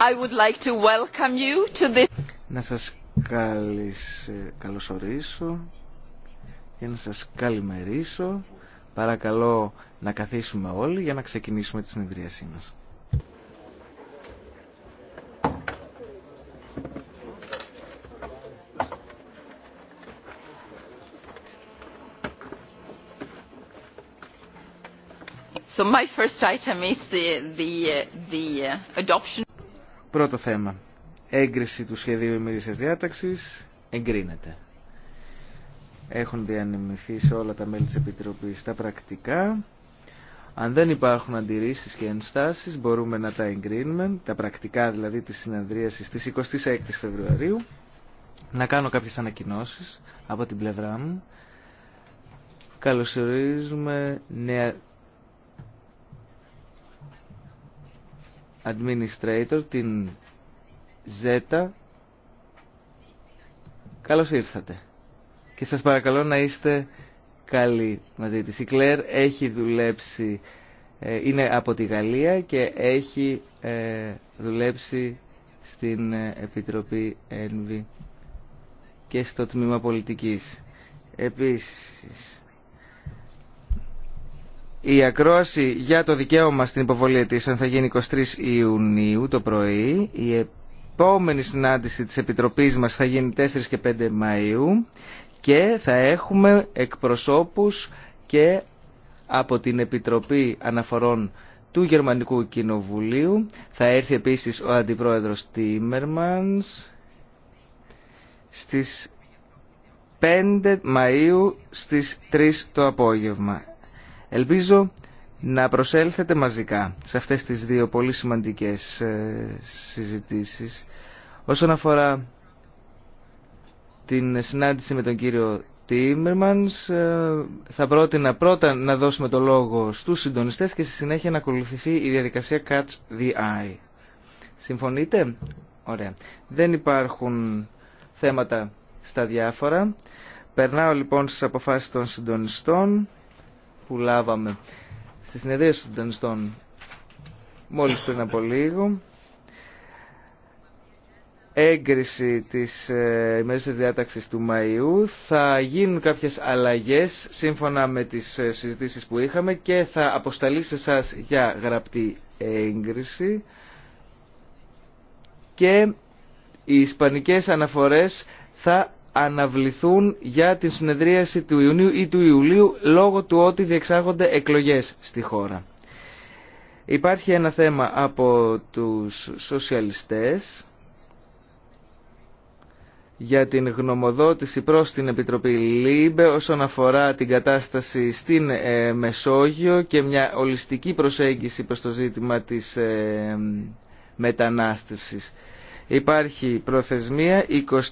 I would like to welcome you to this... Να σας καλυσ... καλωσορίσω και να σας καλημερίσω. Παρακαλώ να καθίσουμε όλοι για να ξεκινήσουμε τις συνεδρίασή μας. So my first item is the, the, uh, the uh, adoption. Πρώτο θέμα. Έγκριση του σχεδίου ημερήσιας διάταξη εγκρίνεται. Έχουν διανεμηθεί σε όλα τα μέλη της Επιτροπής τα πρακτικά. Αν δεν υπάρχουν αντιρρήσει και ενστάσει μπορούμε να τα εγκρίνουμε, τα πρακτικά δηλαδή τη συνεδρίασης τη 26 Φεβρουαρίου. Να κάνω κάποιες ανακοινώσεις από την πλευρά μου. Καλωσορίζουμε νέα administrator, την Z. Καλώς ήρθατε. Και σας παρακαλώ να είστε καλοί μαζί της. Η Κλέρ έχει δουλέψει, ε, είναι από τη Γαλλία και έχει ε, δουλέψει στην ε, Επιτροπή ΕΝΒΗ και στο Τμήμα Πολιτικής. Επίσης, η ακρόαση για το δικαίωμα στην υποβολή αιτήσεων θα γίνει 23 Ιουνίου το πρωί. Η επόμενη συνάντηση της Επιτροπής μας θα γίνει 4 και 5 Μαΐου και θα έχουμε εκπροσώπους και από την Επιτροπή Αναφορών του Γερμανικού Κοινοβουλίου. Θα έρθει επίσης ο Αντιπρόεδρος Τίμερμανς στις 5 Μαΐου στις 3 το απόγευμα. Ελπίζω να προσέλθετε μαζικά σε αυτές τις δύο πολύ σημαντικές ε, συζητήσεις. Όσον αφορά την συνάντηση με τον κύριο Τίμερμανς, ε, θα πρότεινα πρώτα να δώσουμε το λόγο στους συντονιστές και στη συνέχεια να ακολουθηθεί η διαδικασία Catch the Eye. Συμφωνείτε? Ωραία. Δεν υπάρχουν θέματα στα διάφορα. Περνάω λοιπόν στις αποφάσεις των συντονιστών που λάβαμε στη συνεδρία των Τενστών μόλις πριν από λίγο. Έγκριση της ε, ημέρας διάταξης του Μαΐου. Θα γίνουν κάποιες αλλαγές σύμφωνα με τις ε, συζητήσεις που είχαμε και θα αποσταλεί σε σας για γραπτή έγκριση. Και οι ισπανικές αναφορές θα αναβληθούν για την συνεδρίαση του Ιουνίου ή του Ιουλίου λόγω του ότι διεξάγονται εκλογές στη χώρα. Υπάρχει ένα θέμα από τους σοσιαλιστές για την γνωμοδότηση προς την Επιτροπή ΛΥΜΠΕ όσον αφορά την κατάσταση στην ε, Μεσόγειο και μια ολιστική προσέγγιση προς το ζήτημα της ε, μετανάστευσης. Υπάρχει προθεσμία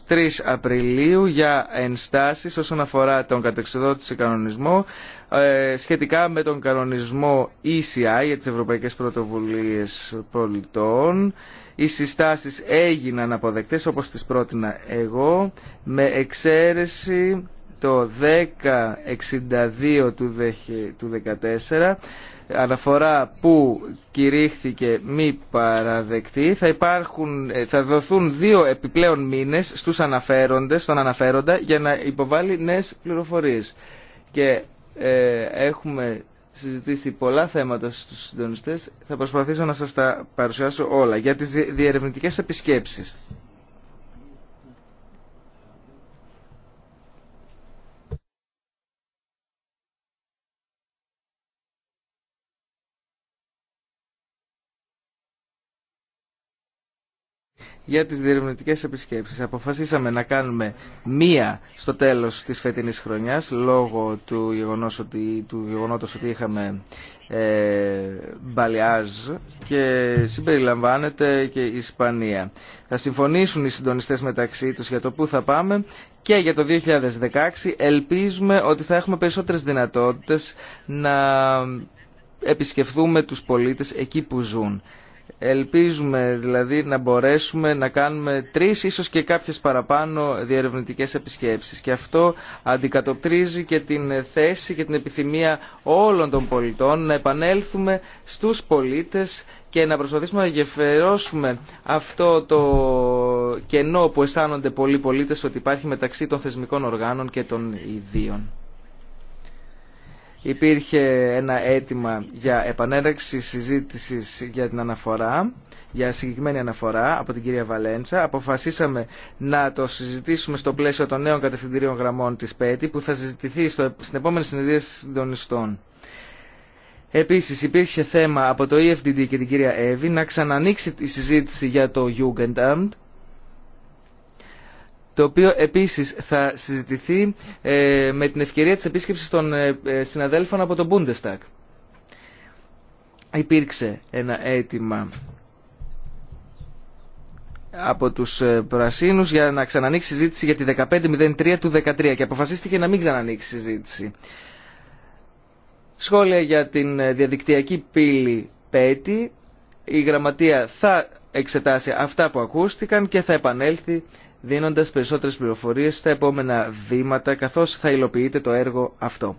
23 Απριλίου για ενστάσεις όσον αφορά τον κατεξοδότηση κανονισμό ε, σχετικά με τον κανονισμό ECI για τις Ευρωπαϊκές Πρωτοβουλίες Πολιτών. Οι συστάσεις έγιναν αποδεκτές όπως τις πρότεινα εγώ με εξαίρεση το 1062 του 14 αναφορά που κηρύχθηκε μη παραδεκτή θα, υπάρχουν, ε, θα δοθούν δύο επιπλέον μήνες στους αναφέροντες, στον αναφέροντα για να υποβάλει νέες πληροφορίες. Και ε, έχουμε συζητήσει πολλά θέματα στους συντονιστές, θα προσπαθήσω να σας τα παρουσιάσω όλα. Για τις διερευνητικές επισκέψεις. για τις διερευνητικές επισκέψεις. Αποφασίσαμε να κάνουμε μία στο τέλος της φετινής χρονιάς λόγω του, γεγονός ότι, του γεγονότος ότι είχαμε ε, μπαλιάζ και συμπεριλαμβάνεται και η Ισπανία. Θα συμφωνήσουν οι συντονιστές μεταξύ τους για το πού θα πάμε και για το 2016 ελπίζουμε ότι θα έχουμε περισσότερες δυνατότητες να επισκεφθούμε τους πολίτες εκεί που ζουν. Ελπίζουμε δηλαδή να μπορέσουμε να κάνουμε τρεις ίσως και κάποιες παραπάνω διερευνητικές επισκέψεις και αυτό αντικατοπτρίζει και την θέση και την επιθυμία όλων των πολιτών να επανέλθουμε στους πολίτες και να προσπαθήσουμε να γεφερώσουμε αυτό το κενό που αισθάνονται πολλοί πολίτες ότι υπάρχει μεταξύ των θεσμικών οργάνων και των ιδίων υπήρχε ένα αίτημα για επανέρεξη συζήτησης για την αναφορά, για συγκεκριμένη αναφορά από την κυρία Βαλέντσα. Αποφασίσαμε να το συζητήσουμε στο πλαίσιο των νέων κατευθυντηρίων γραμμών της ΠΕΤΗ που θα συζητηθεί στο, στην επόμενη συνεδρίαση συντονιστών. Επίσης υπήρχε θέμα από το EFDD και την κυρία Εύη να ξανανοίξει τη συζήτηση για το Jugendamt το οποίο επίσης θα συζητηθεί ε, με την ευκαιρία της επίσκεψης των ε, ε, συναδέλφων από τον Bundestag. Υπήρξε ένα αίτημα από τους Πρασίνους για να ξανανοίξει συζήτηση για τη 1503 του 13 και αποφασίστηκε να μην ξανανοίξει συζήτηση. Σχόλια για την διαδικτυακή πύλη ΠΕΤΗ. Η Γραμματεία θα εξετάσει αυτά που ακούστηκαν και θα επανέλθει δίνοντας περισσότερες πληροφορίες στα επόμενα βήματα καθώς θα υλοποιείται το έργο αυτό.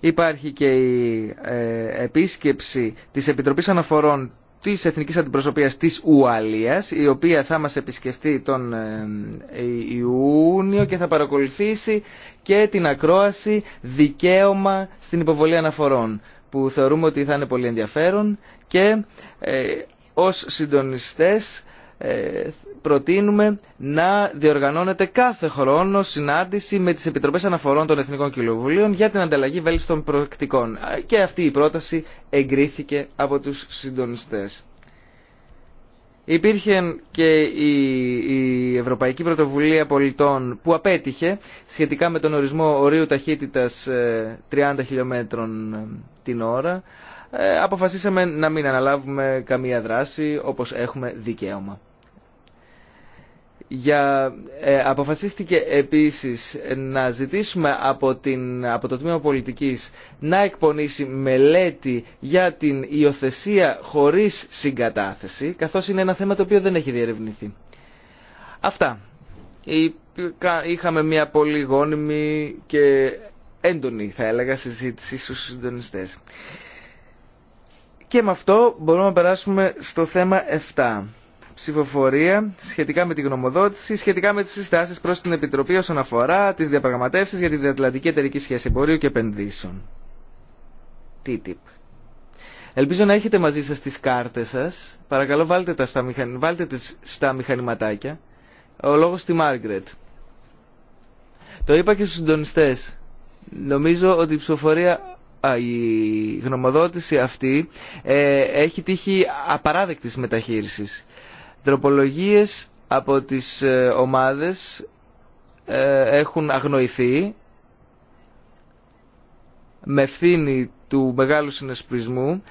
Υπάρχει και η ε, επίσκεψη της Επιτροπής Αναφορών της Εθνικής Αντιπροσωπείας της Ουαλίας, η οποία θα μας επισκεφτεί τον ε, ε, Ιούνιο και θα παρακολουθήσει και την ακρόαση δικαίωμα στην υποβολή αναφορών, που θεωρούμε ότι θα είναι πολύ ενδιαφέρον και ε, ως συντονιστές ε, προτείνουμε να διοργανώνεται κάθε χρόνο συνάντηση με τις Επιτροπές Αναφορών των Εθνικών Κοινοβουλίων για την ανταλλαγή βέλτιστων προεκτικών. Ε, και αυτή η πρόταση εγκρίθηκε από τους συντονιστές. Υπήρχε και η, Ευρωπαϊκή Πρωτοβουλία Πολιτών που απέτυχε σχετικά με τον ορισμό ορίου ταχύτητας 30 ε, χιλιόμετρων την ώρα. αποφασίσαμε να μην αναλάβουμε καμία δράση όπως έχουμε δικαίωμα για, ε, αποφασίστηκε επίσης να ζητήσουμε από, την, από το Τμήμα Πολιτικής να εκπονήσει μελέτη για την υιοθεσία χωρίς συγκατάθεση, καθώς είναι ένα θέμα το οποίο δεν έχει διερευνηθεί. Αυτά. Είχαμε μια πολύ γόνιμη και έντονη, θα έλεγα, συζήτηση στους συντονιστές. Και με αυτό μπορούμε να περάσουμε στο θέμα 7 ψηφοφορία σχετικά με τη γνωμοδότηση, σχετικά με τι συστάσεις προ την Επιτροπή όσον αφορά τι διαπραγματεύσει για τη διατλαντική εταιρική σχέση εμπορίου και επενδύσεων. TTIP. Ελπίζω να έχετε μαζί σα τι κάρτε σα, Παρακαλώ βάλτε, τα στα, στα μηχανηματάκια. Ο λόγο στη Μάργκρετ. Το είπα και στου συντονιστέ. Νομίζω ότι η ψηφοφορία Α, η γνωμοδότηση αυτή ε, έχει τύχει απαράδεκτης μεταχείρισης. Τροπολογίες από τις ε, ομάδες ε, έχουν αγνοηθεί με ευθύνη του μεγάλου συνεσπισμού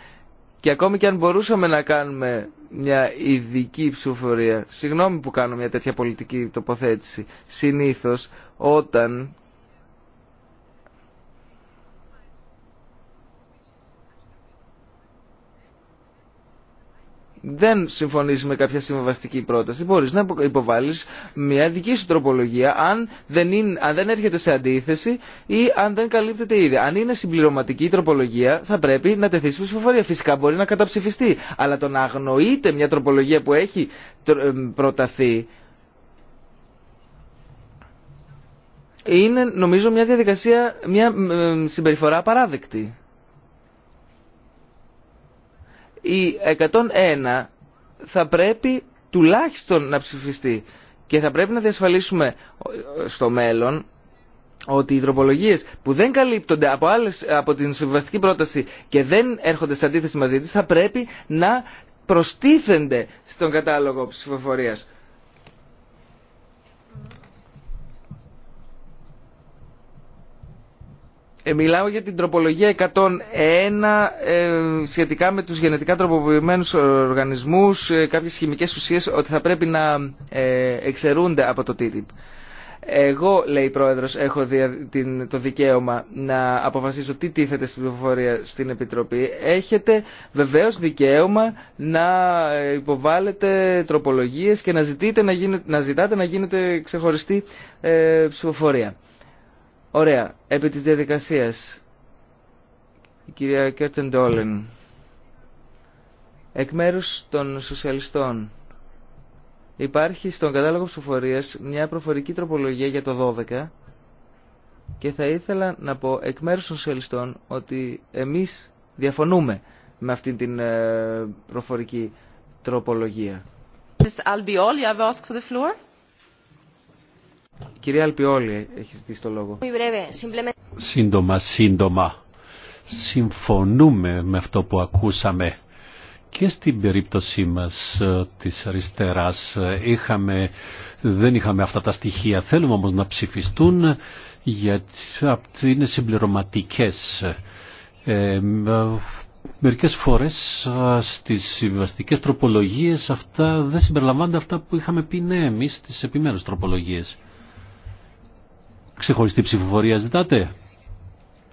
και ακόμη και αν μπορούσαμε να κάνουμε μια ειδική ψηφοφορία, συγγνώμη που κάνω μια τέτοια πολιτική τοποθέτηση, συνήθως όταν δεν συμφωνείς με κάποια συμβαστική πρόταση, Μπορεί να υποβάλει μια δική σου τροπολογία αν δεν, είναι, αν δεν έρχεται σε αντίθεση ή αν δεν καλύπτεται ήδη. Αν είναι συμπληρωματική η τροπολογία θα πρέπει να τεθεί στην ψηφοφορία. Φυσικά μπορεί να καταψηφιστεί, αλλά το να αγνοείται μια τροπολογία που έχει ε, προταθεί είναι νομίζω μια διαδικασία, μια ε, συμπεριφορά παράδεκτη η 101 θα πρέπει τουλάχιστον να ψηφιστεί και θα πρέπει να διασφαλίσουμε στο μέλλον ότι οι τροπολογίε που δεν καλύπτονται από, άλλες, από την συμβαστική πρόταση και δεν έρχονται σε αντίθεση μαζί τη θα πρέπει να προστίθενται στον κατάλογο ψηφοφορίας. Ε, μιλάω για την τροπολογία 101 ε, σχετικά με τους γενετικά τροποποιημένους οργανισμούς, ε, κάποιες χημικές ουσίες, ότι θα πρέπει να εξαιρούνται από το TTIP. Εγώ, λέει η Πρόεδρος, έχω το δικαίωμα να αποφασίσω τι τίθεται στην πληροφορία στην Επιτροπή. Έχετε βεβαίως δικαίωμα να υποβάλλετε τροπολογίες και να, ζητείτε να, να ζητάτε να γίνεται ξεχωριστή ψηφοφορία. Ωραία. Επί της διαδικασίας. Η κυρία Κέρτεν Ντόλεν. Εκ μέρους των σοσιαλιστών. Υπάρχει στον κατάλογο ψηφοφορίας μια προφορική τροπολογία για το 12 και θα ήθελα να πω εκ μέρους των σοσιαλιστών ότι εμείς διαφωνούμε με αυτήν την ε, προφορική τροπολογία. This κυρία Αλπιόλη έχει ζητήσει το λόγο. Σύντομα, σύντομα. Συμφωνούμε με αυτό που ακούσαμε. Και στην περίπτωσή μας ε, της αριστεράς ε, είχαμε, δεν είχαμε αυτά τα στοιχεία. Θέλουμε όμως να ψηφιστούν γιατί είναι συμπληρωματικές. Ε, ε μερικές φορές στις συμβαστικές τροπολογίες αυτά δεν συμπεριλαμβάνονται αυτά που είχαμε πει ναι εμείς στις επιμέρους Ξεχωριστή ψηφοφορία ζητάτε.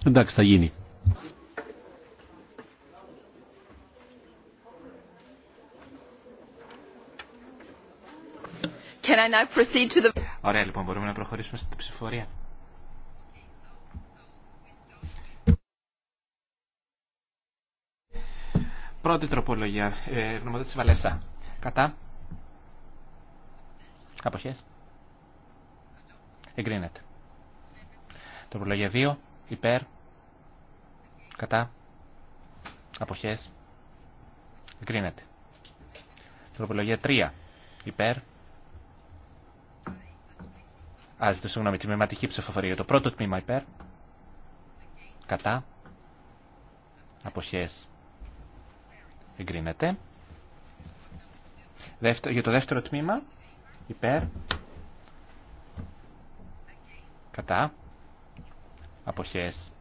Εντάξει, θα γίνει. Can I now proceed to the... Ωραία, λοιπόν, μπορούμε να προχωρήσουμε στην ψηφοφορία. Πρώτη τροπολογία, ε, γνωμοδότηση Βαλέσσα. Κατά. Αποχές. Εγκρίνεται. Τροπολογία 2. Υπέρ. Κατά. Αποχές. Εγκρίνεται. Τροπολογία 3. Υπέρ. Α, ζητώ συγγνώμη, τμήματική ψηφοφορία. Το πρώτο τμήμα υπέρ. Κατά. Αποχές. Εγκρίνεται. για το δεύτερο τμήμα. Υπέρ. Κατά αποχές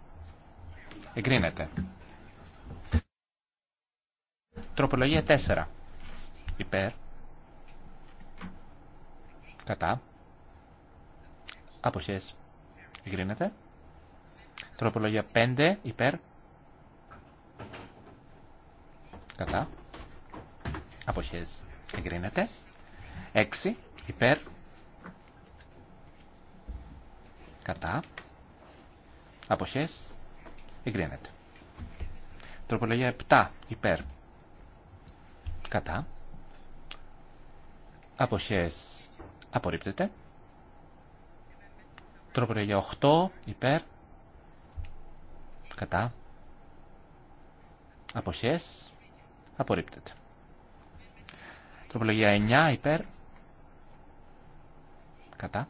εγκρίνεται. Τροπολογία 4. Υπέρ. Κατά. Αποχές. Εγκρίνεται. Τροπολογία 5. Υπέρ. Κατά. Αποχές. Εγκρίνεται. 6. Υπέρ. Κατά. Αποχέ, Εγκρίνεται. Τροπολογία 7. Υπέρ. Κατά. Αποχέ, Απορρίπτεται. Τροπολογία 8. Υπέρ. Κατά. Αποχές. Απορρίπτεται. Τροπολογία 9. Υπέρ. Κατά.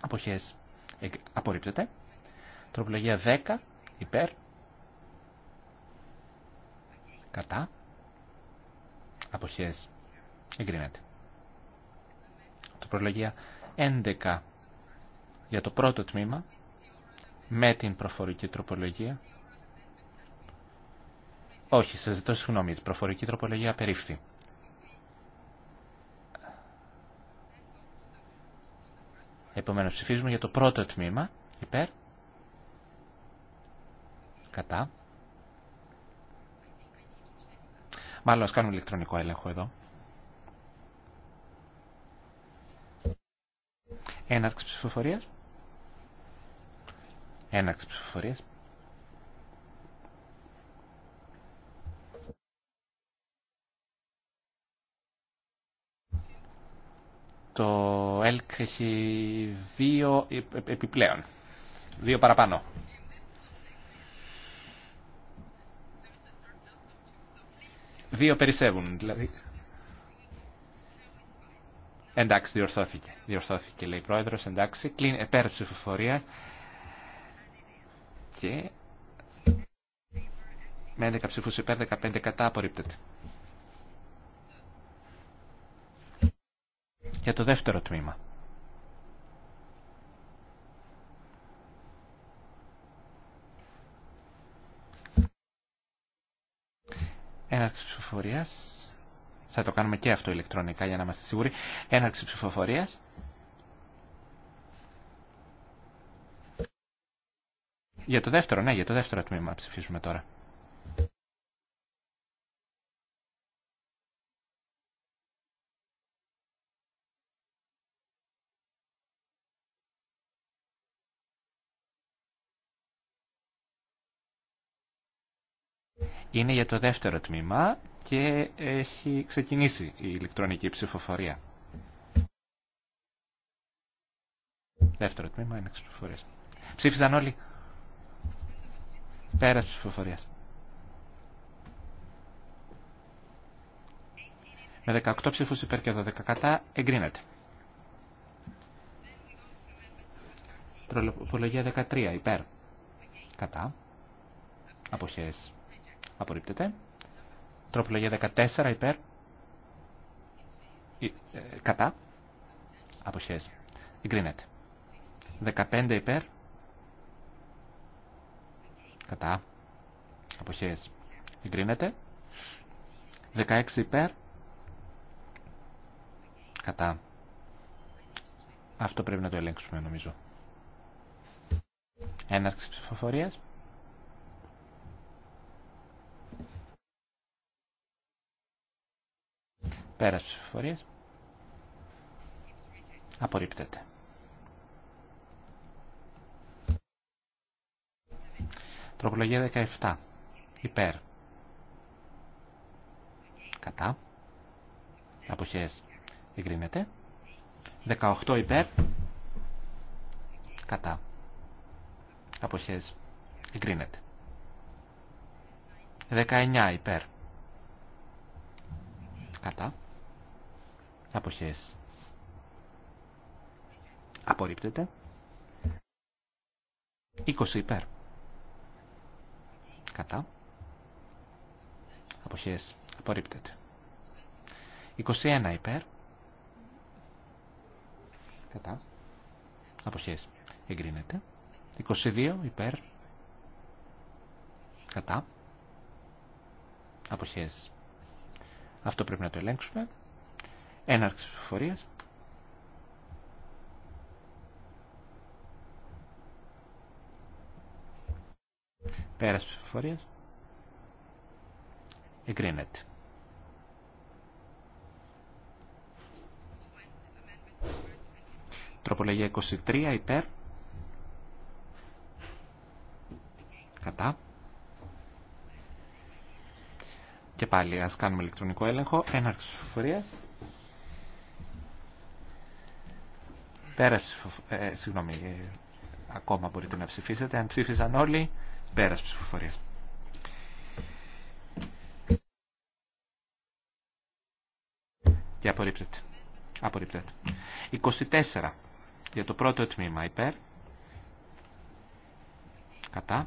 Αποχές απορρίπτεται. Τροπολογία 10 υπέρ κατά αποχές εγκρίνεται. Τροπολογία 11 για το πρώτο τμήμα με την προφορική τροπολογία. Όχι, σας ζητώ συγγνώμη, η προφορική τροπολογία απερίφθη. Επομένω ψηφίζουμε για το πρώτο τμήμα. Υπέρ. Κατά. Μάλλον ας κάνουμε ηλεκτρονικό έλεγχο εδώ. Έναρξη ψηφοφορίας. Έναρξη ψηφοφορίας. Το ΕΛΚ έχει δύο επιπλέον. Δύο παραπάνω. Δύο περισσεύουν. Δηλαδή... Εντάξει, διορθώθηκε. Διορθώθηκε, λέει η πρόεδρο. Εντάξει, κλείνει επέρ ψηφοφορία. Και με 11 ψήφου υπέρ 15 κατά απορρίπτεται. για το δεύτερο τμήμα. Έναρξη ψηφοφορία. Θα το κάνουμε και αυτό ηλεκτρονικά για να είμαστε σίγουροι. Έναρξη ψηφοφορία. Για το δεύτερο, ναι, για το δεύτερο τμήμα ψηφίζουμε τώρα. είναι για το δεύτερο τμήμα και έχει ξεκινήσει η ηλεκτρονική ψηφοφορία. Δεύτερο τμήμα είναι ψηφοφορία. Ψήφισαν όλοι. Πέρα ψηφοφορία. Με 18 ψήφους υπέρ και 12 κατά εγκρίνεται. Προλογία 13 υπέρ. Κατά. Αποχές Απορρίπτεται. Τροπολογία 14 ε, υπέρ. Κατά. Αποχές. Εγκρίνεται. 15 υπέρ. Κατά. Αποχές. Εγκρίνεται. 16 υπέρ. Κατά. Αυτό πρέπει να το ελέγξουμε νομίζω. Έναρξη ψηφοφορίας. Πέρας ψηφοφορίας. Απορρίπτεται. Τροπολογία 17. Υπέρ. Κατά. Αποχές. Εγκρίνεται. 18 υπέρ. Κατά. Αποχές. Εγκρίνεται. 19 υπέρ. Κατά αποχές απορρίπτεται 20 υπέρ κατά αποχές απορρίπτεται 21 υπέρ κατά αποχές εγκρίνεται 22 υπέρ κατά αποχές αυτό πρέπει να το ελέγξουμε Έναρξη ψηφοφορία. Πέρας ψηφοφορία. Εγκρίνεται. Τροπολογία 23 υπέρ. Κατά. Και πάλι ας κάνουμε ηλεκτρονικό έλεγχο. Έναρξη ψηφοφορίας. Ε, ε, συγγνώμη, ε, ακόμα μπορείτε να ψηφίσετε. Αν ψήφισαν όλοι, πέρας ψηφοφορίας. Και απορρίπτεται. Απορρίπτεται. 24 για το πρώτο τμήμα υπέρ. Κατά.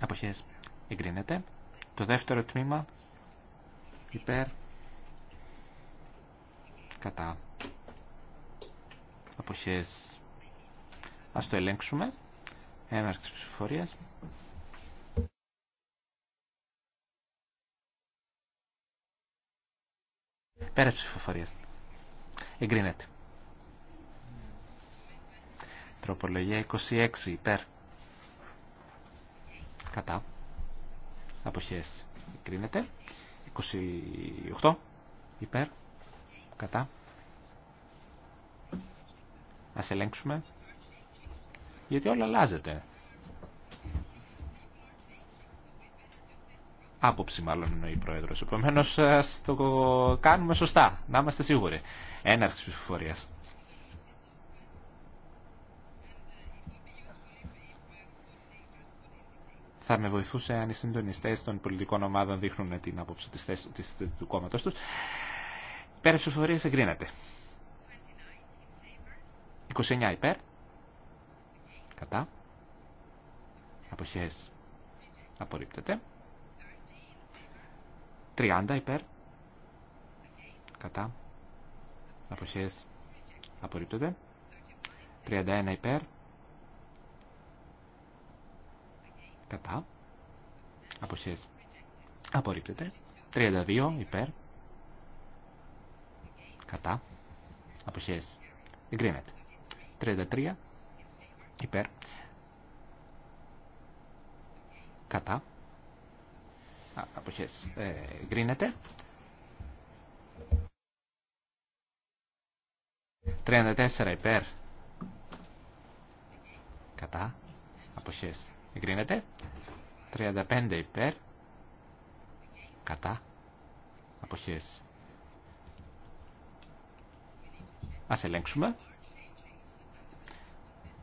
Αποχές εγκρίνεται. Το δεύτερο τμήμα υπέρ. Κατά αποχές ας το ελέγξουμε έναρξη ψηφοφορίας πέρα ψηφοφορίας εγκρίνεται τροπολογία 26 υπέρ κατά αποχές εγκρίνεται 28 υπέρ κατά Ας ελέγξουμε. Γιατί όλα αλλάζεται. Άποψη μάλλον εννοεί η Πρόεδρος. Επομένω, το κάνουμε σωστά. Να είμαστε σίγουροι. Έναρξη ψηφοφορίας. θα με βοηθούσε αν οι συντονιστέ των πολιτικών ομάδων δείχνουν την άποψη της θέσης, του κόμματο του. Πέρα ψηφοφορία εγκρίνεται. 29 υπέρ. Κατά. Αποχές. Απορρίπτεται. 30 υπέρ. Κατά. Αποχές. Απορρίπτεται. 31 υπέρ. Κατά. Αποχές. Απορρίπτεται. 32 υπέρ. Κατά. Αποχές. Εγκρίνεται. 33 ε, υπέρ κατά αποχές ε, γκρίνεται 34 υπέρ κατά αποχές γκρίνεται, 35 υπέρ κατά αποχές ας ελέγξουμε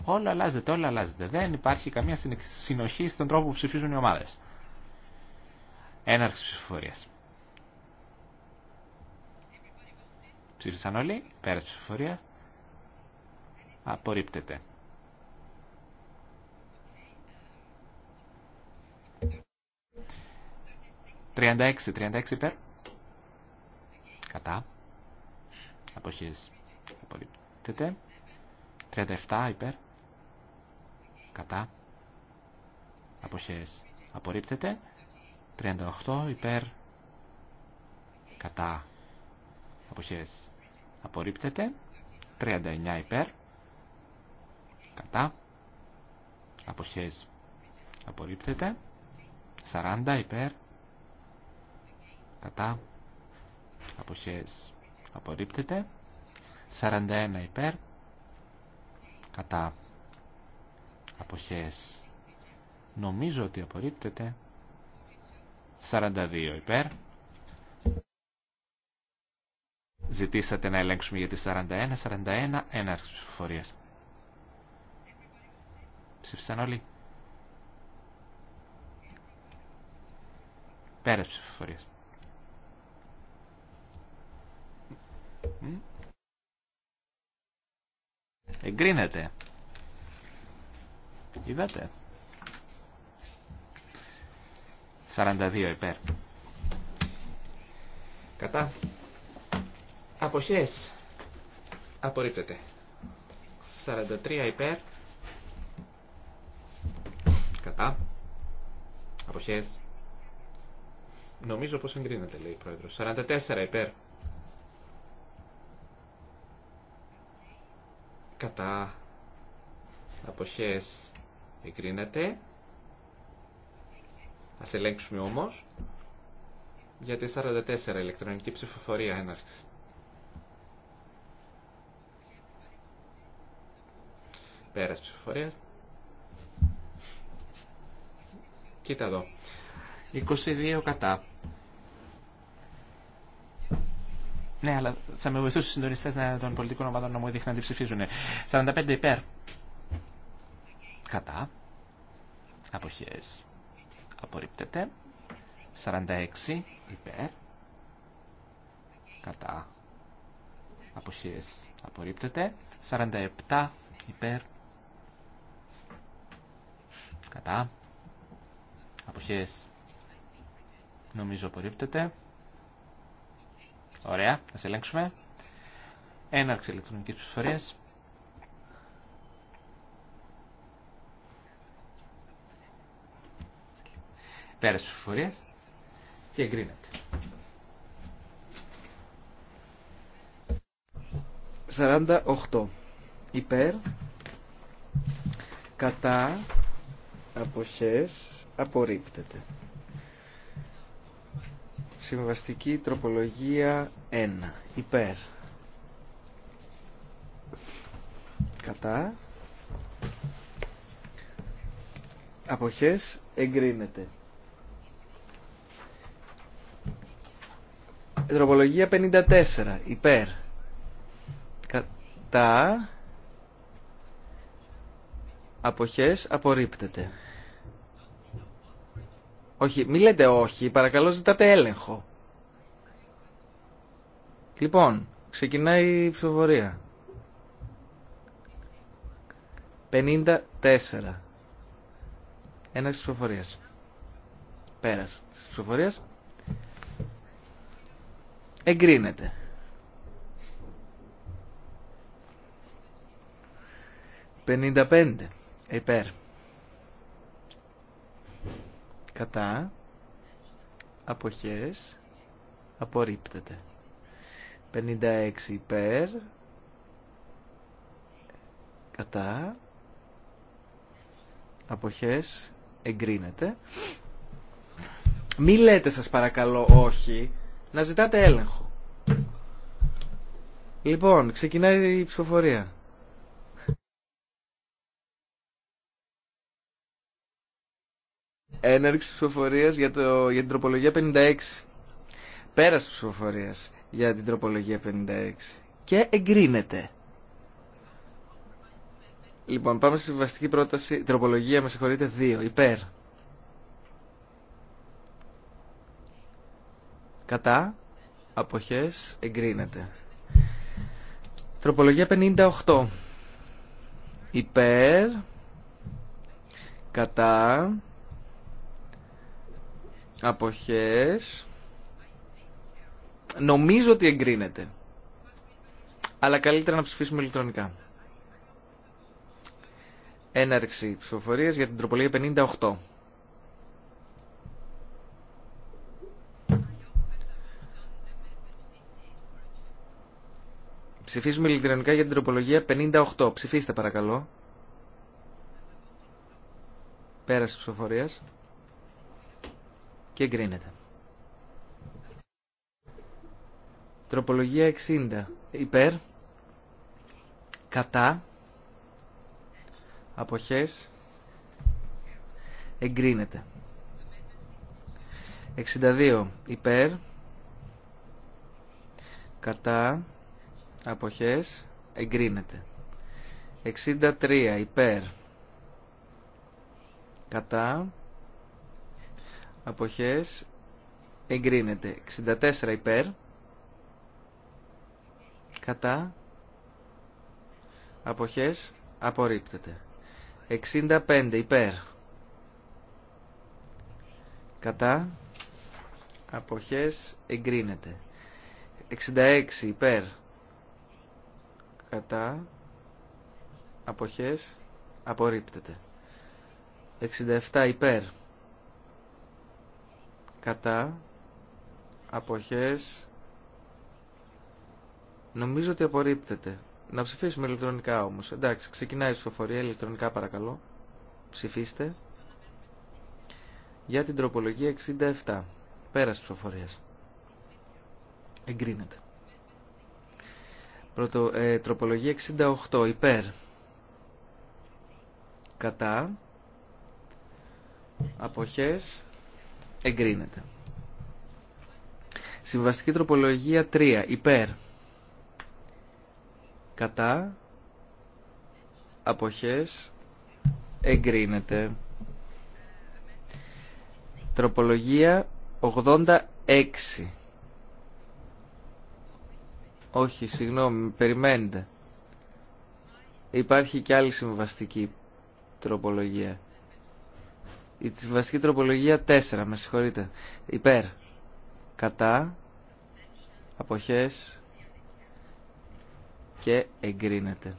Όλα αλλάζεται, όλα αλλάζεται. Δεν υπάρχει καμία συνοχή στον τρόπο που ψηφίζουν οι ομάδες. Έναρξη ψηφοφορίας. Ψήφισαν όλοι, πέρα ψηφοφορίας. Απορρίπτεται. 36, 36 τριάντα υπέρ. Κατά. Αποχές. Απορρίπτεται. 37 υπέρ κατά αποχές απορρίπτεται 38 υπέρ κατά αποχές απορρίπτεται 39 υπέρ κατά αποχές απορρίπτεται 40 υπέρ κατά αποχές απορρίπτεται 41 υπέρ κατά αποχές. Νομίζω ότι απορρίπτεται. 42 υπέρ. Ζητήσατε να ελέγξουμε για τις 41. 41 έναρξη ψηφοφορίας. Ψήφισαν όλοι. Πέρας ψηφοφορίας. Εγκρίνεται. Είδατε. 42 υπέρ. Κατά. Αποχές. Απορρίπτεται. 43 υπέρ. Κατά. Αποχές. Νομίζω πως εγκρίνεται λέει η πρόεδρος. 44 υπέρ. Κατά. Αποχές εγκρίνεται. Ας ελέγξουμε όμως για τη 44 ηλεκτρονική ψηφοφορία έναρξης. Πέρας ψηφοφορία. Κοίτα εδώ. 22 κατά. Ναι, αλλά θα με βοηθούσε οι συντονιστέ των πολιτικών ομάδων να μου δείχνουν να ψηφίζουν. 45 υπέρ κατά, αποχές, απορρίπτεται, 46 υπέρ, κατά, αποχές, απορρίπτεται, 47 υπέρ, κατά, αποχές, νομίζω απορρίπτεται, ωραία, να ελέγξουμε, έναρξη ηλεκτρονικής ψηφορίας, Πέρας και και εγκρίνεται. 48. Υπέρ, κατά, αποχές, απορρίπτεται. Συμβαστική τροπολογία 1. Υπέρ. Κατά. Αποχές εγκρίνεται. Τροπολογία 54. Υπέρ. Κατά. Αποχές απορρίπτεται. Όχι, μη λέτε όχι, παρακαλώ ζητάτε έλεγχο. Λοιπόν, ξεκινάει η ψηφοφορία. 54. Ένας ψηφοφορίας. Πέρας της ψηφοφορίας. Εγκρίνεται. 55 πέντε. Υπέρ. Κατά. Αποχές. Απορρίπτεται. Πενήντα έξι υπέρ. Κατά. Αποχές. Εγκρίνεται. Μη λέτε σας παρακαλώ όχι να ζητάτε έλεγχο. Λοιπόν, ξεκινάει η ψηφοφορία. Έναρξη ψηφοφορία για, για την τροπολογία 56. Πέραση ψηφοφορία για την τροπολογία 56. Και εγκρίνεται. Λοιπόν, πάμε στη βασική πρόταση. Τροπολογία, με συγχωρείτε, 2. Υπέρ. Κατά. Αποχές. Εγκρίνεται. Τροπολογία 58. Υπέρ. Κατά. Αποχές. Νομίζω ότι εγκρίνεται. Αλλά καλύτερα να ψηφίσουμε ηλεκτρονικά. Έναρξη ψηφοφορίας για την τροπολογία 58. Ψηφίζουμε ηλεκτρονικά για την τροπολογία 58. Ψηφίστε παρακαλώ. Πέραση ψηφοφορία Και εγκρίνεται. Τροπολογία 60. Υπέρ. Κατά. Αποχές. Εγκρίνεται. 62. Υπέρ. Κατά αποχές εγκρίνεται. 63 υπέρ κατά αποχές εγκρίνεται. 64 υπέρ κατά αποχές απορρίπτεται. 65 υπέρ κατά αποχές εγκρίνεται. 66 υπέρ κατά αποχές απορρίπτεται 67 υπέρ κατά αποχές νομίζω ότι απορρίπτεται να ψηφίσουμε ηλεκτρονικά όμως εντάξει ξεκινάει η ψηφοφορία ηλεκτρονικά παρακαλώ ψηφίστε για την τροπολογία 67 πέρας ψηφοφορίας εγκρίνεται Πρώτο, ε, τροπολογία 68 υπέρ. Κατά. Αποχές. Εγκρίνεται. Συμβαστική τροπολογία 3 υπέρ. Κατά. Αποχές. Εγκρίνεται. Τροπολογία 86 όχι, συγγνώμη, περιμένετε. Υπάρχει και άλλη συμβαστική τροπολογία. Η συμβαστική τροπολογία 4, με συγχωρείτε. Υπέρ. Κατά. Αποχές. Και εγκρίνεται.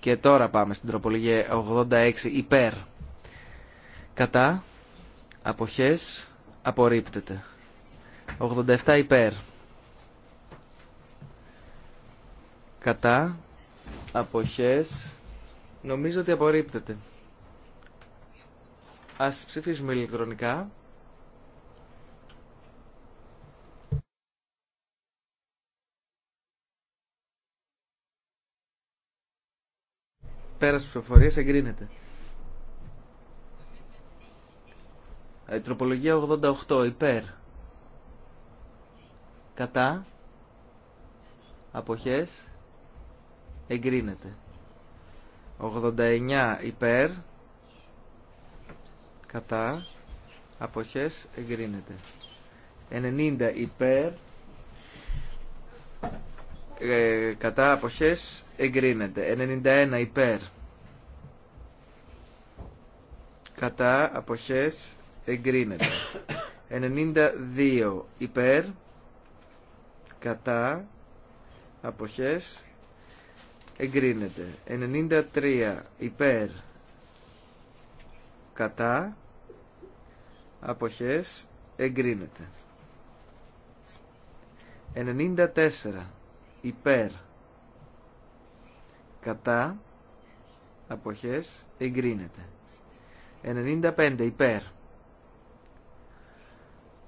Και τώρα πάμε στην τροπολογία 86 υπέρ. Κατά. Αποχές. Απορρίπτεται. 87 υπέρ. κατά, αποχές, νομίζω ότι απορρίπτεται. Ας ψηφίσουμε ηλεκτρονικά. Πέρας ψηφοφορία εγκρίνεται. Η ε, τροπολογία 88 υπέρ. Κατά. Αποχές εγκρίνεται. 89 υπέρ, κατά, αποχές, εγκρίνεται. 90 ε, υπέρ, κατά, αποχές, εγκρίνεται. 91 υπέρ, κατά, αποχές, εγκρίνεται. 92 υπέρ, κατά, αποχές, εγκρίνεται 93 υπέρ κατά αποχές εγκρίνεται 94 υπέρ κατά αποχές εγκρίνεται 95 υπέρ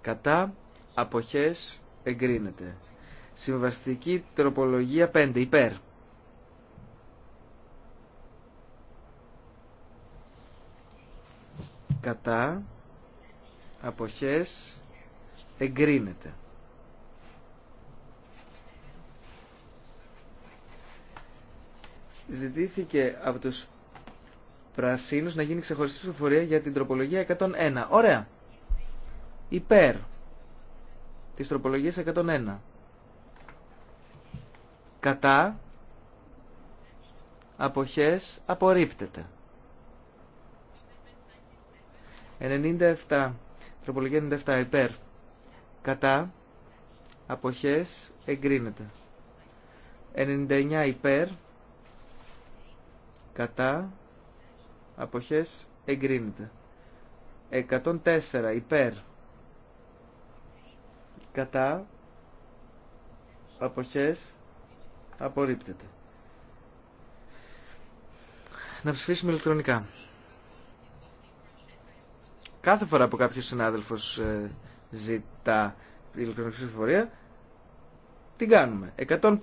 κατά αποχές εγκρίνεται συμβαστική τροπολογία 5 υπέρ κατά αποχές εγκρίνεται. Ζητήθηκε από τους πρασίνους να γίνει ξεχωριστή ψηφοφορία για την τροπολογία 101. Ωραία. Υπέρ της τροπολογίας 101. Κατά αποχές απορρίπτεται. 97. Τροπολογία 97. Υπέρ. Κατά. Αποχές. Εγκρίνεται. 99. Υπέρ. Κατά. Αποχές. Εγκρίνεται. 104. Υπέρ. Κατά. Αποχές. Απορρίπτεται. Να ψηφίσουμε ηλεκτρονικά. Κάθε φορά που κάποιος συνάδελφος ε, ζητά ηλεκτρονική ψηφοφορία, την κάνουμε. 105,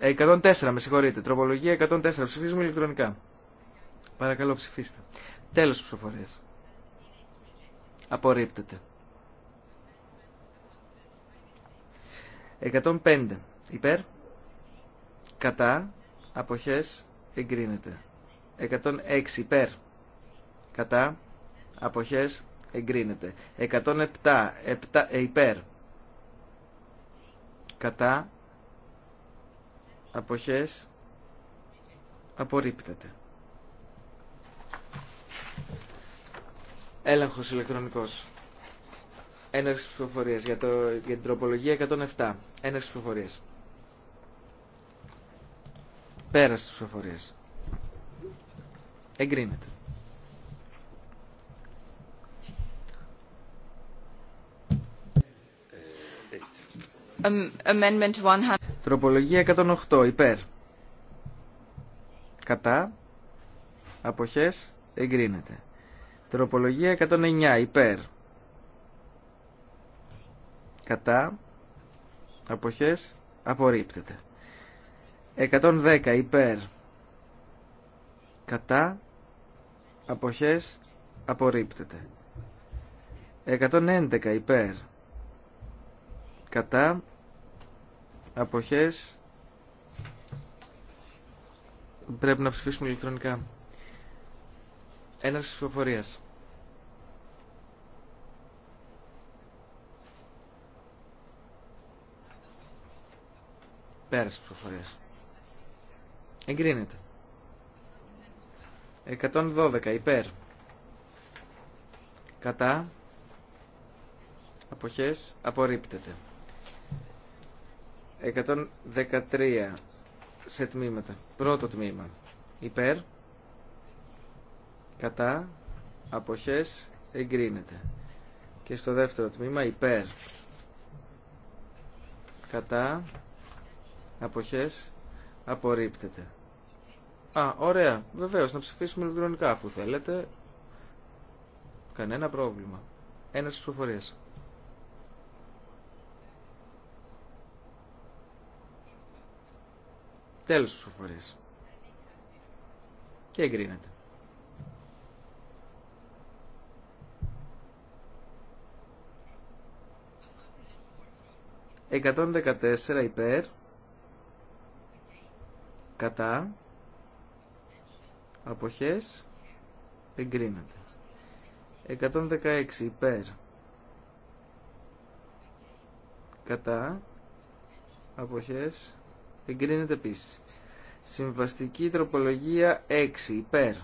104, ε, με συγχωρείτε, τροπολογία 104, ψηφίζουμε ηλεκτρονικά. Παρακαλώ ψηφίστε. Τέλος ψηφοφορίας. Απορρίπτεται. 105. Υπέρ. Κατά. Αποχές. Εγκρίνεται. 106. Υπέρ. Κατά. Αποχές εγκρίνεται. 107 7, ε, υπέρ κατά αποχές απορρίπτεται. Έλεγχος ηλεκτρονικός. Έναρξη ψηφοφορίας για, το, για την τροπολογία 107. Έναρξη ψηφοφορίας. Πέραση ψηφοφορίας. Εγκρίνεται. Τροπολογία 108 υπέρ. Κατά. Αποχές εγκρίνεται. Τροπολογία 109 υπέρ. Κατά. Αποχές απορρίπτεται. 110 υπέρ. Κατά. Αποχές απορρίπτεται. 111 υπέρ κατά αποχές πρέπει να ψηφίσουμε ηλεκτρονικά έναρξη ψηφοφορίας πέρας ψηφοφορίας εγκρίνεται 112 υπέρ κατά αποχές απορρίπτεται 113 σε τμήματα. Πρώτο τμήμα. Υπέρ. Κατά. Αποχές. Εγκρίνεται. Και στο δεύτερο τμήμα υπέρ. Κατά. Αποχές. Απορρίπτεται. Α, ωραία. Βεβαίως, να ψηφίσουμε ηλεκτρονικά αφού θέλετε. Κανένα πρόβλημα. Ένας προφορίας. Τέλος της ψηφοφορίας. Και εγκρίνεται. Εκατόν δεκατέσσερα υπέρ. Κατά. Αποχές. Εγκρίνεται. 116 υπέρ. Κατά. Αποχές εγκρίνεται επίση. Συμβαστική τροπολογία 6 υπέρ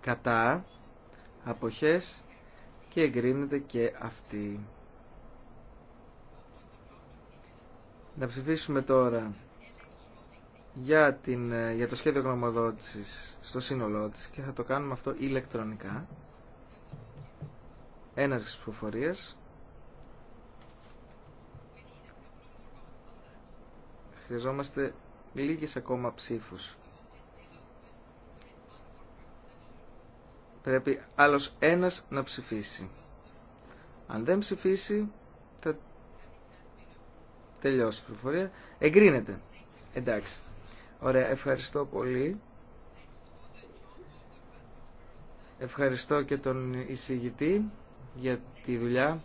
κατά αποχές και εγκρίνεται και αυτή. Να ψηφίσουμε τώρα για, την, για το σχέδιο γνωμοδότησης στο σύνολό της και θα το κάνουμε αυτό ηλεκτρονικά. Έναρξη ψηφοφορίας. χρειαζόμαστε λίγες ακόμα ψήφους. Πρέπει άλλος ένας να ψηφίσει. Αν δεν ψηφίσει, θα τελειώσει η ψηφοφορία. Εγκρίνεται. Εντάξει. Ωραία, ευχαριστώ πολύ. Ευχαριστώ και τον εισηγητή για τη δουλειά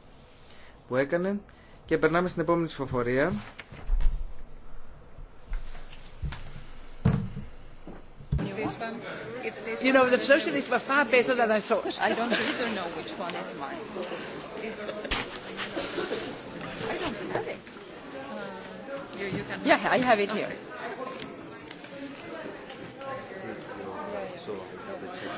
που έκανε. Και περνάμε στην επόμενη ψηφοφορία. you know, the socialists were far better than I thought. I don't either know which one is mine. I don't have it. yeah, I have it here.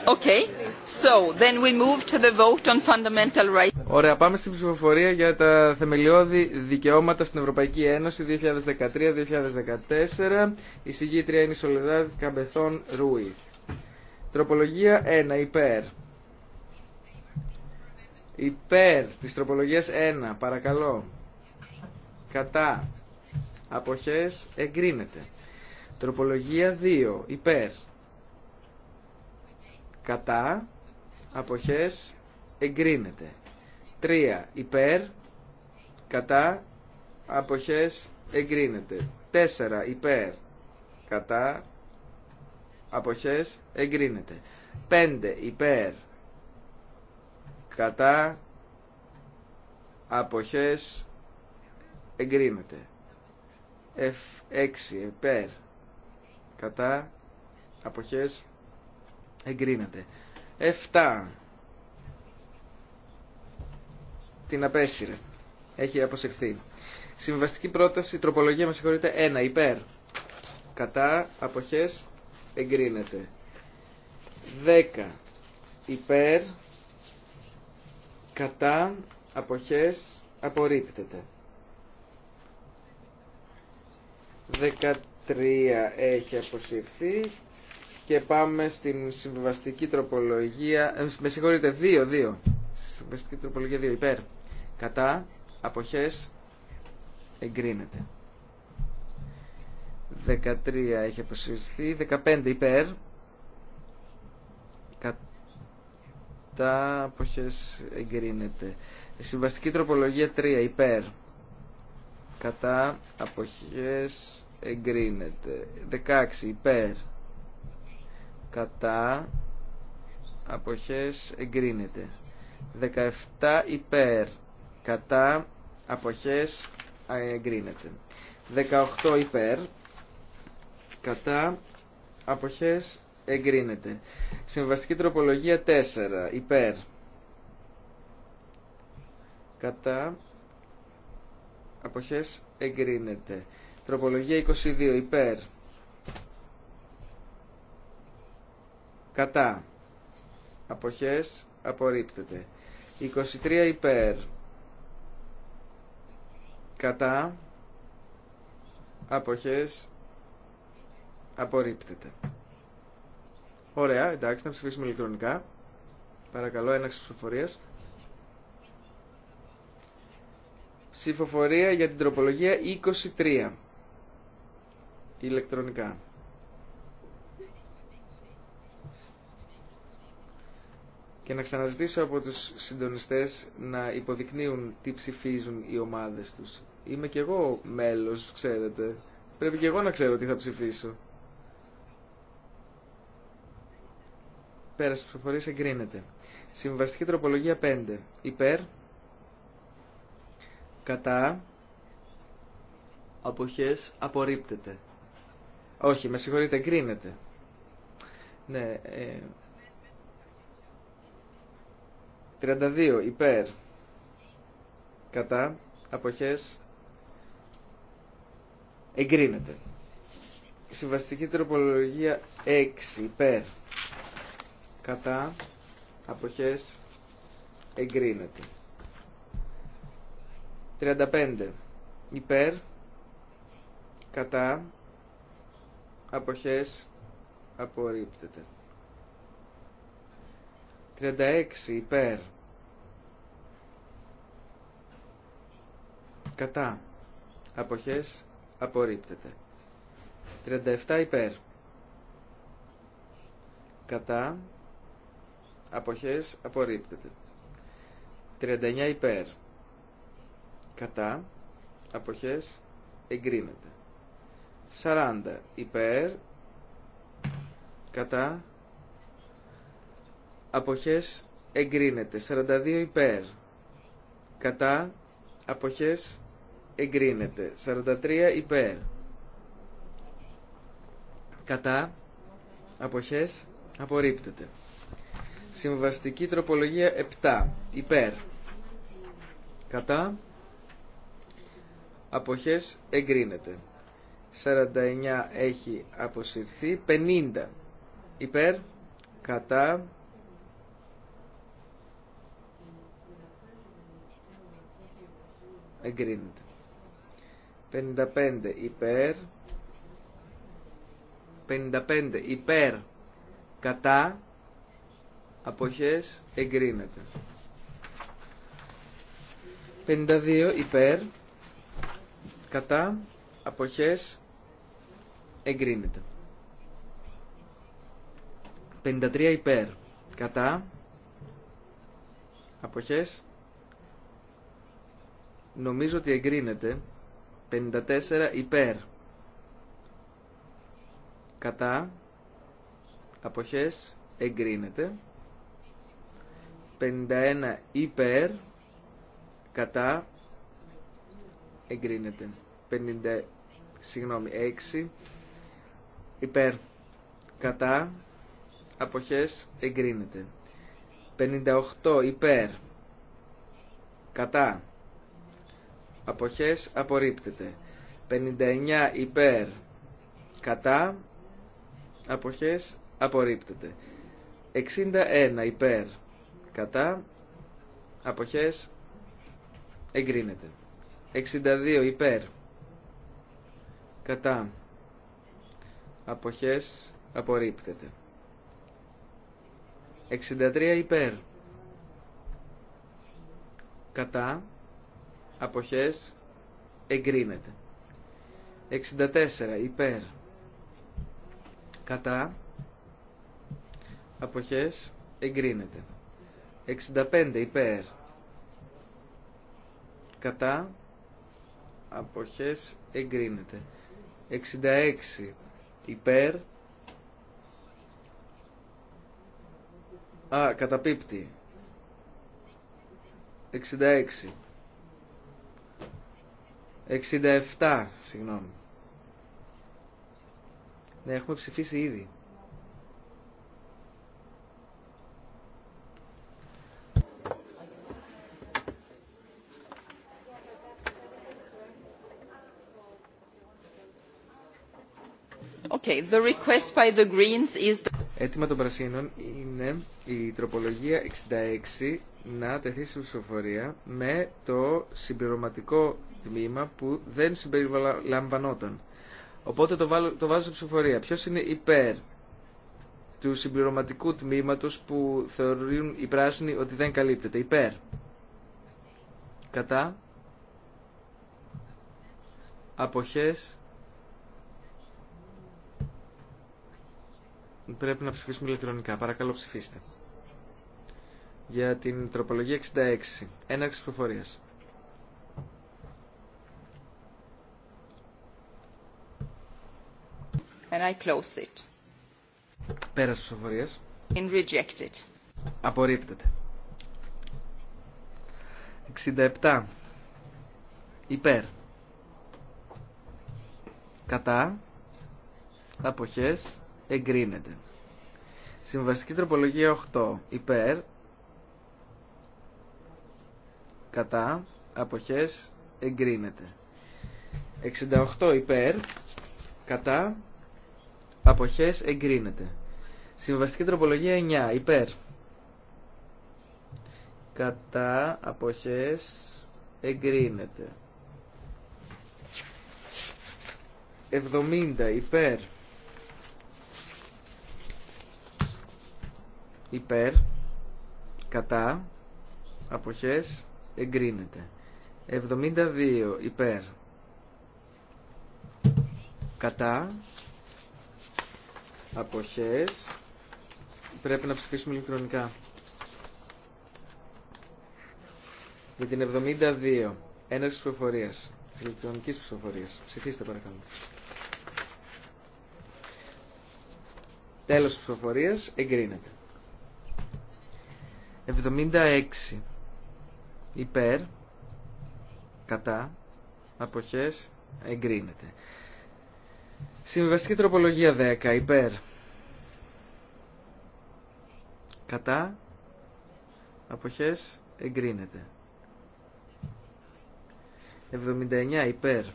Okay, so then we move to the vote on fundamental rights. Ωραία, πάμε στην ψηφοφορία για τα θεμελιώδη δικαιώματα στην Ευρωπαϊκή Ένωση 2013-2014. Η συγγήτρια είναι η Σολεδάδη Καμπεθόν Ρούι. Τροπολογία 1, υπέρ. Υπέρ της τροπολογίας 1, παρακαλώ. Κατά. Αποχές εγκρίνεται. Τροπολογία 2, υπέρ. Κατά. Αποχές εγκρίνεται. 3 υπέρ, κατά, αποχές εγκρίνεται. 4 υπέρ, κατά, αποχές εγκρίνεται. 5 υπέρ, κατά, αποχές εγκρίνεται. 6 υπέρ, κατά, αποχές εγκρίνεται. 7 Έχει αποσεχθεί. Συμβαστική πρόταση, τροπολογία, με συγχωρείτε, 1 υπέρ. Κατά αποχές εγκρίνεται. 10 υπέρ. Κατά αποχές απορρίπτεται. 13 έχει αποσυρθεί και πάμε στην συμβαστική τροπολογία. Ε, με συγχωρείτε, 2, 2. Συμβαστική τροπολογία 2 υπέρ κατά αποχές εγκρίνεται 13 έχει αποσυρθεί 15 υπέρ κατά αποχές εγκρίνεται συμβαστική τροπολογία 3 υπέρ κατά αποχές εγκρίνεται 16 υπέρ κατά αποχές εγκρίνεται 17 υπέρ κατά αποχές εγκρίνεται 18 υπέρ κατά αποχές εγκρίνεται συμβαστική τροπολογία 4 υπέρ κατά αποχές εγκρίνεται τροπολογία 22 υπέρ κατά αποχές απορρίπτεται 23 υπέρ κατά αποχές απορρίπτεται. Ωραία, εντάξει, να ψηφίσουμε ηλεκτρονικά. Παρακαλώ, ένα ψηφοφορίας. Ψηφοφορία για την τροπολογία 23. Ηλεκτρονικά. και να ξαναζητήσω από τους συντονιστές να υποδεικνύουν τι ψηφίζουν οι ομάδες τους. Είμαι κι εγώ μέλος, ξέρετε. Πρέπει κι εγώ να ξέρω τι θα ψηφίσω. Πέρας ψηφοφορίας εγκρίνεται. Συμβαστική τροπολογία 5. Υπέρ. Κατά. Αποχές. Απορρίπτεται. Όχι, με συγχωρείτε, εγκρίνεται. Ναι, ε, 32 υπέρ κατά αποχές εγκρίνεται. Συμβαστική τροπολογία 6 υπέρ κατά αποχές εγκρίνεται. 35 υπέρ κατά αποχές απορρίπτεται. 36 υπέρ κατά αποχές απορρίπτεται 37 υπέρ κατά αποχές απορρίπτεται 39 υπέρ κατά αποχές εγκρίνεται 40 υπέρ κατά αποχές εγκρίνεται 42 υπέρ κατά αποχές εγκρίνεται 43 υπέρ κατά αποχές απορρίπτεται συμβαστική τροπολογία 7 υπέρ κατά αποχές εγκρίνεται 49 έχει αποσυρθεί 50 υπέρ κατά εγκρίνεται 55 υπέρ 55 υπέρ κατά αποχές εγκρίνεται 52 υπέρ κατά αποχές εγκρίνεται 53 υπέρ κατά αποχές νομίζω ότι εγκρίνεται 54 υπέρ. Κατά. Αποχές εγκρίνεται. 51 υπέρ. Κατά. Εγκρίνεται. 50, συγγνώμη, 6 υπέρ. Κατά. Αποχές εγκρίνεται. 58 υπέρ. Κατά αποχές απορρίπτεται. 59 υπέρ κατά αποχές απορρίπτεται. 61 υπέρ κατά αποχές εγκρίνεται. 62 υπέρ κατά αποχές απορρίπτεται. 63 υπέρ κατά αποχές εγκρίνεται 64 υπέρ κατά αποχές εγκρίνεται 65 υπέρ κατά αποχές εγκρίνεται 66 υπέρ α καταπίπτει 66 67, συγγνώμη. Ναι, έχουμε ψηφίσει ήδη. Okay, the request by the Greens is... Έτοιμα των Πρασίνων είναι η τροπολογία 66 να τεθεί σε ψηφοφορία με το συμπληρωματικό τμήμα που δεν συμπεριλαμβανόταν. Οπότε το, βάζω σε ψηφοφορία. Ποιος είναι υπέρ του συμπληρωματικού τμήματος που θεωρούν οι πράσινοι ότι δεν καλύπτεται. Υπέρ. Κατά. Αποχές. πρέπει να ψηφίσουμε ηλεκτρονικά. Παρακαλώ ψηφίστε. Για την τροπολογία 66. Έναρξη ψηφοφορίας. And I close it. ψηφοφορίας. rejected. Απορρίπτεται. 67. Υπέρ. Κατά. Αποχές εγκρίνεται. Συμβαστική τροπολογία 8. Υπέρ. Κατά. Αποχές. Εγκρίνεται. 68. Υπέρ. Κατά. Αποχές. Εγκρίνεται. Συμβαστική τροπολογία 9. Υπέρ. Κατά. Αποχές. Εγκρίνεται. 70. Υπέρ υπέρ κατά αποχές εγκρίνεται 72 υπέρ κατά αποχές πρέπει να ψηφίσουμε ηλεκτρονικά για την 72 έναρξη ψηφοφορίας της ηλεκτρονικής ψηφοφορίας ψηφίστε παρακαλώ τέλος ψηφοφορίας εγκρίνεται 76 υπέρ κατά αποχές εγκρίνεται Συμβαστική τροπολογία 10 υπέρ κατά αποχές εγκρίνεται 79 υπέρ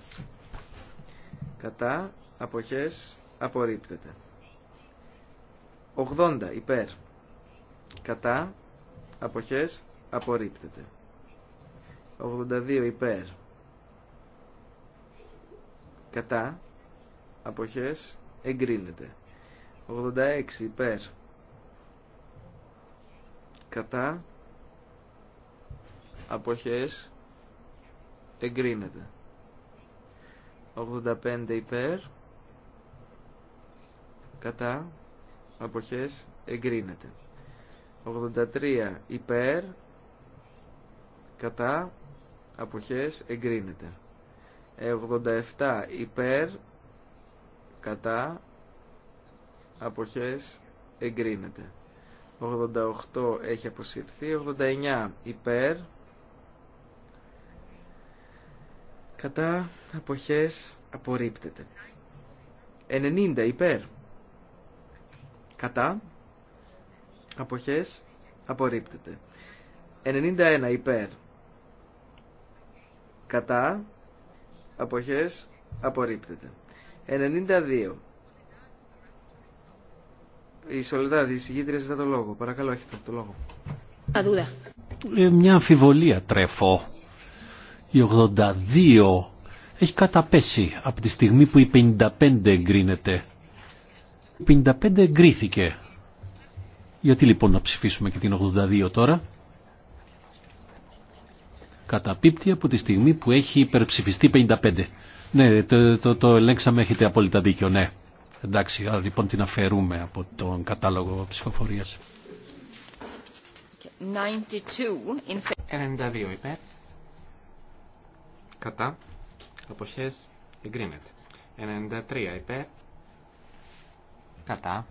κατά αποχές απορρίπτεται 80 υπέρ κατά αποχές απορρίπτεται 82 υπέρ κατά αποχές εγκρίνεται 86 υπέρ κατά αποχές εγκρίνεται 85 υπέρ κατά αποχές εγκρίνεται 83 υπέρ κατά αποχές εγκρίνεται 87 ε, υπέρ κατά αποχές εγκρίνεται 88 έχει αποσυρθεί 89 υπέρ κατά αποχές απορρίπτεται 90 υπέρ κατά Αποχές. Απορρίπτεται. 91 υπέρ. Κατά. Αποχές. Απορρίπτεται. 92. Η Σολεδάδη, η συγκίτρια ζητά το λόγο. Παρακαλώ, έχετε το λόγο. Αδούδα. Ε, μια αμφιβολία τρέφω. Η 82 έχει καταπέσει από τη στιγμή που η 55 εγκρίνεται. Η 55 εγκρίθηκε. Γιατί λοιπόν να ψηφίσουμε και την 82 τώρα. Καταπίπτει από τη στιγμή που έχει υπερψηφιστεί 55. Ναι, το, το, το ελέγξαμε, έχετε απόλυτα δίκιο, ναι. Εντάξει, άρα λοιπόν την αφαιρούμε από τον κατάλογο ψηφοφορίας. 92 υπέρ. Κατά. Αποχές εγκρίνεται. 93 υπέρ. Κατά.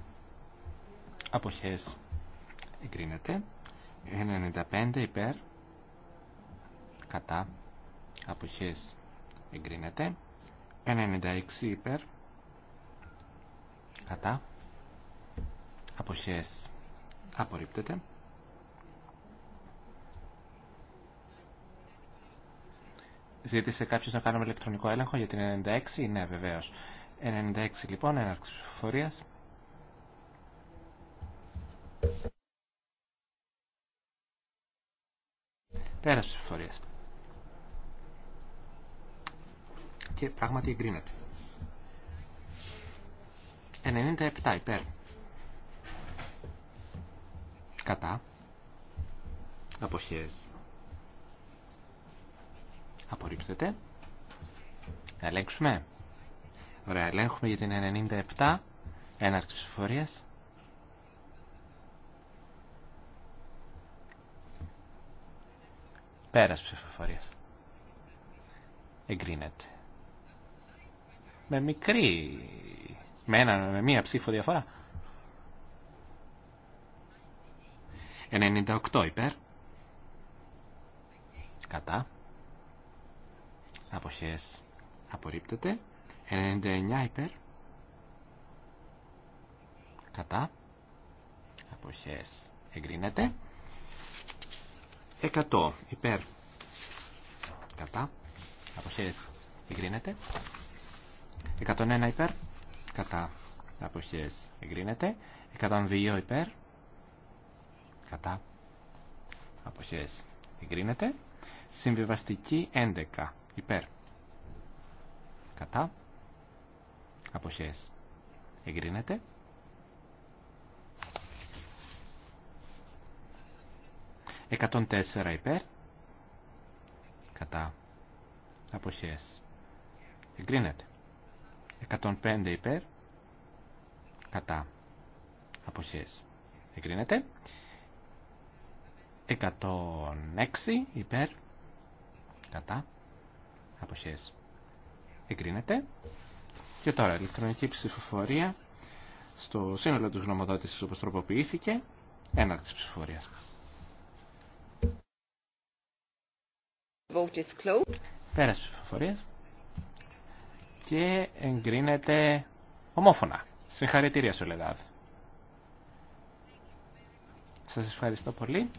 Αποχές εγκρίνεται. 1.95 υπέρ κατά αποχές εγκρίνεται. 1.96 υπέρ κατά αποχές απορρίπτεται. Ζήτησε κάποιος να κάνουμε ηλεκτρονικό έλεγχο για την 96. Ναι, βεβαίως. 96 λοιπόν, έναρξη ψηφοφορίας. πέρα στις ψηφοφορίας. Και πράγματι εγκρίνεται. 97 υπέρ. Κατά. Αποχές. Απορρίπτεται. ελέγξουμε. Ωραία, ελέγχουμε για την 97 έναρξη 97 Πέρας ψηφοφορίας. Εγκρίνεται. Με μικρή, με, ένα, με μία ψήφο διαφορά. 98 υπέρ. Κατά. Αποχές απορρίπτεται. 99 υπέρ. Κατά. Αποχές εγκρίνεται. 100 υπέρ κατά αποχές εγκρίνεται 101 υπέρ κατά αποχές εγκρίνεται 102 υπέρ κατά αποχές εγκρίνεται συμβιβαστική 11 υπέρ κατά αποχές εγκρίνεται 104 υπέρ. Κατά. Αποχές. Εγκρίνεται. 105 υπέρ. Κατά. Αποχές. Εγκρίνεται. 106 υπέρ. Κατά. Αποχές. Εγκρίνεται. Και τώρα ηλεκτρονική ψηφοφορία στο σύνολο της γνωμοδότησης όπως τροποποιήθηκε. Έναρξη ψηφοφορίας. η ψηφοφορίας. Και εγκρίνεται ομόφωνα. Συγχαρητήρια, Σολεδάδ. Σας ευχαριστώ πολύ.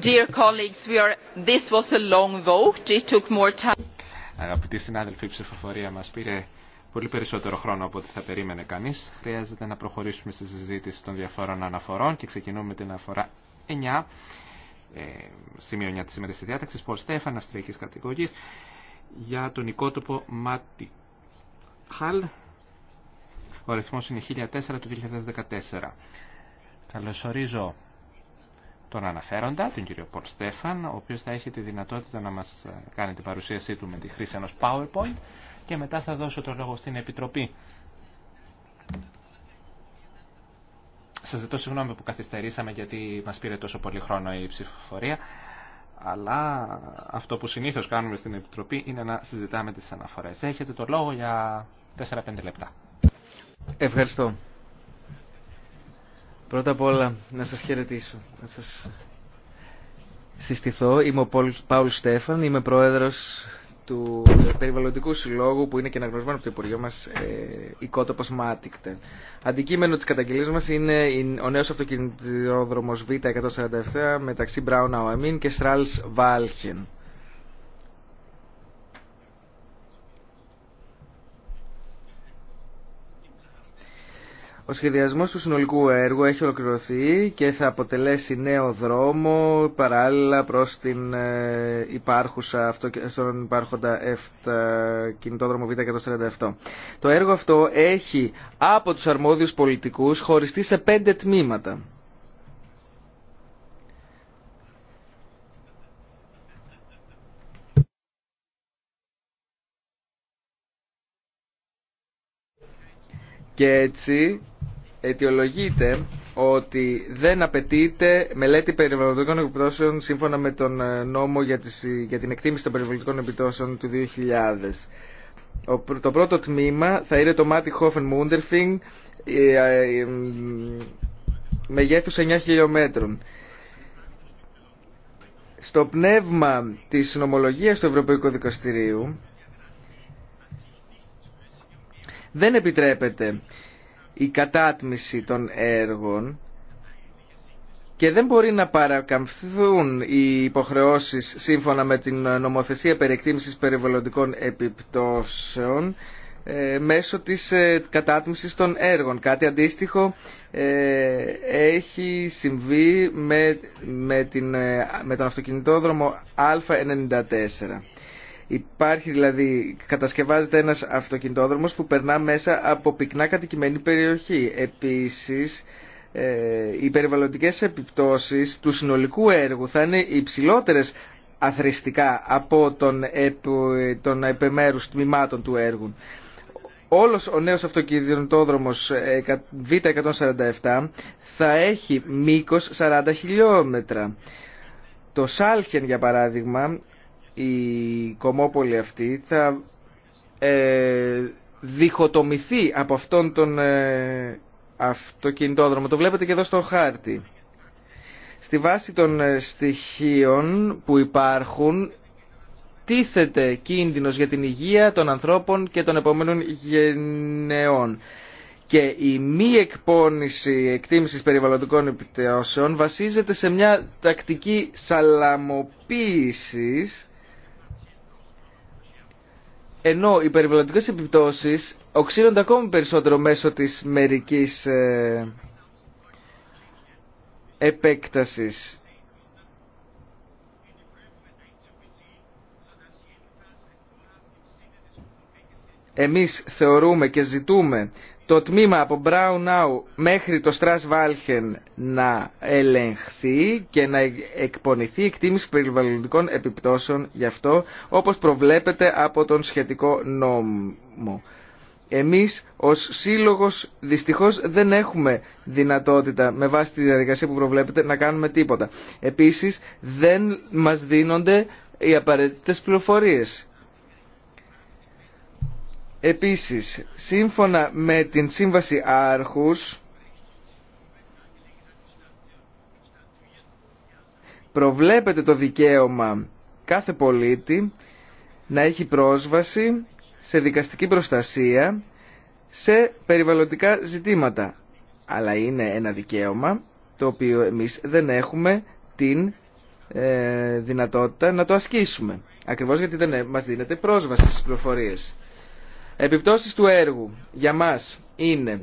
Dear colleagues, Αγαπητοί συνάδελφοι, η ψηφοφορία μας πήρε πολύ περισσότερο χρόνο από ό,τι θα περίμενε κανείς. Χρειάζεται να προχωρήσουμε στη συζήτηση των διαφόρων αναφορών και ξεκινούμε την αφορά 9, ε, σημείο 9 της σημερινής διάταξης, Πολ Στέφαν, αυστριακής κατηγορής, για τον οικότοπο Μάτι Χαλ. Ο αριθμός είναι 1004 του 2014. Καλωσορίζω τον αναφέροντα, τον κύριο Πολ Στέφαν, ο οποίος θα έχει τη δυνατότητα να μας ε, κάνει την παρουσίασή του με τη χρήση ενός PowerPoint και μετά θα δώσω το λόγο στην Επιτροπή. Σας ζητώ συγγνώμη που καθυστερήσαμε γιατί μας πήρε τόσο πολύ χρόνο η ψηφοφορία, αλλά αυτό που συνήθως κάνουμε στην Επιτροπή είναι να συζητάμε τις αναφορές. Έχετε το λόγο για 4-5 λεπτά. Ευχαριστώ. Πρώτα απ' όλα να σας χαιρετήσω, να σας συστηθώ. Είμαι ο Πάουλ Στέφαν, είμαι πρόεδρος του Περιβαλλοντικού Συλλόγου που είναι και αναγνωσμένο από το Υπουργείο μας ε, Κότοπος Μάτικτε. Αντικείμενο της καταγγελίας μας είναι ο νέος αυτοκινητόδρομος Β147 μεταξύ Μπράουνα Οαμίν και Σράλς Βάλχεν. Ο σχεδιασμός του συνολικού έργου έχει ολοκληρωθεί και θα αποτελέσει νέο δρόμο παράλληλα προς την ε, υπάρχουσα, αυτό στον υπάρχοντα ε, κινητόδρομο Β 147. Το έργο αυτό έχει από τους αρμόδιους πολιτικούς χωριστεί σε πέντε τμήματα. Και έτσι αιτιολογείται ότι δεν απαιτείται μελέτη περιβαλλοντικών επιπτώσεων σύμφωνα με τον ε, νόμο για την εκτίμηση των περιβαλλοντικών επιπτώσεων του 2000. Το πρώτο τμήμα θα είναι το Μάτι Χόφεν Μούντερφινγκ ε, ε, μεγέθους 9 χιλιόμετρων. Στο πνεύμα της συνομολογίας του Ευρωπαϊκού Δικαστηρίου δεν επιτρέπεται η κατάτμιση των έργων και δεν μπορεί να παρακαμφθούν οι υποχρεώσεις σύμφωνα με την νομοθεσία περιεκτήμησης περιβαλλοντικών επιπτώσεων ε, μέσω της ε, κατάτμισης των έργων. Κάτι αντίστοιχο ε, έχει συμβεί με, την, με τον αυτοκινητόδρομο Α94. Υπάρχει δηλαδή, κατασκευάζεται ένας αυτοκινητόδρομος που περνά μέσα από πυκνά κατοικημένη περιοχή. Επίσης, ε, οι περιβαλλοντικές επιπτώσεις του συνολικού έργου θα είναι υψηλότερες αθρηστικά από τον, των επεμέρους τμήματων του έργου. Όλος ο νέος αυτοκινητόδρομος Β147 θα έχει μήκος 40 χιλιόμετρα. Το Σάλχεν για παράδειγμα η κομμόπολη αυτή θα ε, διχοτομηθεί από αυτόν τον ε, αυτοκινητόδρομο. Το βλέπετε και εδώ στο χάρτη. Στη βάση των ε, στοιχείων που υπάρχουν τίθεται κίνδυνος για την υγεία των ανθρώπων και των επόμενων γενεών. Και η μη εκπόνηση εκτίμησης περιβαλλοντικών επιτεώσεων βασίζεται σε μια τακτική σαλαμοποίησης ενώ οι περιβαλλοντικέ επιπτώσει οξύνονται ακόμη περισσότερο μέσω της μερικής ε, επέκτασης. Εμείς θεωρούμε και ζητούμε το τμήμα από Μπράουνάου μέχρι το Στρας Βάλχεν να ελεγχθεί και να εκπονηθεί εκτίμηση περιβαλλοντικών επιπτώσεων γι' αυτό, όπως προβλέπεται από τον σχετικό νόμο. Εμείς ως σύλλογος δυστυχώς δεν έχουμε δυνατότητα με βάση τη διαδικασία που προβλέπετε να κάνουμε τίποτα. Επίσης δεν μας δίνονται οι απαραίτητες πληροφορίες. Επίσης, σύμφωνα με την Σύμβαση Άρχους, προβλέπεται το δικαίωμα κάθε πολίτη να έχει πρόσβαση σε δικαστική προστασία σε περιβαλλοντικά ζητήματα. Αλλά είναι ένα δικαίωμα το οποίο εμείς δεν έχουμε την ε, δυνατότητα να το ασκήσουμε. Ακριβώς γιατί δεν ε, μας δίνεται πρόσβαση στις πληροφορίες. Επιπτώσεις του έργου για μας είναι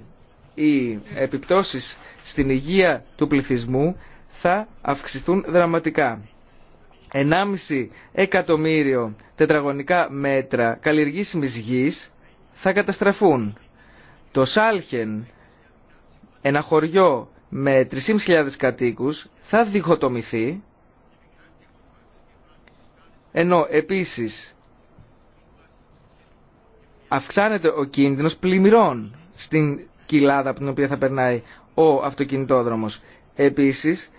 οι επιπτώσεις στην υγεία του πληθυσμού θα αυξηθούν δραματικά. 1,5 εκατομμύριο τετραγωνικά μέτρα καλλιεργήσιμης γης θα καταστραφούν. Το Σάλχεν, ένα χωριό με 3.500 κατοίκους, θα διχοτομηθεί, ενώ επίσης αυξάνεται ο κίνδυνο πλημμυρών στην κοιλάδα από την οποία θα περνάει ο αυτοκινητόδρομος. Επίσης,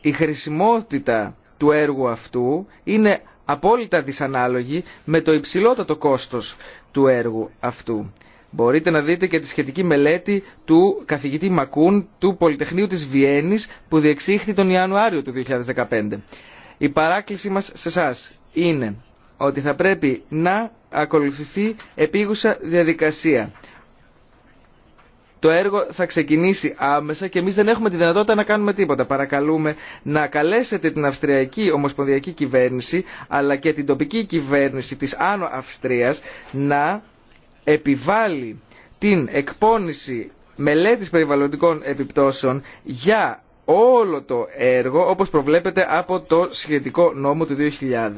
η χρησιμότητα του έργου αυτού είναι απόλυτα δυσανάλογη με το υψηλότατο κόστος του έργου αυτού. Μπορείτε να δείτε και τη σχετική μελέτη του καθηγητή Μακούν του Πολυτεχνείου της Βιέννης που διεξήχθη τον Ιανουάριο του 2015. Η παράκληση μας σε εσά είναι ότι θα πρέπει να ακολουθηθεί επίγουσα διαδικασία. Το έργο θα ξεκινήσει άμεσα και εμεί δεν έχουμε τη δυνατότητα να κάνουμε τίποτα. Παρακαλούμε να καλέσετε την Αυστριακή Ομοσπονδιακή Κυβέρνηση αλλά και την τοπική κυβέρνηση της Άνω Αυστρίας να επιβάλλει την εκπόνηση μελέτης περιβαλλοντικών επιπτώσεων για όλο το έργο όπως προβλέπεται από το σχετικό νόμο του 2000.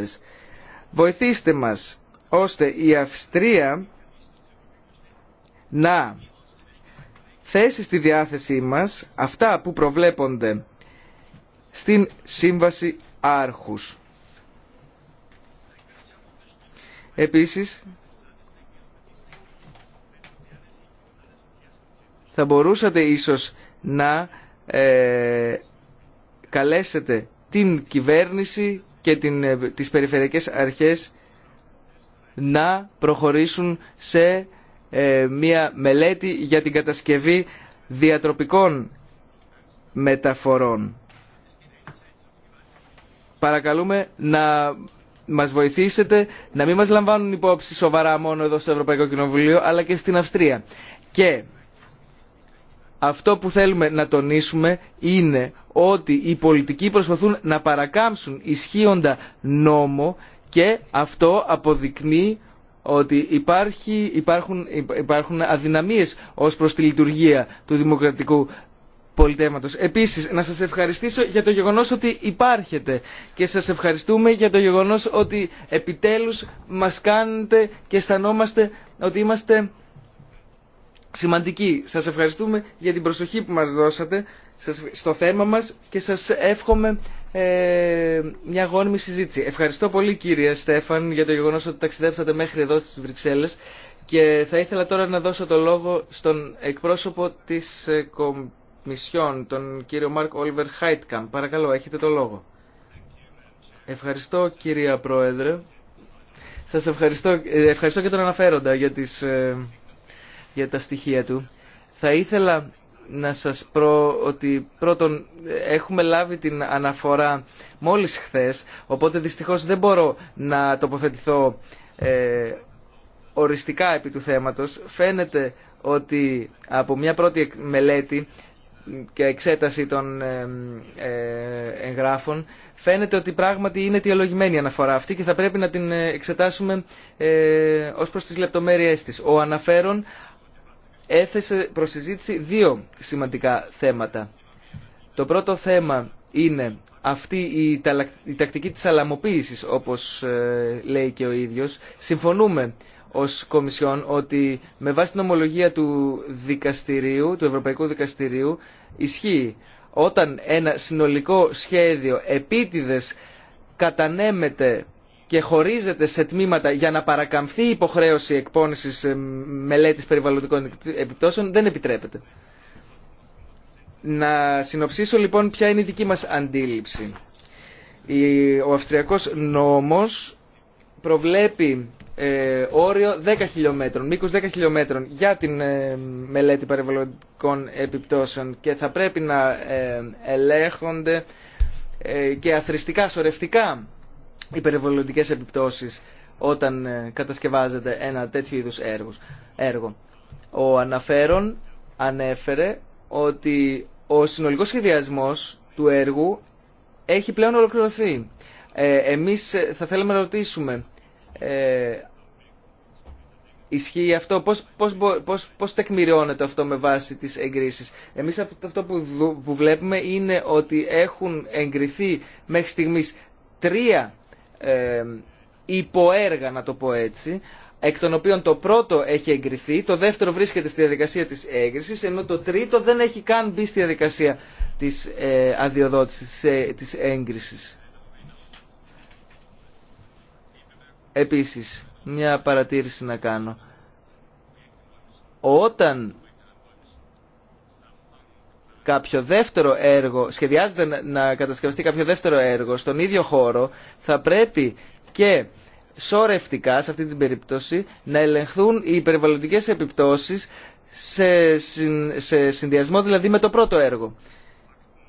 Βοηθήστε μας ώστε η Αυστρία να θέσει στη διάθεσή μας αυτά που προβλέπονται στην Σύμβαση Άρχους. Επίσης, θα μπορούσατε ίσως να ε, καλέσετε την κυβέρνηση και την, ε, τις περιφερειακές αρχές να προχωρήσουν σε ε, μια μελέτη για την κατασκευή διατροπικών μεταφορών. Παρακαλούμε να μας βοηθήσετε να μην μας λαμβάνουν υπόψη σοβαρά μόνο εδώ στο Ευρωπαϊκό Κοινοβουλίο αλλά και στην Αυστρία. Και αυτό που θέλουμε να τονίσουμε είναι ότι οι πολιτικοί προσπαθούν να παρακάμψουν ισχύοντα νόμο και αυτό αποδεικνύει ότι υπάρχει, υπάρχουν, υπάρχουν αδυναμίες ως προς τη λειτουργία του δημοκρατικού πολιτεύματος. Επίσης, να σας ευχαριστήσω για το γεγονός ότι υπάρχετε και σας ευχαριστούμε για το γεγονός ότι επιτέλους μας κάνετε και αισθανόμαστε ότι είμαστε σημαντική. Σας ευχαριστούμε για την προσοχή που μας δώσατε στο θέμα μας και σας εύχομαι ε, μια γόνιμη συζήτηση. Ευχαριστώ πολύ κύριε Στέφαν για το γεγονός ότι ταξιδέψατε μέχρι εδώ στις Βρυξέλλες και θα ήθελα τώρα να δώσω το λόγο στον εκπρόσωπο της ε, Κομισιόν, τον κύριο Μάρκ Όλβερ Χάιτκαμ. Παρακαλώ, έχετε το λόγο. Ευχαριστώ κύριε Πρόεδρε. Σας ευχαριστώ, ε, ευχαριστώ και τον αναφέροντα για τις για τα στοιχεία του. Θα ήθελα να σας πω ότι πρώτον έχουμε λάβει την αναφορά μόλις χθες, οπότε δυστυχώς δεν μπορώ να τοποθετηθώ ε, οριστικά επί του θέματος. Φαίνεται ότι από μια πρώτη μελέτη και εξέταση των ε, ε, εγγράφων φαίνεται ότι πράγματι είναι αιτιολογημένη η αναφορά αυτή και θα πρέπει να την ε, εξετάσουμε ε, ως προς τις λεπτομέρειές της. Ο αναφέρον έθεσε προς δύο σημαντικά θέματα. Το πρώτο θέμα είναι αυτή η, τακτική της αλαμοποίησης, όπως ε, λέει και ο ίδιος. Συμφωνούμε ως Κομισιόν ότι με βάση την ομολογία του δικαστηρίου, του Ευρωπαϊκού Δικαστηρίου, ισχύει όταν ένα συνολικό σχέδιο επίτηδες κατανέμεται και χωρίζεται σε τμήματα για να παρακαμφθεί η υποχρέωση εκπόνησης ε, μελέτης περιβαλλοντικών επιπτώσεων δεν επιτρέπεται. Να συνοψίσω λοιπόν ποια είναι η δική μας αντίληψη. Ο Αυστριακός νόμος προβλέπει ε, όριο 10 χιλιόμετρων, μήκο 10 χιλιόμετρων για την ε, μελέτη περιβαλλοντικών επιπτώσεων και θα πρέπει να ε, ελέγχονται και αθρηστικά, σορευτικά οι επιπτώσεις όταν ε, κατασκευάζεται ένα τέτοιο είδους έργο. Ο αναφέρον ανέφερε ότι ο συνολικός σχεδιασμός του έργου έχει πλέον ολοκληρωθεί. Ε, εμείς ε, θα θέλαμε να ρωτήσουμε, ε, ισχύει αυτό, πώς, πώς, πώς, πώς τεκμηριώνεται αυτό με βάση τις εγκρίσεις. Εμείς αυτό που, βλέπουμε είναι ότι έχουν εγκριθεί μέχρι στιγμής τρία ε, υποέργα να το πω έτσι, εκ των οποίων το πρώτο έχει εγκριθεί, το δεύτερο βρίσκεται στη διαδικασία της έγκρισης, ενώ το τρίτο δεν έχει καν μπει στη διαδικασία της ε, αδειοδότησης, ε, της έγκρισης. Επίσης, μια παρατήρηση να κάνω. Όταν κάποιο δεύτερο έργο, σχεδιάζεται να κατασκευαστεί κάποιο δεύτερο έργο στον ίδιο χώρο, θα πρέπει και σωρευτικά σε αυτή την περίπτωση να ελεγχθούν οι περιβαλλοντικές επιπτώσεις σε, συνδυασμό δηλαδή με το πρώτο έργο.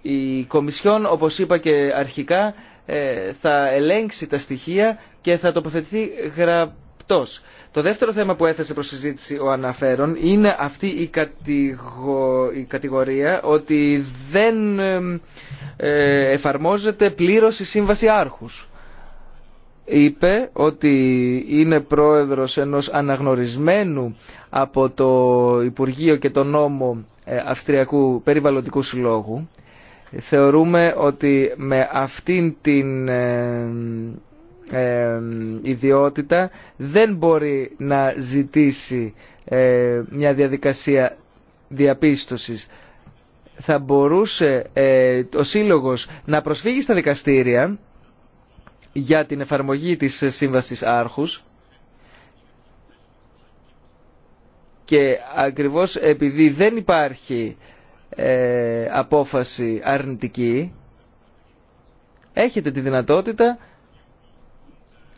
Η Κομισιόν, όπως είπα και αρχικά, ε, θα ελέγξει τα στοιχεία και θα τοποθετηθεί γραπτά το δεύτερο θέμα που έθεσε προς συζήτηση ο αναφέρον είναι αυτή η, κατηγορία ότι δεν ε, εφαρμόζεται πλήρως η σύμβαση άρχους. Είπε ότι είναι πρόεδρος ενός αναγνωρισμένου από το Υπουργείο και τον νόμο ε, Αυστριακού Περιβαλλοντικού Συλλόγου. Θεωρούμε ότι με αυτήν την ιδιότητα δεν μπορεί να ζητήσει ε, μια διαδικασία διαπίστωσης. Θα μπορούσε ε, ο Σύλλογος να προσφύγει στα δικαστήρια για την εφαρμογή της Σύμβασης Άρχους και ακριβώς επειδή δεν υπάρχει ε, απόφαση αρνητική έχετε τη δυνατότητα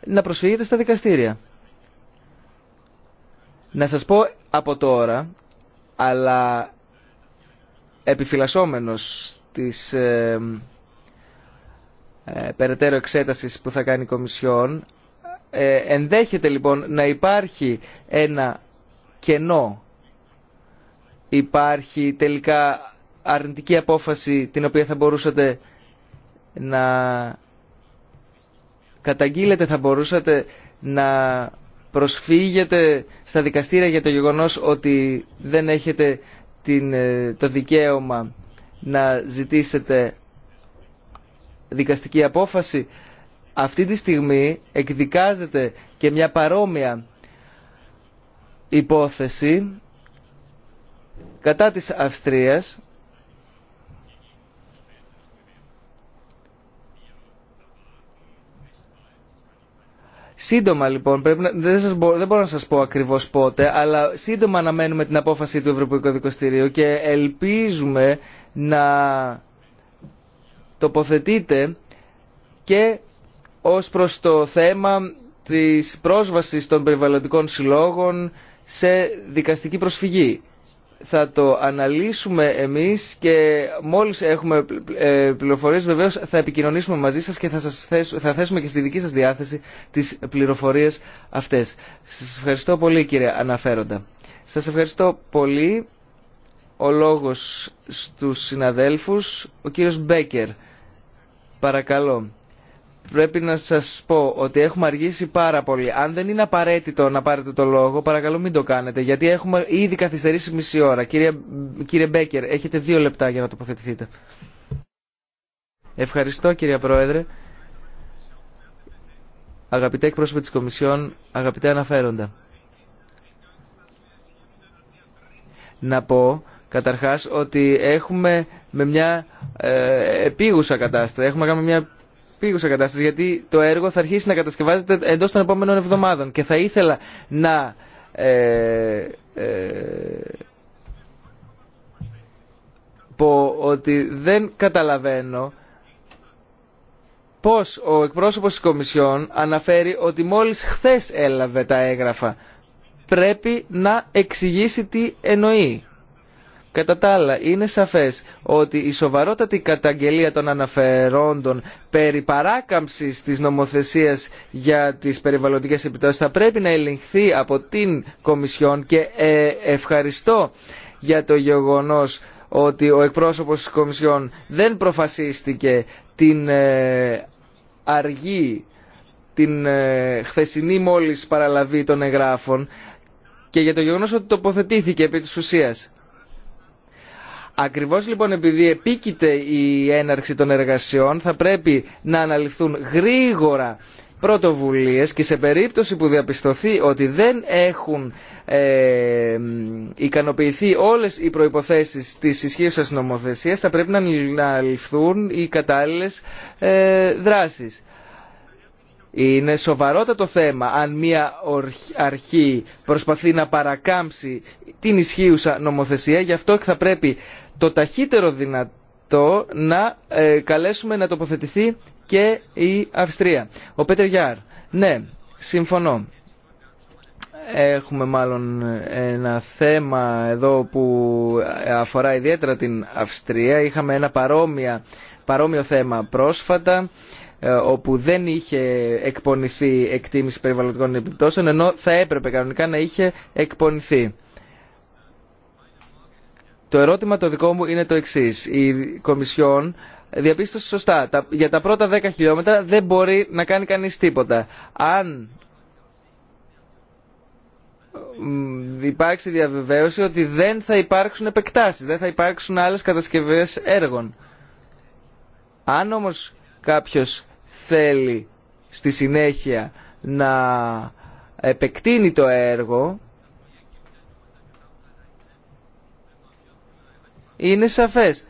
να προσφύγετε στα δικαστήρια. Να σας πω από τώρα, αλλά επιφυλασσόμενος της ε, ε, περαιτέρω εξέτασης που θα κάνει η Κομισιόν, ε, ενδέχεται λοιπόν να υπάρχει ένα κενό. Υπάρχει τελικά αρνητική απόφαση την οποία θα μπορούσατε να καταγγείλετε θα μπορούσατε να προσφύγετε στα δικαστήρια για το γεγονός ότι δεν έχετε την, ε, το δικαίωμα να ζητήσετε δικαστική απόφαση. Αυτή τη στιγμή εκδικάζεται και μια παρόμοια υπόθεση κατά της Αυστρίας Σύντομα λοιπόν, δεν, δεν μπορώ να σας πω ακριβώς πότε, αλλά σύντομα αναμένουμε την απόφαση του Ευρωπαϊκού Δικαστηρίου και ελπίζουμε να τοποθετείτε και ως προς το θέμα της πρόσβασης των περιβαλλοντικών συλλόγων σε δικαστική προσφυγή θα το αναλύσουμε εμείς και μόλις έχουμε ε, πληροφορίες βεβαίως θα επικοινωνήσουμε μαζί σας και θα, σας θέσουμε, θα θέσουμε και στη δική σας διάθεση τις πληροφορίες αυτές. Σας ευχαριστώ πολύ κύριε Αναφέροντα. Σας ευχαριστώ πολύ. Ο λόγος στους συναδέλφους, ο κύριος Μπέκερ. Παρακαλώ πρέπει να σας πω ότι έχουμε αργήσει πάρα πολύ. Αν δεν είναι απαραίτητο να πάρετε το λόγο, παρακαλώ μην το κάνετε, γιατί έχουμε ήδη καθυστερήσει μισή ώρα. Κύριε, κύριε Μπέκερ, έχετε δύο λεπτά για να τοποθετηθείτε. Ευχαριστώ κύριε Πρόεδρε. Αγαπητέ εκπρόσωπε της Κομισιόν, αγαπητέ αναφέροντα. Να πω καταρχάς ότι έχουμε με μια ε, επίγουσα κατάσταση, έχουμε κάνει μια γιατί το έργο θα αρχίσει να κατασκευάζεται εντός των επόμενων εβδομάδων και θα ήθελα να ε, ε, πω ότι δεν καταλαβαίνω πώς ο εκπρόσωπος της Κομισιόν αναφέρει ότι μόλις χθες έλαβε τα έγγραφα. Πρέπει να εξηγήσει τι εννοεί. Κατά τα άλλα, είναι σαφές ότι η σοβαρότατη καταγγελία των αναφερόντων περί παράκαμψης της νομοθεσίας για τις περιβαλλοντικές επιπτώσεις θα πρέπει να ελεγχθεί από την Κομισιόν και ε, ευχαριστώ για το γεγονός ότι ο εκπρόσωπος της Κομισιόν δεν προφασίστηκε την ε, αργή, την ε, χθεσινή μόλις παραλαβή των εγγράφων και για το γεγονός ότι τοποθετήθηκε επί της ουσίας. Ακριβώς λοιπόν επειδή επίκειται η έναρξη των εργασιών θα πρέπει να αναλυθούν γρήγορα πρωτοβουλίες και σε περίπτωση που διαπιστωθεί ότι δεν έχουν ε, ικανοποιηθεί όλες οι προϋποθέσεις της ισχύουσας νομοθεσίας θα πρέπει να αναλυθούν οι κατάλληλες ε, δράσεις. Είναι σοβαρότατο θέμα αν μια αρχή προσπαθεί να παρακάμψει την ισχύουσα νομοθεσία, γι' αυτό θα πρέπει το ταχύτερο δυνατό να ε, καλέσουμε να τοποθετηθεί και η Αυστρία. Ο Πέτερ Γιάρ. Ναι, συμφωνώ. Έχουμε μάλλον ε, ένα θέμα εδώ που αφορά ιδιαίτερα την Αυστρία. Είχαμε ένα παρόμοια, παρόμοιο θέμα πρόσφατα ε, όπου δεν είχε εκπονηθεί εκτίμηση περιβαλλοντικών επιπτώσεων ενώ θα έπρεπε κανονικά να είχε εκπονηθεί. Το ερώτημα το δικό μου είναι το εξή. Η Κομισιόν διαπίστωσε σωστά. Για τα πρώτα 10 χιλιόμετρα δεν μπορεί να κάνει κανείς τίποτα. Αν υπάρξει διαβεβαίωση ότι δεν θα υπάρξουν επεκτάσεις, δεν θα υπάρξουν άλλες κατασκευές έργων. Αν όμως κάποιος θέλει στη συνέχεια να επεκτείνει το έργο είναι σαφές.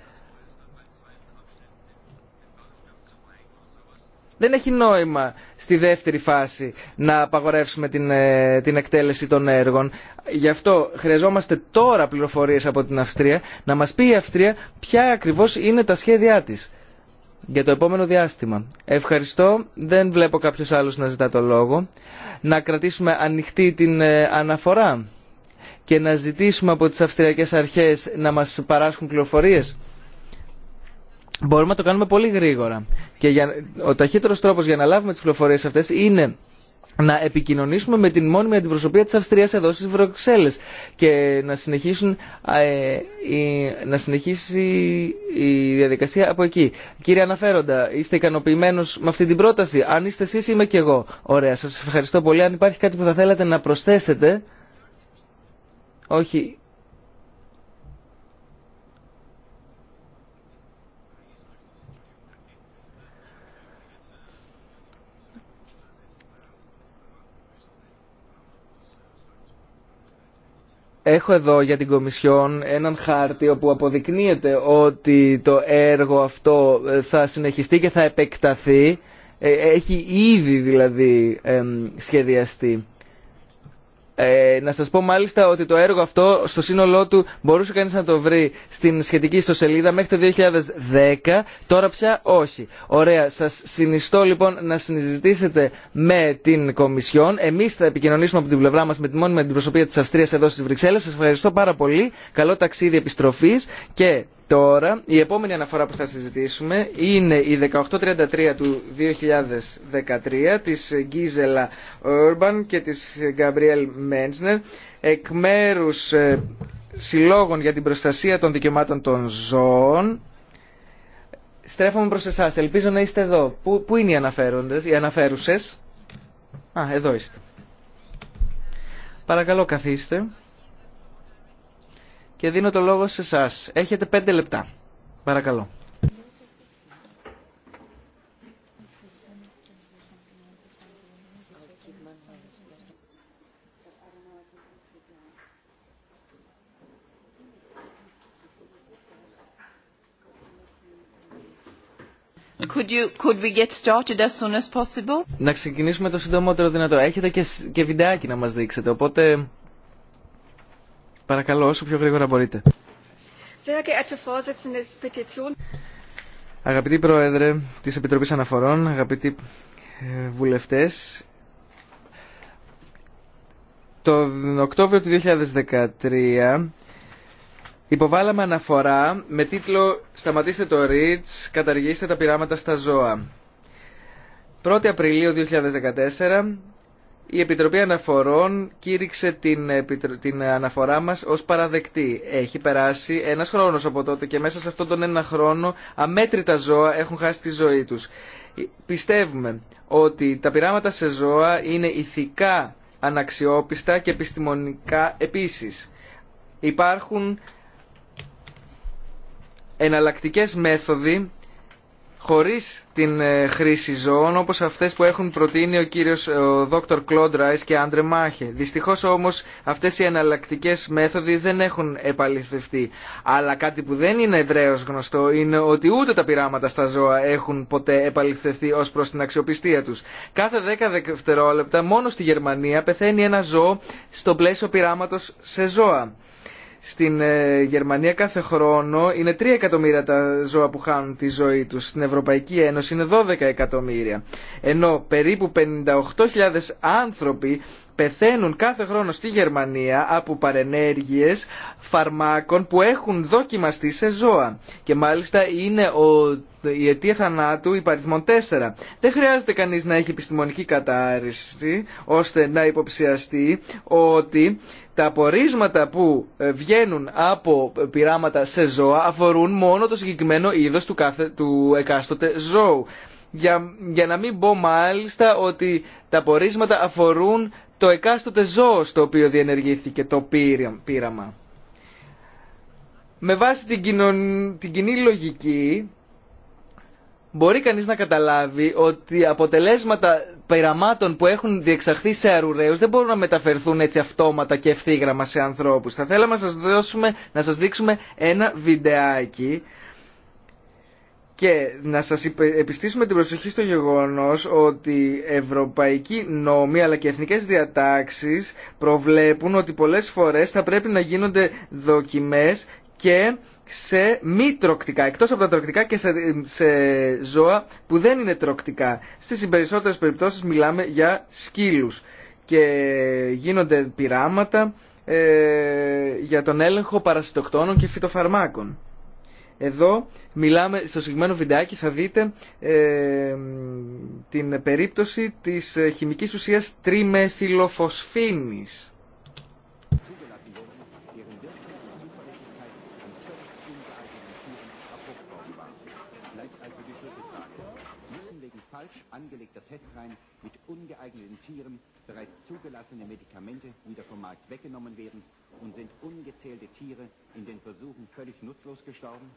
Δεν έχει νόημα στη δεύτερη φάση να απαγορεύσουμε την, ε, την εκτέλεση των έργων. Γι' αυτό χρειαζόμαστε τώρα πληροφορίες από την Αυστρία να μας πει η Αυστρία ποια ακριβώς είναι τα σχέδιά της για το επόμενο διάστημα. Ευχαριστώ. Δεν βλέπω κάποιος άλλος να ζητά το λόγο. Να κρατήσουμε ανοιχτή την ε, αναφορά και να ζητήσουμε από τις αυστριακές αρχές να μας παράσχουν πληροφορίες. Μπορούμε να το κάνουμε πολύ γρήγορα. Και για, ο ταχύτερος τρόπος για να λάβουμε τις πληροφορίες αυτές είναι να επικοινωνήσουμε με την μόνιμη αντιπροσωπεία της Αυστρίας εδώ στις Βρυξέλλες και να, ε, να συνεχίσει η διαδικασία από εκεί. Κύριε Αναφέροντα, είστε ικανοποιημένος με αυτή την πρόταση. Αν είστε εσείς είμαι και εγώ. Ωραία, σας ευχαριστώ πολύ. Αν υπάρχει κάτι που θα θέλατε να προσθέσετε... Όχι. Έχω εδώ για την Κομισιόν έναν χάρτη όπου αποδεικνύεται ότι το έργο αυτό ε, θα συνεχιστεί και θα επεκταθεί. Ε, ε, έχει ήδη δηλαδή σχεδιαστεί. Ε, να σας πω μάλιστα ότι το έργο αυτό στο σύνολό του μπορούσε κανείς να το βρει στην σχετική ιστοσελίδα μέχρι το 2010, τώρα πια όχι. Ωραία, σας συνιστώ λοιπόν να συζητήσετε με την Κομισιόν. Εμείς θα επικοινωνήσουμε από την πλευρά μας με τη μόνιμη αντιπροσωπεία της Αυστρίας εδώ στις Βρυξέλλες. Σας ευχαριστώ πάρα πολύ. Καλό ταξίδι επιστροφής και Τώρα, η επόμενη αναφορά που θα συζητήσουμε είναι η 1833 του 2013 της Γκίζελα Urban και της Γκαμπριέλ Μέντσνερ εκ μέρους ε, συλλόγων για την προστασία των δικαιωμάτων των ζώων. Στρέφομαι προς εσάς. Ελπίζω να είστε εδώ. Πού, είναι οι αναφέροντες, οι αναφέρουσες. Α, εδώ είστε. Παρακαλώ καθίστε και δίνω το λόγο σε εσά. Έχετε πέντε λεπτά. Παρακαλώ. Could we get started as soon as possible? Να ξεκινήσουμε το συντομότερο δυνατό. Έχετε και, και βιντεάκι να μας δείξετε, οπότε Παρακαλώ, όσο πιο γρήγορα μπορείτε. Αγαπητοί Πρόεδρε της Επιτροπής Αναφορών, αγαπητοί ε, βουλευτές, τον Οκτώβριο του 2013 υποβάλαμε αναφορά με τίτλο «Σταματήστε το ρίτς, καταργήστε τα πειράματα στα ζώα». 1η Απριλίου 2014 η Επιτροπή Αναφορών κήρυξε την, την αναφορά μας ως παραδεκτή. Έχει περάσει ένας χρόνος από τότε και μέσα σε αυτόν τον ένα χρόνο αμέτρητα ζώα έχουν χάσει τη ζωή τους. Ε, πιστεύουμε ότι τα πειράματα σε ζώα είναι ηθικά αναξιόπιστα και επιστημονικά επίσης. Υπάρχουν εναλλακτικές μέθοδοι χωρίς την ε, χρήση ζώων όπως αυτές που έχουν προτείνει ο κύριος ε, ο Δόκτωρ Κλόντ και Άντρε Μάχε. Δυστυχώς όμως αυτές οι εναλλακτικέ μέθοδοι δεν έχουν επαληθευτεί. Αλλά κάτι που δεν είναι ευρέως γνωστό είναι ότι ούτε τα πειράματα στα ζώα έχουν ποτέ επαληθευτεί ως προς την αξιοπιστία τους. Κάθε 10 δευτερόλεπτα μόνο στη Γερμανία πεθαίνει ένα ζώο στο πλαίσιο πειράματος σε ζώα. Στην ε, Γερμανία κάθε χρόνο είναι 3 εκατομμύρια τα ζώα που χάνουν τη ζωή τους. Στην Ευρωπαϊκή Ένωση είναι 12 εκατομμύρια. Ενώ περίπου 58.000 άνθρωποι πεθαίνουν κάθε χρόνο στη Γερμανία από παρενέργειες φαρμάκων που έχουν δοκιμαστεί σε ζώα. Και μάλιστα είναι ο, η αιτία θανάτου υπαριθμών 4. Δεν χρειάζεται κανείς να έχει επιστημονική κατάρρηση ώστε να υποψιαστεί ότι τα απορίσματα που ε, βγαίνουν από ε, πειράματα σε ζώα αφορούν μόνο το συγκεκριμένο είδος του, κάθε, του εκάστοτε ζώου. Για, για να μην πω μάλιστα ότι τα πορίσματα αφορούν το εκάστοτε ζώο στο οποίο διενεργήθηκε το πείραμα. Με βάση την, την κοινή λογική μπορεί κανείς να καταλάβει ότι αποτελέσματα πειραμάτων που έχουν διεξαχθεί σε αρουραίους δεν μπορούν να μεταφερθούν έτσι αυτόματα και ευθύγραμμα σε ανθρώπους. Θα θέλαμε να σας, δώσουμε, να σας δείξουμε ένα βιντεάκι και να σας επιστήσουμε την προσοχή στο γεγονός ότι ευρωπαϊκοί νόμοι αλλά και εθνικές διατάξεις προβλέπουν ότι πολλές φορές θα πρέπει να γίνονται δοκιμές και σε μη τροκτικά, εκτός από τα τροκτικά και σε, ζώα που δεν είναι τροκτικά. Στις περισσότερες περιπτώσεις μιλάμε για σκύλους και γίνονται πειράματα ε, για τον έλεγχο παρασιτοκτόνων και φυτοφαρμάκων. Εδώ μιλάμε, στο συγκεκριμένο βιντεάκι θα δείτε ε, την περίπτωση της ε, χημικής ουσίας τριμεθυλοφοσφίνης eigene Tieren bereits zugelassene Medikamente wieder vom Markt weggenommen werden und sind ungezählte Tiere in den Versuchen völlig nutzlos gestorben?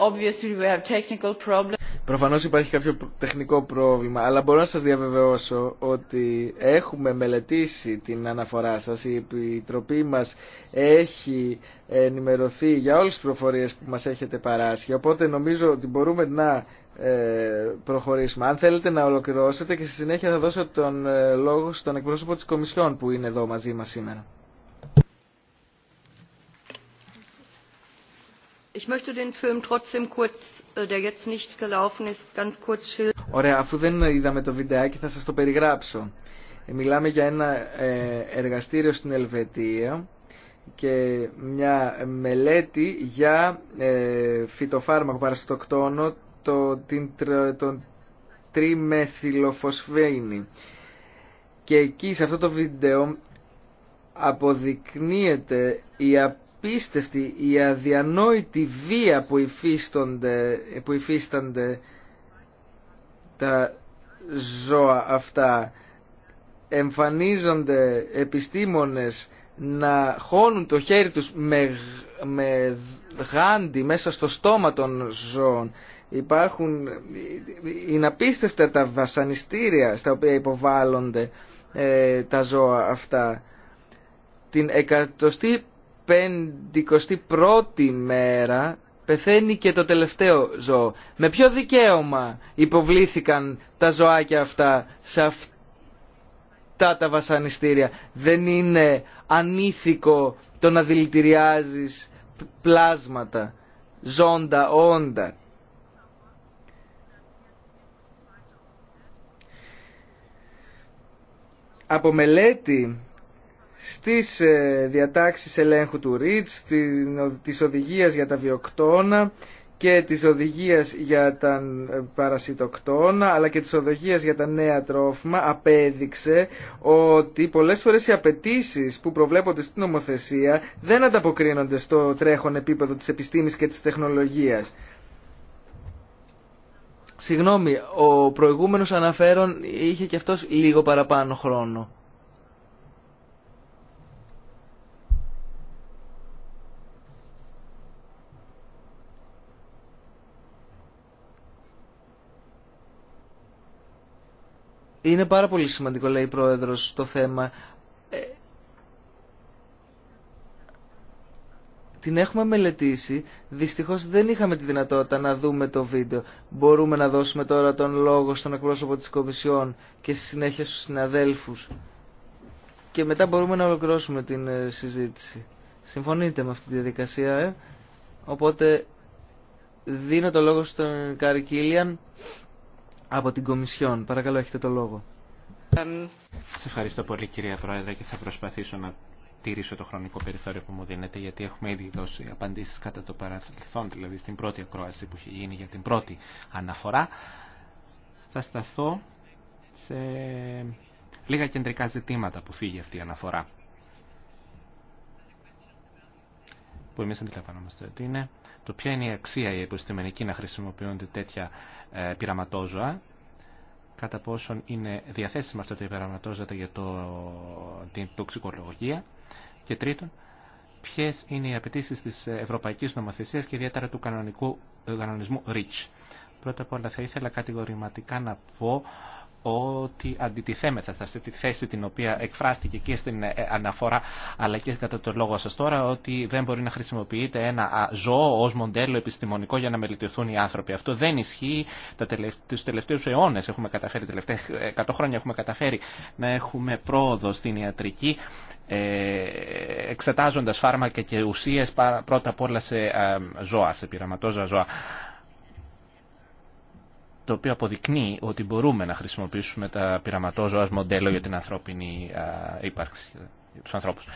Obviously we have technical problems. Προφανώς υπάρχει κάποιο τεχνικό πρόβλημα, αλλά μπορώ να σας διαβεβαιώσω ότι έχουμε μελετήσει την αναφορά σας. Η Επιτροπή μας έχει ενημερωθεί για όλες τις προφορίες που μας έχετε παράσχει, οπότε νομίζω ότι μπορούμε να ε, προχωρήσουμε. Αν θέλετε να ολοκληρώσετε και στη συνέχεια θα δώσω τον ε, λόγο στον εκπρόσωπο της Κομισιόν που είναι εδώ μαζί μας σήμερα. Ωραία, αφού δεν είδαμε το βιντεάκι θα σας το περιγράψω. Ε, μιλάμε για ένα ε, εργαστήριο στην Ελβετία και μια μελέτη για ε, φυτοφάρμακο παραστοκτόνο το, την, τον τριμεθυλοφοσφαίνη. Και εκεί σε αυτό το βίντεο αποδεικνύεται η απίστευτη, η αδιανόητη βία που, υφίστανται, τα ζώα αυτά. Εμφανίζονται επιστήμονες να χώνουν το χέρι τους με, γάντι μέσα στο στόμα των ζώων. Υπάρχουν, είναι απίστευτα τα βασανιστήρια στα οποία υποβάλλονται ε, τα ζώα αυτά. Την εκατοστή Πέντη η μέρα πεθαίνει και το τελευταίο ζώο. Με ποιο δικαίωμα υποβλήθηκαν τα ζωάκια αυτά σε αυτά τα βασανιστήρια. Δεν είναι ανήθικο το να δηλητηριάζεις πλάσματα, ζώντα, όντα. Από μελέτη στις ε, διατάξεις ελέγχου του ΡΙΤΣ, της οδηγίας για τα βιοκτώνα και της οδηγίας για τα ε, παρασιτοκτώνα αλλά και της οδηγίας για τα νέα τρόφιμα απέδειξε ότι πολλές φορές οι απαιτήσει που προβλέπονται στην νομοθεσία δεν ανταποκρίνονται στο τρέχον επίπεδο της επιστήμης και της τεχνολογίας. Συγγνώμη, ο προηγούμενος αναφέρον είχε και αυτός λίγο παραπάνω χρόνο. Είναι πάρα πολύ σημαντικό, λέει η Πρόεδρος, το θέμα. Ε, την έχουμε μελετήσει. Δυστυχώς δεν είχαμε τη δυνατότητα να δούμε το βίντεο. Μπορούμε να δώσουμε τώρα τον λόγο στον εκπρόσωπο της Κομισιόν και στη συνέχεια στους συναδέλφους. Και μετά μπορούμε να ολοκληρώσουμε την ε, συζήτηση. Συμφωνείτε με αυτή τη διαδικασία, ε? Οπότε δίνω το λόγο στον Κάρη Κίλιαν από την Κομισιόν. Παρακαλώ, έχετε το λόγο. Σας ευχαριστώ πολύ κυρία Πρόεδρε και θα προσπαθήσω να τηρήσω το χρονικό περιθώριο που μου δίνετε, γιατί έχουμε ήδη δώσει απαντήσεις κατά το παρελθόν, δηλαδή στην πρώτη ακρόαση που έχει γίνει για την πρώτη αναφορά. Θα σταθώ σε λίγα κεντρικά ζητήματα που φύγει αυτή η αναφορά. Που εμείς αντιλαμβανόμαστε ότι είναι το ποια είναι η αξία η επιστημονική να χρησιμοποιούνται τέτοια ε, πειραματόζωα, κατά πόσον είναι διαθέσιμα αυτά τα πειραματόζωα για το, την τοξικολογία και τρίτον, ποιε είναι οι απαιτήσει τη ευρωπαϊκή νομοθεσία και ιδιαίτερα του κανονικού, ε, κανονισμού REACH. Πρώτα απ' όλα θα ήθελα κατηγορηματικά να πω ότι αντιτιθέμεθα σε αυτή τη θέση την οποία εκφράστηκε και στην ε, αναφορά αλλά και κατά τον λόγο σας τώρα ότι δεν μπορεί να χρησιμοποιείται ένα ζώο ως μοντέλο επιστημονικό για να μελετηθούν οι άνθρωποι. Αυτό δεν ισχύει τα τελευταίου, τους τελευταίους αιώνες έχουμε καταφέρει, τα τελευταία 100 ε, χρόνια έχουμε καταφέρει να έχουμε πρόοδο στην ιατρική ε, εξετάζοντας φάρμακα και ουσίες πρώτα απ' όλα σε ζώα, σε πειραματόζα ζώα το οποίο αποδεικνύει ότι μπορούμε να χρησιμοποιήσουμε τα πειραματόζωα ως μοντέλο για την ανθρώπινη ύπαρξη, για τους ανθρώπους.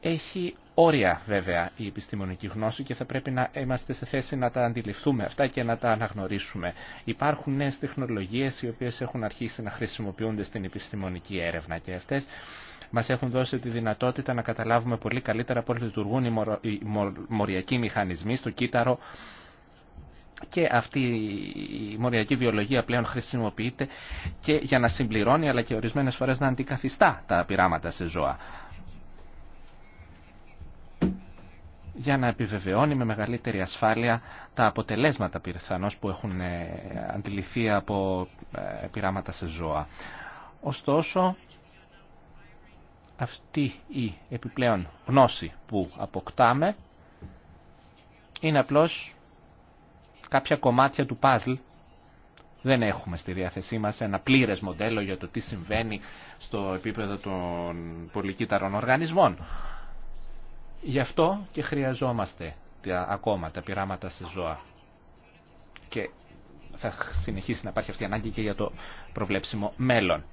Έχει όρια βέβαια η επιστημονική γνώση και θα πρέπει να είμαστε σε θέση να τα αντιληφθούμε αυτά και να τα αναγνωρίσουμε. Υπάρχουν νέες τεχνολογίες οι οποίες έχουν αρχίσει να χρησιμοποιούνται στην επιστημονική έρευνα και αυτές Μα έχουν δώσει τη δυνατότητα να καταλάβουμε πολύ καλύτερα πώ λειτουργούν οι μοριακοί μηχανισμοί στο κύτταρο και αυτή η μοριακή βιολογία πλέον χρησιμοποιείται και για να συμπληρώνει αλλά και ορισμένε φορές να αντικαθιστά τα πειράματα σε ζώα. για να επιβεβαιώνει με μεγαλύτερη ασφάλεια τα αποτελέσματα πιθανώς που έχουν ε, αντιληφθεί από ε, πειράματα σε ζώα. Ωστόσο, αυτή η επιπλέον γνώση που αποκτάμε είναι απλώς κάποια κομμάτια του παζλ δεν έχουμε στη διάθεσή μας ένα πλήρες μοντέλο για το τι συμβαίνει στο επίπεδο των πολυκύτταρων οργανισμών. Γι' αυτό και χρειαζόμαστε τα, ακόμα τα πειράματα σε ζώα. Και θα συνεχίσει να υπάρχει αυτή η ανάγκη και για το προβλέψιμο μέλλον.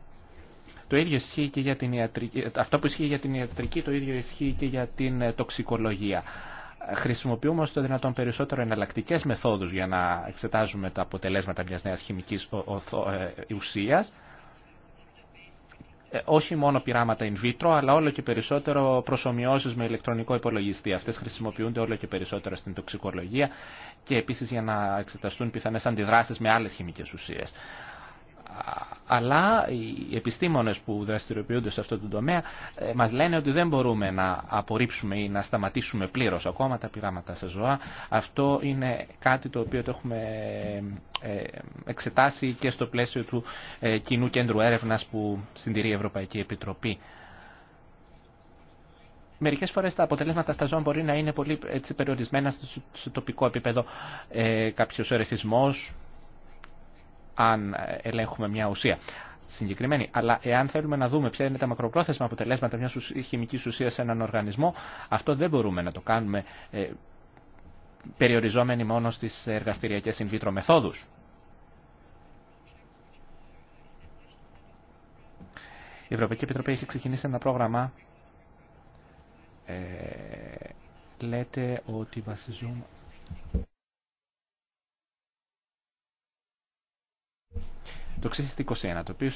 Το ίδιο ισχύει και για την ιατρική. Αυτό που ισχύει για την ιατρική, το ίδιο ισχύει και για την ε, τοξικολογία. Χρησιμοποιούμε όσο το δυνατόν περισσότερο εναλλακτικέ μεθόδου για να εξετάζουμε τα αποτελέσματα μια νέα χημική ε, ουσία. Ε, όχι μόνο πειράματα in vitro, αλλά όλο και περισσότερο προσωμιώσει με ηλεκτρονικό υπολογιστή. Αυτέ χρησιμοποιούνται όλο και περισσότερο στην τοξικολογία και επίση για να εξεταστούν πιθανέ αντιδράσει με άλλε χημικέ ουσίε αλλά οι επιστήμονες που δραστηριοποιούνται σε αυτό το τομέα ε, μας λένε ότι δεν μπορούμε να απορρίψουμε ή να σταματήσουμε πλήρως ακόμα τα πειράματα σε ζώα. Αυτό είναι κάτι το οποίο το έχουμε ε, εξετάσει και στο πλαίσιο του ε, κοινού κέντρου έρευνας που συντηρεί η Ευρωπαϊκή Επιτροπή. Μερικές φορές τα αποτελέσματα στα ζώα μπορεί να είναι πολύ περιορισμένα στο τοπικό επίπεδο. Ε, κάποιος αν ελέγχουμε μια ουσία συγκεκριμένη. Αλλά εάν θέλουμε να δούμε ποια είναι τα μακροπρόθεσμα αποτελέσματα μια χημική ουσία σε έναν οργανισμό, αυτό δεν μπορούμε να το κάνουμε ε, περιοριζόμενοι μόνο στι εργαστηριακέ in vitro μεθόδου. Η Ευρωπαϊκή Επιτροπή έχει ξεκινήσει ένα πρόγραμμα. Ε, λέτε ότι βασιζόμαστε τοξίστη 21, το οποίο,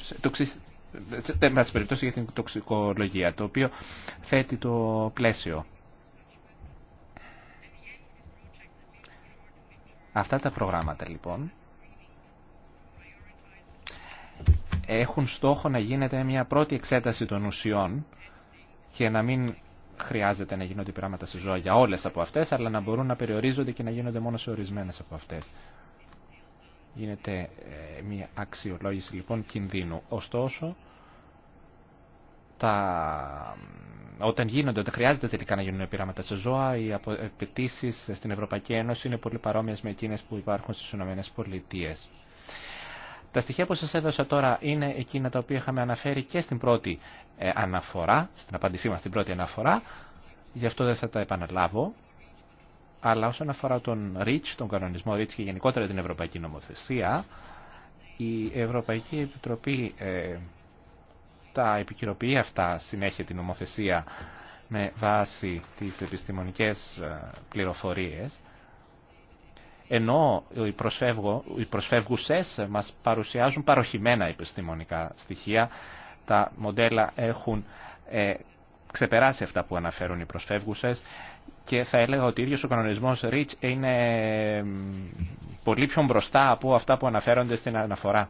περιπτώσει για την τοξικολογία, το οποίο θέτει το πλαίσιο. Αυτά τα προγράμματα λοιπόν έχουν στόχο να γίνεται μια πρώτη εξέταση των ουσιών και να μην χρειάζεται να γίνονται πειράματα σε ζώα για όλες από αυτές, αλλά να μπορούν να περιορίζονται και να γίνονται μόνο σε ορισμένες από αυτές. Γίνεται ε, μια αξιολόγηση λοιπόν κινδύνου. Ωστόσο, τα... όταν γίνονται, χρειάζεται τελικά να γίνουν πειράματα σε ζώα, οι απαιτήσει στην Ευρωπαϊκή Ένωση είναι πολύ παρόμοιε με εκείνε που υπάρχουν στι ΗΠΑ. Τα στοιχεία που σας έδωσα τώρα είναι εκείνα τα οποία είχαμε αναφέρει και στην πρώτη ε, αναφορά, στην απάντησή μας στην πρώτη αναφορά, γι' αυτό δεν θα τα επαναλάβω αλλά όσον αφορά τον REACH, τον κανονισμό REACH και γενικότερα την Ευρωπαϊκή Νομοθεσία, η Ευρωπαϊκή Επιτροπή ε, τα επικυροποιεί αυτά συνέχεια την νομοθεσία με βάση τις επιστημονικές ε, πληροφορίες, ενώ οι, οι προσφεύγουσες μας παρουσιάζουν παροχημένα επιστημονικά στοιχεία, τα μοντέλα έχουν ε, ξεπεράσει αυτά που αναφέρουν οι προσφεύγουσες και θα έλεγα ότι ο ίδιος ο κανονισμός Rich είναι πολύ πιο μπροστά από αυτά που αναφέρονται στην αναφορά.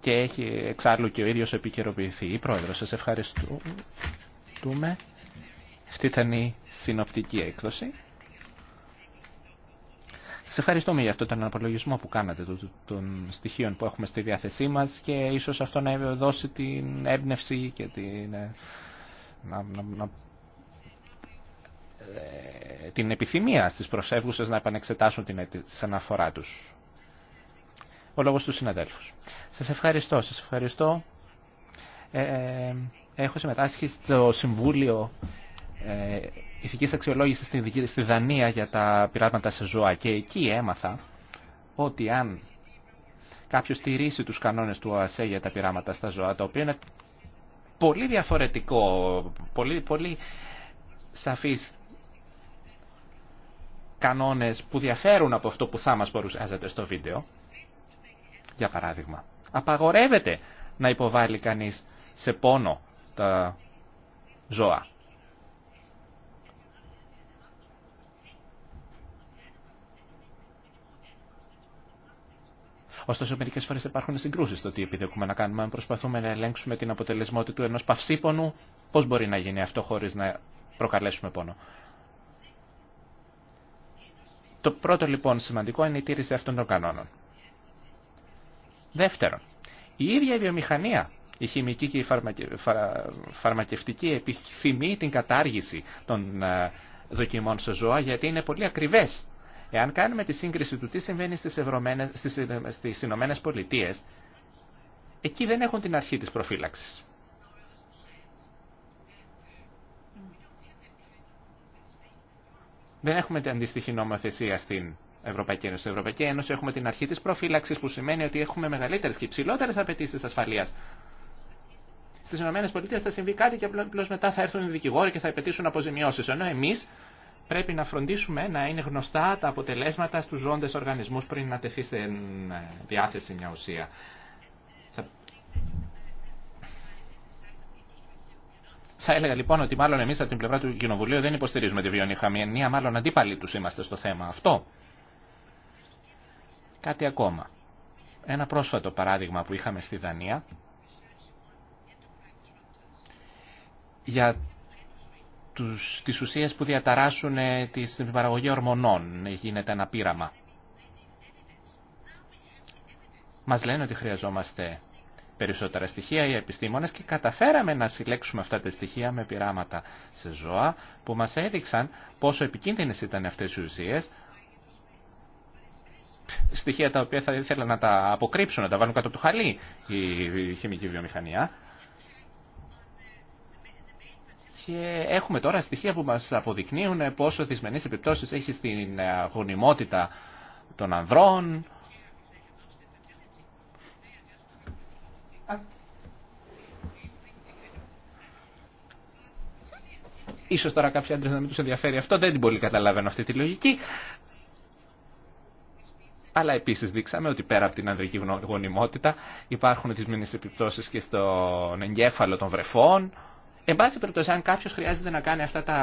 Και έχει εξάλλου και ο ίδιος επικαιροποιηθεί. Η Πρόεδρος, σας ευχαριστούμε. Αυτή ήταν η συνοπτική έκδοση. Σας ευχαριστούμε για αυτόν τον απολογισμό που κάνατε των στοιχείων που έχουμε στη διάθεσή μας και ίσως αυτό να δώσει την έμπνευση και την, ε, να, να, να ε, την επιθυμία στις προσεύγουσες να επανεξετάσουν την αναφορά τους. Ο λόγος του συναδέλφου. Σας ευχαριστώ, σας ευχαριστώ. Ε, ε, έχω συμμετάσχει στο Συμβούλιο ε, Ηθικής Αξιολόγησης στη, στη Δανία για τα πειράματα σε ζώα και εκεί έμαθα ότι αν κάποιο στηρίσει τους κανόνες του ΟΑΣΕ για τα πειράματα στα ζώα, το οποίο είναι πολύ διαφορετικό, πολύ, πολύ σαφής κανόνες που διαφέρουν από αυτό που θα μας παρουσιάζετε στο βίντεο. Για παράδειγμα, απαγορεύεται να υποβάλει κανείς σε πόνο τα ζώα. Ωστόσο, μερικέ φορές υπάρχουν συγκρούσεις στο τι επιδιωκούμε να κάνουμε. Αν προσπαθούμε να ελέγξουμε την αποτελεσμότητα του ενό παυσίπονου, πώς μπορεί να γίνει αυτό χωρί να προκαλέσουμε πόνο. Το πρώτο λοιπόν σημαντικό είναι η τήρηση αυτών των κανόνων. Δεύτερον, η ίδια η βιομηχανία, η χημική και η φαρμακευτική επιθυμεί την κατάργηση των ε, δοκιμών σε ζώα γιατί είναι πολύ ακριβές. Εάν κάνουμε τη σύγκριση του τι συμβαίνει στις, στις, ε, στις Ηνωμένε Πολιτείε, εκεί δεν έχουν την αρχή της προφύλαξης. Δεν έχουμε την αντίστοιχη νομοθεσία στην Ευρωπαϊκή Ένωση. Στην Ευρωπαϊκή Ένωση έχουμε την αρχή τη προφύλαξη που σημαίνει ότι έχουμε μεγαλύτερε και υψηλότερε απαιτήσει ασφαλεία. Στι ΗΠΑ θα συμβεί κάτι και απλώ μετά θα έρθουν οι δικηγόροι και θα επαιτήσουν αποζημιώσει. Ενώ εμεί πρέπει να φροντίσουμε να είναι γνωστά τα αποτελέσματα στου ζώντε οργανισμού πριν να τεθεί στην διάθεση μια ουσία. Θα έλεγα λοιπόν ότι μάλλον εμεί από την πλευρά του Κοινοβουλίου δεν υποστηρίζουμε τη βιομηχανία, μάλλον αντίπαλοι του είμαστε στο θέμα αυτό. Κάτι ακόμα. Ένα πρόσφατο παράδειγμα που είχαμε στη Δανία για τους, τις ουσίες που διαταράσσουν ε, την παραγωγή ορμονών. Γίνεται ένα πείραμα. Μας λένε ότι χρειαζόμαστε περισσότερα στοιχεία οι επιστήμονες και καταφέραμε να συλλέξουμε αυτά τα στοιχεία με πειράματα σε ζώα που μας έδειξαν πόσο επικίνδυνες ήταν αυτές οι ουσίες στοιχεία τα οποία θα ήθελα να τα αποκρύψουν, να τα βάλουν κάτω από το χαλί η χημική βιομηχανία. Και έχουμε τώρα στοιχεία που μας αποδεικνύουν πόσο δυσμενείς επιπτώσεις έχει στην γονιμότητα των ανδρών, Ίσως τώρα κάποιοι άντρες να μην τους ενδιαφέρει αυτό, δεν την πολύ καταλαβαίνω αυτή τη λογική. Αλλά επίσης δείξαμε ότι πέρα από την ανδρική γονιμότητα υπάρχουν τις επιπτώσεις και στον εγκέφαλο των βρεφών, Εν πάση περιπτώσει, αν κάποιο χρειάζεται να κάνει αυτά τα,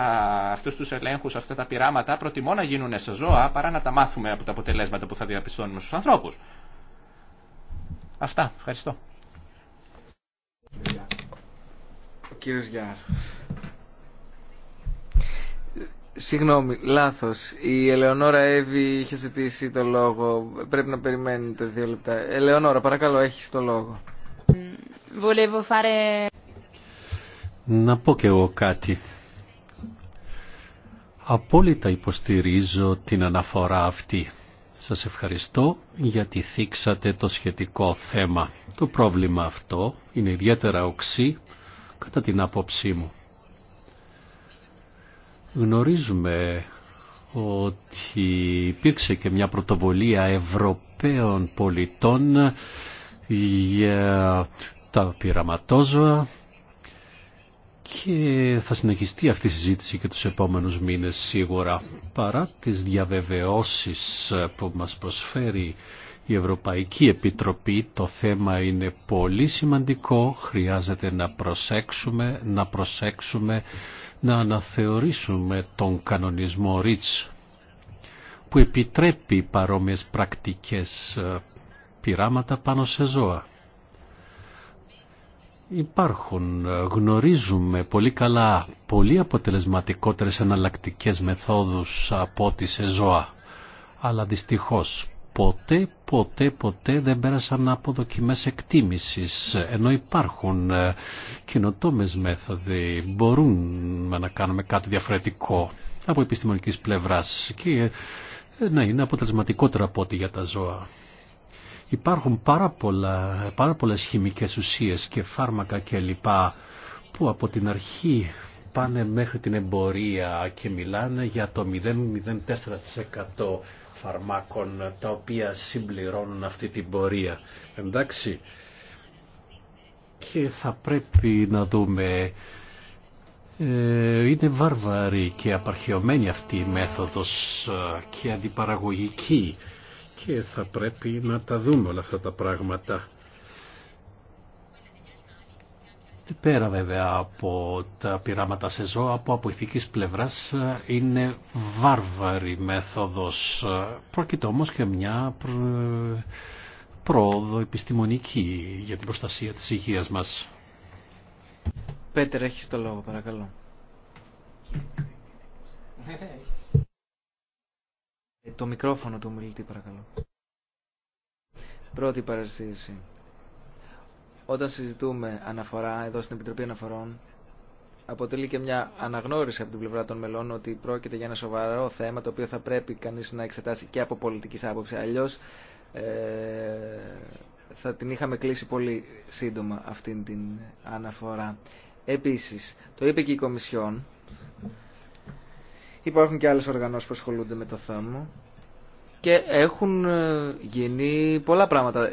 αυτούς τους ελέγχους, αυτά τα πειράματα, προτιμώ να γίνουν σε ζώα παρά να τα μάθουμε από τα αποτελέσματα που θα διαπιστώνουμε στους ανθρώπους. Αυτά. Ευχαριστώ. Ο κύριος Γιάρ. Συγγνώμη, λάθος. Η Ελεονόρα Εύη είχε ζητήσει το λόγο. Πρέπει να περιμένετε δύο λεπτά. Ελεονόρα, παρακαλώ, έχει το λόγο. Να πω και εγώ κάτι. Απόλυτα υποστηρίζω την αναφορά αυτή. Σας ευχαριστώ γιατί θίξατε το σχετικό θέμα. Το πρόβλημα αυτό είναι ιδιαίτερα οξύ κατά την άποψή μου. Γνωρίζουμε ότι υπήρξε και μια πρωτοβολία Ευρωπαίων πολιτών για τα πειραματόζωα και θα συνεχιστεί αυτή η συζήτηση και τους επόμενους μήνες σίγουρα παρά τις διαβεβαιώσεις που μας προσφέρει η Ευρωπαϊκή Επιτροπή το θέμα είναι πολύ σημαντικό, χρειάζεται να προσέξουμε, να προσέξουμε να αναθεωρήσουμε τον κανονισμό ΡΙΤΣ που επιτρέπει παρόμοιες πρακτικές ε, πειράματα πάνω σε ζώα. Υπάρχουν, ε, γνωρίζουμε πολύ καλά, πολύ αποτελεσματικότερες εναλλακτικές μεθόδους από ό,τι σε ζώα. Αλλά δυστυχώς ποτέ, ποτέ, ποτέ δεν πέρασαν από δοκιμές εκτίμησης, ενώ υπάρχουν ε, κοινοτόμες μέθοδοι, μπορούν να κάνουμε κάτι διαφορετικό από επιστημονικής πλευράς και ε, να είναι αποτελεσματικότερα από ό,τι για τα ζώα. Υπάρχουν πάρα, πολλά, πάρα πολλές χημικές ουσίες και φάρμακα κλπ που από την αρχή πάνε μέχρι την εμπορία και μιλάνε για το 0,04% φαρμάκων τα οποία συμπληρώνουν αυτή την πορεία. Εντάξει. Και θα πρέπει να δούμε ε, είναι βάρβαρη και απαρχαιωμένη αυτή η μέθοδος ε, και αντιπαραγωγική και θα πρέπει να τα δούμε όλα αυτά τα πράγματα. πέρα βέβαια από τα πειράματα σε ζώα από ηθικής πλευράς είναι βάρβαρη μέθοδος. Πρόκειται όμως και μια πρόοδο επιστημονική για την προστασία της υγείας μας. Πέτερ, έχεις το λόγο, παρακαλώ. Ε, το μικρόφωνο του μιλητή, παρακαλώ. Πρώτη παρασύρση όταν συζητούμε αναφορά εδώ στην Επιτροπή Αναφορών, αποτελεί και μια αναγνώριση από την πλευρά των μελών ότι πρόκειται για ένα σοβαρό θέμα το οποίο θα πρέπει κανείς να εξετάσει και από πολιτική άποψη. Αλλιώς ε, θα την είχαμε κλείσει πολύ σύντομα αυτήν την αναφορά. Επίσης, το είπε και η Κομισιόν, υπάρχουν και άλλες οργανώσεις που ασχολούνται με το θέμα και έχουν ε, γίνει πολλά πράγματα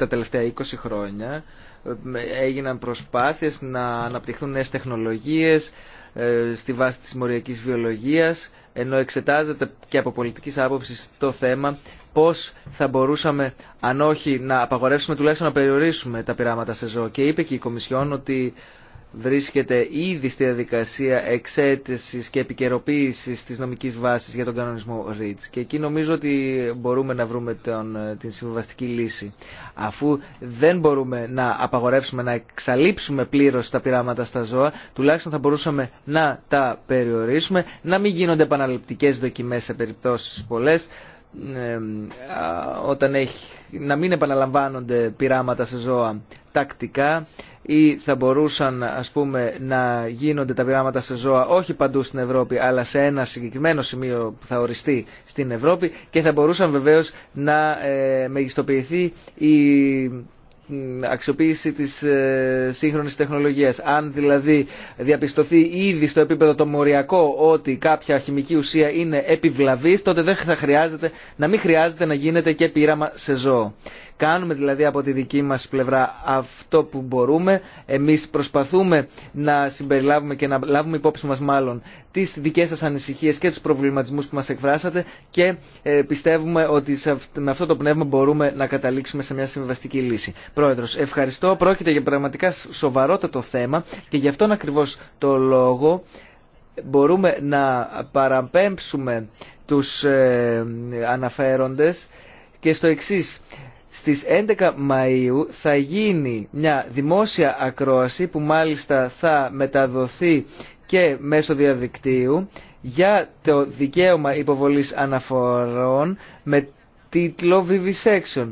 τα τελευταία 20 χρόνια έγιναν προσπάθειες να αναπτυχθούν νέες τεχνολογίες ε, στη βάση της μοριακής βιολογίας ενώ εξετάζεται και από πολιτικής άποψης το θέμα πώς θα μπορούσαμε αν όχι να απαγορεύσουμε τουλάχιστον να περιορίσουμε τα πειράματα σε ζώο και είπε και η Κομισιόν ότι βρίσκεται ήδη στη διαδικασία εξέτησης και επικαιροποίησης της νομικής βάσης για τον κανονισμό REACH και εκεί νομίζω ότι μπορούμε να βρούμε τον, την συμβαστική λύση. Αφού δεν μπορούμε να απαγορεύσουμε, να εξαλείψουμε πλήρως τα πειράματα στα ζώα, τουλάχιστον θα μπορούσαμε να τα περιορίσουμε, να μην γίνονται επαναληπτικές δοκιμές σε περιπτώσεις πολλές, όταν έχει, να μην επαναλαμβάνονται πειράματα σε ζώα τακτικά ή θα μπορούσαν ας πούμε να γίνονται τα πειράματα σε ζώα όχι παντού στην Ευρώπη αλλά σε ένα συγκεκριμένο σημείο που θα οριστεί στην Ευρώπη και θα μπορούσαν βεβαίως να ε, μεγιστοποιηθεί η αξιοποίηση της ε, σύγχρονης τεχνολογίας. Αν δηλαδή διαπιστωθεί ήδη στο επίπεδο το μοριακό ότι κάποια χημική ουσία είναι επιβλαβής, τότε δεν θα χρειάζεται, να μην χρειάζεται να γίνεται και πείραμα σε ζώο. Κάνουμε δηλαδή από τη δική μας πλευρά αυτό που μπορούμε. Εμείς προσπαθούμε να συμπεριλάβουμε και να λάβουμε υπόψη μας μάλλον τις δικές σας ανησυχίες και τους προβληματισμούς που μας εκφράσατε και ε, πιστεύουμε ότι με αυτό το πνεύμα μπορούμε να καταλήξουμε σε μια συμβαστική λύση. Πρόεδρος, ευχαριστώ. Πρόκειται για πραγματικά σοβαρότατο θέμα και γι' αυτόν ακριβώς το λόγο μπορούμε να παραπέμψουμε τους ε, αναφέροντες και στο εξής στις 11 Μαΐου θα γίνει μια δημόσια ακρόαση που μάλιστα θα μεταδοθεί και μέσω διαδικτύου για το δικαίωμα υποβολής αναφορών με τίτλο Vivisection.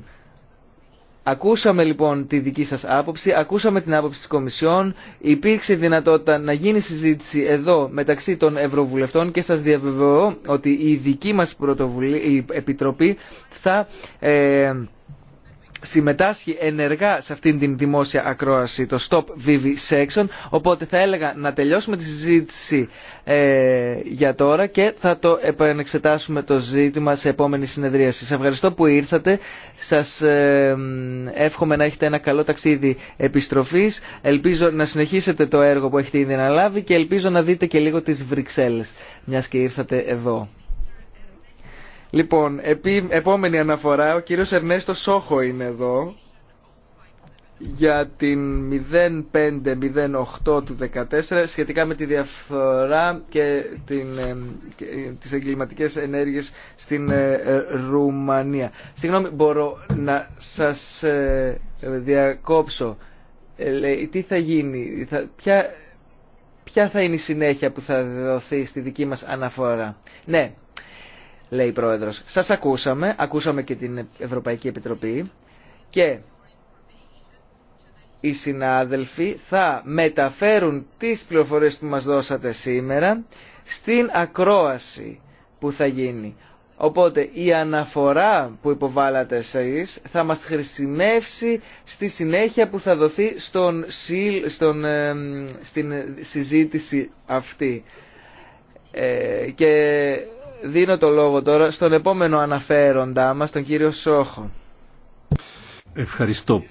Ακούσαμε λοιπόν τη δική σας άποψη, ακούσαμε την άποψη της Κομισιόν, υπήρξε δυνατότητα να γίνει συζήτηση εδώ μεταξύ των Ευρωβουλευτών και σας διαβεβαιώ ότι η δική μας η Επιτροπή θα... Ε, συμμετάσχει ενεργά σε αυτήν την δημόσια ακρόαση το Stop Section οπότε θα έλεγα να τελειώσουμε τη συζήτηση ε, για τώρα και θα το επανεξετάσουμε το ζήτημα σε επόμενη συνεδρίαση. Σας ευχαριστώ που ήρθατε. Σας ε, εύχομαι να έχετε ένα καλό ταξίδι επιστροφής. Ελπίζω να συνεχίσετε το έργο που έχετε ήδη αναλάβει και ελπίζω να δείτε και λίγο τις Βρυξέλλες μιας και ήρθατε εδώ. Λοιπόν, επί, επόμενη αναφορά, ο κύριος Ερνέστο Σόχο είναι εδώ για την 0508 του 14 σχετικά με τη διαφθορά και, την, ε, και ε, τις εγκληματικές ενέργειες στην ε, Ρουμανία. Συγγνώμη, μπορώ να σας διακόψω. Ε, τι θα γίνει, ποια, ποια θα είναι η συνέχεια που θα δοθεί στη δική μας αναφορά. Ναι, λέει η Πρόεδρος. Σας ακούσαμε, ακούσαμε και την Ευρωπαϊκή Επιτροπή και οι συνάδελφοι θα μεταφέρουν τις πληροφορίες που μας δώσατε σήμερα στην ακρόαση που θα γίνει. Οπότε η αναφορά που υποβάλατε εσείς θα μας χρησιμεύσει στη συνέχεια που θα δοθεί στον, στον, στην συζήτηση αυτή. Ε, και δίνω το λόγο τώρα στον επόμενο αναφέροντά μας, τον κύριο Σόχο. Ευχαριστώ,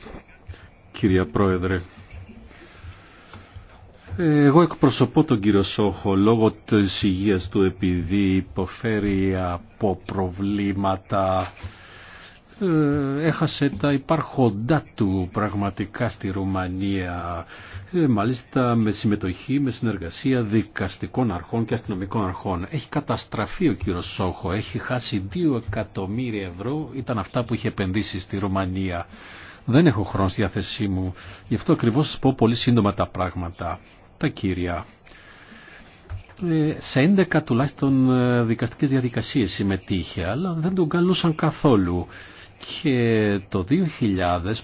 κυρία Πρόεδρε. Εγώ εκπροσωπώ τον κύριο Σόχο λόγω της υγείας του επειδή υποφέρει από προβλήματα ε, έχασε τα υπάρχοντά του πραγματικά στη Ρουμανία ε, μάλιστα με συμμετοχή, με συνεργασία δικαστικών αρχών και αστυνομικών αρχών. Έχει καταστραφεί ο κύριος Σόχο, έχει χάσει 2 εκατομμύρια ευρώ, ήταν αυτά που είχε επενδύσει στη Ρουμανία. Δεν έχω χρόνο στη διάθεσή μου, γι' αυτό ακριβώς σας πω πολύ σύντομα τα πράγματα. Τα κύρια ε, σε 11 τουλάχιστον δικαστικές διαδικασίες συμμετείχε, αλλά δεν τον καλούσαν καθόλου και το 2000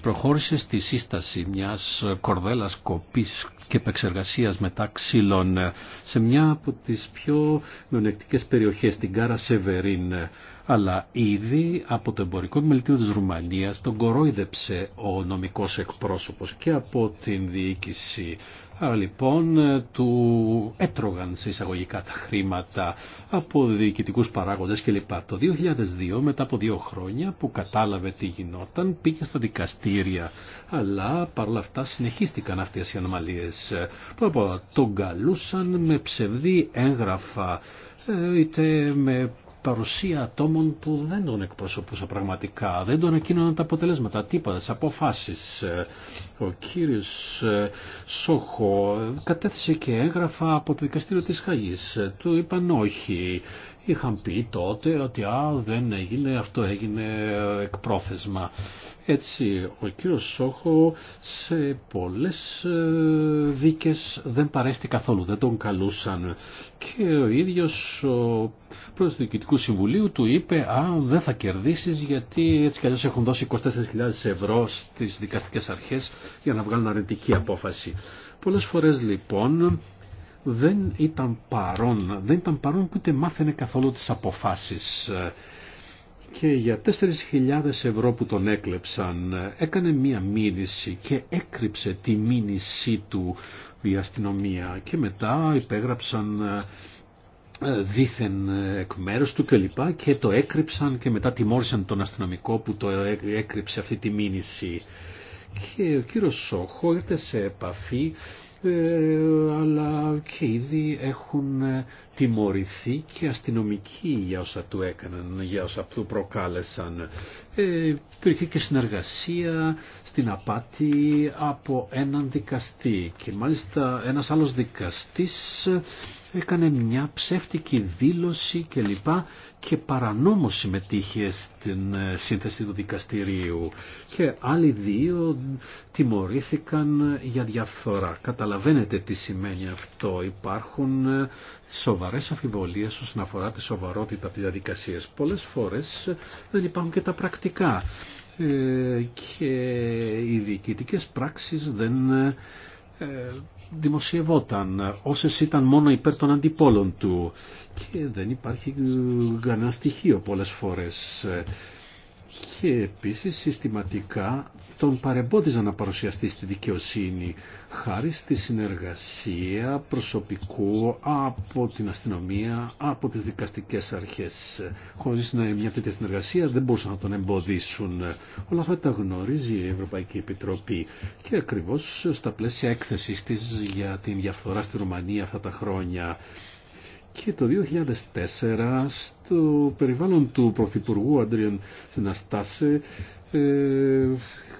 προχώρησε στη σύσταση μιας κορδέλας κοπής και επεξεργασίας μετά ξύλων σε μια από τις πιο μειονεκτικές περιοχές, την Κάρα Σεβερίν. Αλλά ήδη από το εμπορικό μελτίο της Ρουμανίας τον κορόιδεψε ο νομικός εκπρόσωπος και από την διοίκηση λοιπόν ε, του έτρωγαν σε εισαγωγικά τα χρήματα από διοικητικούς παράγοντες κλπ. Το 2002 μετά από δύο χρόνια που κατάλαβε τι γινόταν πήγε στα δικαστήρια αλλά παρόλα αυτά συνεχίστηκαν αυτές οι ανομαλίες. που τον καλούσαν με ψευδή έγγραφα ε, είτε με παρουσία ατόμων που δεν τον εκπροσωπούσα πραγματικά, δεν τον εκείνοναν τα αποτελέσματα, τίποτα, τις αποφάσεις. Ο κύριος ε, Σόχο ε, κατέθεσε και έγγραφα από το δικαστήριο της Χαγής. Του είπαν όχι είχαν πει τότε ότι α, δεν έγινε, αυτό έγινε εκπρόθεσμα. Έτσι ο κύριος Σόχο σε πολλές ε, δίκες δεν παρέστη καθόλου, δεν τον καλούσαν και ο ίδιος ο πρόεδρος του Διοικητικού Συμβουλίου του είπε «Α, δεν θα κερδίσεις γιατί έτσι κι αλλιώς έχουν δώσει 24.000 ευρώ στις δικαστικές αρχές για να βγάλουν αρνητική απόφαση». Πολλές φορές λοιπόν δεν ήταν παρόν, δεν ήταν παρόν που ούτε μάθαινε καθόλου τις αποφάσεις. Και για 4.000 ευρώ που τον έκλεψαν έκανε μία μήνυση και έκρυψε τη μήνυσή του η αστυνομία και μετά υπέγραψαν ε, δήθεν ε, εκ μέρους του κλπ. και το έκρυψαν και μετά τιμώρησαν τον αστυνομικό που το ε, έκρυψε αυτή τη μήνυση. Και ο κύριος Σόχο ήρθε σε επαφή αλλά και ήδη έχουν ε, τιμωρηθεί και αστυνομικοί για όσα του έκαναν, για όσα του προκάλεσαν. Ε, υπήρχε και συνεργασία στην απάτη από έναν δικαστή και μάλιστα ένας άλλος δικαστής έκανε μια ψεύτικη δήλωση κλπ. και παρανόμως συμμετείχε στην ε, σύνθεση του δικαστηρίου και άλλοι δύο τιμωρήθηκαν για διαφθορά. Καταλαβαίνετε τι σημαίνει αυτό. Υπάρχουν ε, σοβαρές αφιβολίες όσον αφορά τη σοβαρότητα της διαδικασίας. Πολλές φορές ε, δεν υπάρχουν και τα πρακτικά και οι διοικητικές πράξεις δεν ε, δημοσιευόταν. Όσε ήταν μόνο υπέρ των αντιπόλων του. Και δεν υπάρχει ε, κανένα στοιχείο πολλές φορές ε, και επίσης συστηματικά τον παρεμπόδιζαν να παρουσιαστεί στη δικαιοσύνη χάρη στη συνεργασία προσωπικού από την αστυνομία, από τις δικαστικές αρχές. Χωρίς να μια τέτοια συνεργασία δεν μπορούσαν να τον εμποδίσουν. Όλα αυτά τα γνωρίζει η Ευρωπαϊκή Επιτροπή και ακριβώς στα πλαίσια έκθεσης της για την διαφθορά στη Ρουμανία αυτά τα χρόνια και το 2004 στο περιβάλλον του Πρωθυπουργού Αντρίον Ναστάσε ε,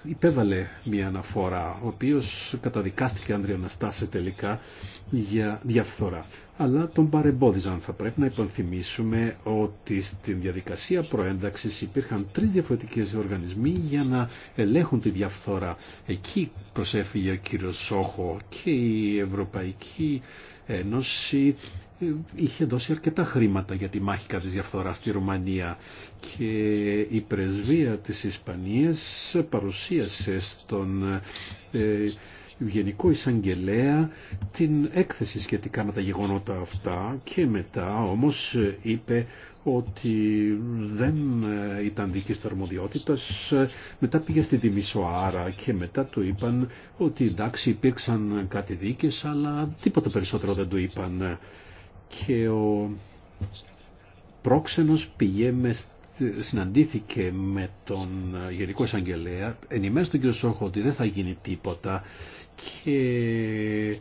υπέβαλε μια αναφορά, ο οποίος καταδικάστηκε Αντρίον Ναστάσε τελικά για διαφθορά αλλά τον παρεμπόδιζαν. Θα πρέπει να υπενθυμίσουμε ότι στην διαδικασία προένταξης υπήρχαν τρεις διαφορετικές οργανισμοί για να ελέγχουν τη διαφθορά. Εκεί προσέφυγε ο κύριος Σόχο και η Ευρωπαϊκή Ένωση ε, είχε δώσει αρκετά χρήματα για τη μάχη κατά της διαφθοράς στη Ρουμανία και η πρεσβεία της Ισπανίας παρουσίασε στον ε, Γενικό Εισαγγελέα την έκθεση σχετικά με τα γεγονότα αυτά και μετά όμως είπε ότι δεν ήταν δική του αρμοδιότητα. Μετά πήγε στη Δημισοάρα και μετά του είπαν ότι εντάξει υπήρξαν κάτι δίκες αλλά τίποτα περισσότερο δεν του είπαν. Και ο πρόξενος με συναντήθηκε με τον Γενικό Εισαγγελέα, ενημέρωσε τον κ. Σόχο ότι δεν θα γίνει τίποτα και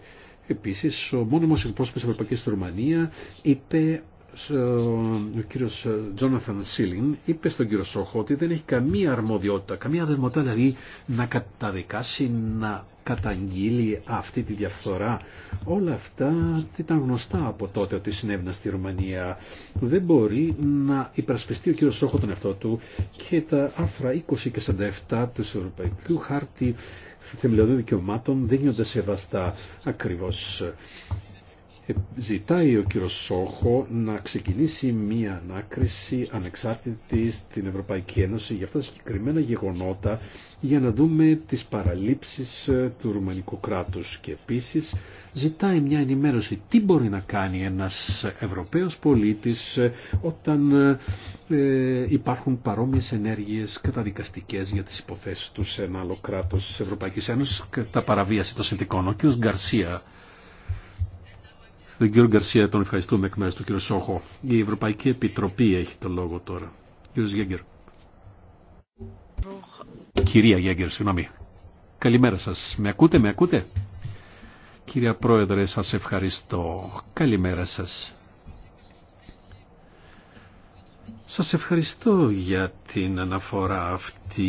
επίσης ο μόνιμο εκπρόσωπο της Ευρωπαϊκή στη Ρουμανία είπε ε, ο κύριος Τζόναθαν Σίλιν είπε στον κύριο Σόχο ότι δεν έχει καμία αρμοδιότητα, καμία δεσμοτά δηλαδή να καταδικάσει, να καταγγείλει αυτή τη διαφθορά. Όλα αυτά ήταν γνωστά από τότε ότι συνέβαιναν στη Ρουμανία. Δεν μπορεί να υπερασπιστεί ο κύριος Σόχο τον εαυτό του και τα άρθρα 20 και 47 του Ευρωπαϊκού Χάρτη θεμελιωδών δικαιωμάτων δεν γίνονται σεβαστά ακριβώς ζητάει ο κύριος Σόχο να ξεκινήσει μία ανάκριση ανεξάρτητη στην Ευρωπαϊκή Ένωση για αυτά τα συγκεκριμένα γεγονότα για να δούμε τις παραλήψεις ε, του Ρουμανικού κράτους και επίσης ζητάει μια ενημέρωση τι μπορεί να κάνει ένας Ευρωπαίος πολίτης ε, όταν ε, υπάρχουν παρόμοιες ενέργειες καταδικαστικές για τις υποθέσεις του σε ένα άλλο κράτος της Ευρωπαϊκής Ένωσης κατά παραβίαση των συνθηκών. Ο κ. Γκαρσία τον κύριο Γκαρσία τον ευχαριστούμε εκ μέρους του κύριου Σόχο. Η Ευρωπαϊκή Επιτροπή έχει το λόγο τώρα. Κύριος Γέγκερ. Κυρία Γέγκερ, συγγνώμη. Καλημέρα σας. Με ακούτε, με ακούτε. Κυρία Πρόεδρε, σας ευχαριστώ. Καλημέρα σας. Σας ευχαριστώ για την αναφορά αυτή.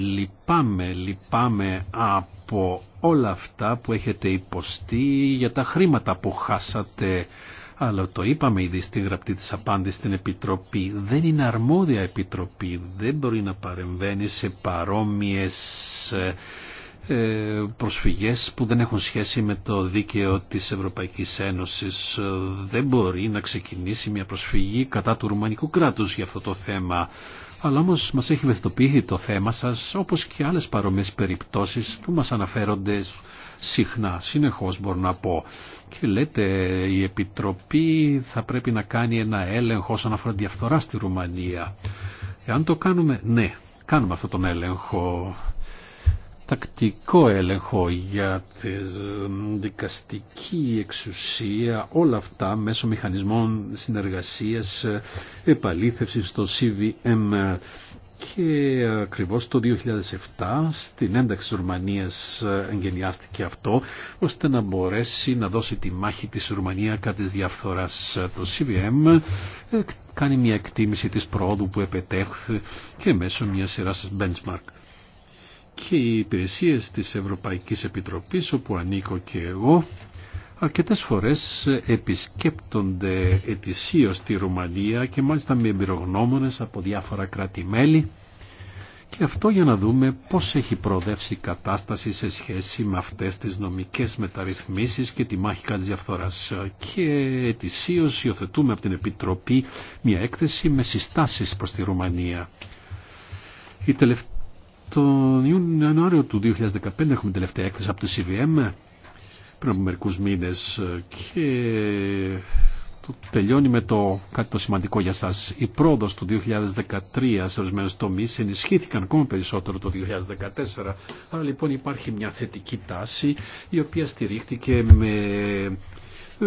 Λυπάμαι, λυπάμαι από όλα αυτά που έχετε υποστεί για τα χρήματα που χάσατε. Αλλά το είπαμε ήδη στην γραπτή της απάντησης στην Επιτροπή. Δεν είναι αρμόδια Επιτροπή. Δεν μπορεί να παρεμβαίνει σε παρόμοιες ε, ε, προσφυγές που δεν έχουν σχέση με το δίκαιο της Ευρωπαϊκής Ένωσης. Δεν μπορεί να ξεκινήσει μια προσφυγή κατά του Ρουμανικού κράτους για αυτό το θέμα. Αλλά όμως μας έχει βεθτοποιηθεί το θέμα σας όπως και άλλες παρομές περιπτώσεις που μας αναφέρονται συχνά, συνεχώς μπορώ να πω. Και λέτε η Επιτροπή θα πρέπει να κάνει ένα έλεγχο όσον αφορά διαφθορά στη Ρουμανία. Εάν το κάνουμε, ναι, κάνουμε αυτόν τον έλεγχο τακτικό έλεγχο για τη δικαστική εξουσία, όλα αυτά μέσω μηχανισμών συνεργασίας ε, επαλήθευσης στο CVM και ακριβώς το 2007 στην ένταξη της Ρουμανίας ε, εγγενιάστηκε αυτό ώστε να μπορέσει να δώσει τη μάχη της Ρουμανία κατά της διαφθοράς ε, το CVM κάνει μια εκτίμηση της πρόοδου που επετέχθη και μέσω μια σειράς benchmark και οι υπηρεσίες της Ευρωπαϊκής Επιτροπής όπου ανήκω και εγώ αρκετές φορές επισκέπτονται ετησίως τη Ρουμανία και μάλιστα με εμπειρογνώμονες από διάφορα κράτη-μέλη και αυτό για να δούμε πώς έχει προοδεύσει η κατάσταση σε σχέση με αυτές τις νομικές μεταρρυθμίσεις και τη μάχη κατά Και ετησίως υιοθετούμε από την Επιτροπή μια έκθεση με συστάσεις προς τη Ρουμανία. Η τον Ιανουάριο του 2015 έχουμε τελευταία έκθεση από τη CVM πριν από μερικούς μήνες και το τελειώνει με το κάτι το σημαντικό για σας. Η πρόοδος του 2013 σε ορισμένους τομείς ενισχύθηκαν ακόμα περισσότερο το 2014. Άρα λοιπόν υπάρχει μια θετική τάση η οποία στηρίχτηκε με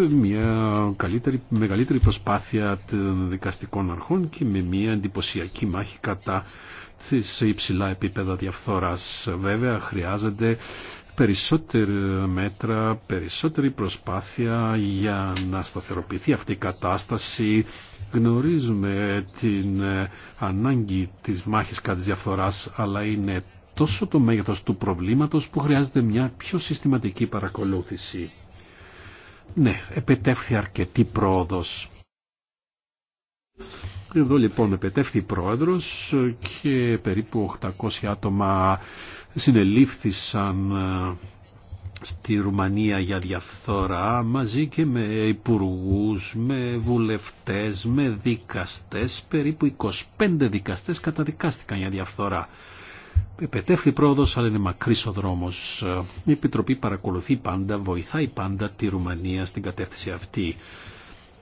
μια καλύτερη, μεγαλύτερη προσπάθεια των δικαστικών αρχών και με μια εντυπωσιακή μάχη κατά σε υψηλά επίπεδα διαφθοράς. Βέβαια χρειάζεται περισσότερα μέτρα, περισσότερη προσπάθεια για να σταθεροποιηθεί αυτή η κατάσταση. Γνωρίζουμε την ανάγκη της μάχης κατά της διαφθοράς, αλλά είναι τόσο το μέγεθος του προβλήματος που χρειάζεται μια πιο συστηματική παρακολούθηση. Ναι, επετεύχθη αρκετή πρόοδος. Εδώ λοιπόν επετεύχθη πρόεδρος και περίπου 800 άτομα συνελήφθησαν ε, στη Ρουμανία για διαφθορά μαζί και με υπουργούς, με βουλευτές, με δικαστές. Περίπου 25 δικαστές καταδικάστηκαν για διαφθορά. Επετεύχθη πρόοδος αλλά είναι μακρύς ο δρόμος. Η Επιτροπή παρακολουθεί πάντα, βοηθάει πάντα τη Ρουμανία στην κατεύθυνση αυτή.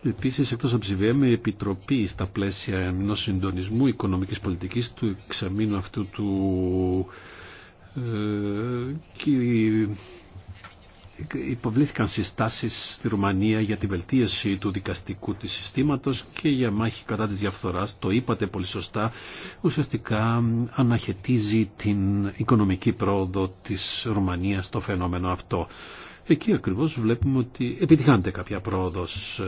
Επίσης, εκτός από ψηβέμε, η Επιτροπή στα πλαίσια ενός συντονισμού οικονομικής πολιτικής του εξαμήνου αυτού του ε, υποβλήθηκαν συστάσεις στη Ρουμανία για τη βελτίωση του δικαστικού της συστήματος και για μάχη κατά της διαφθοράς, το είπατε πολύ σωστά, ουσιαστικά αναχαιτίζει την οικονομική πρόοδο της Ρουμανίας το φαινόμενο αυτό. Εκεί ακριβώς βλέπουμε ότι επιτυχάνεται κάποια πρόοδος.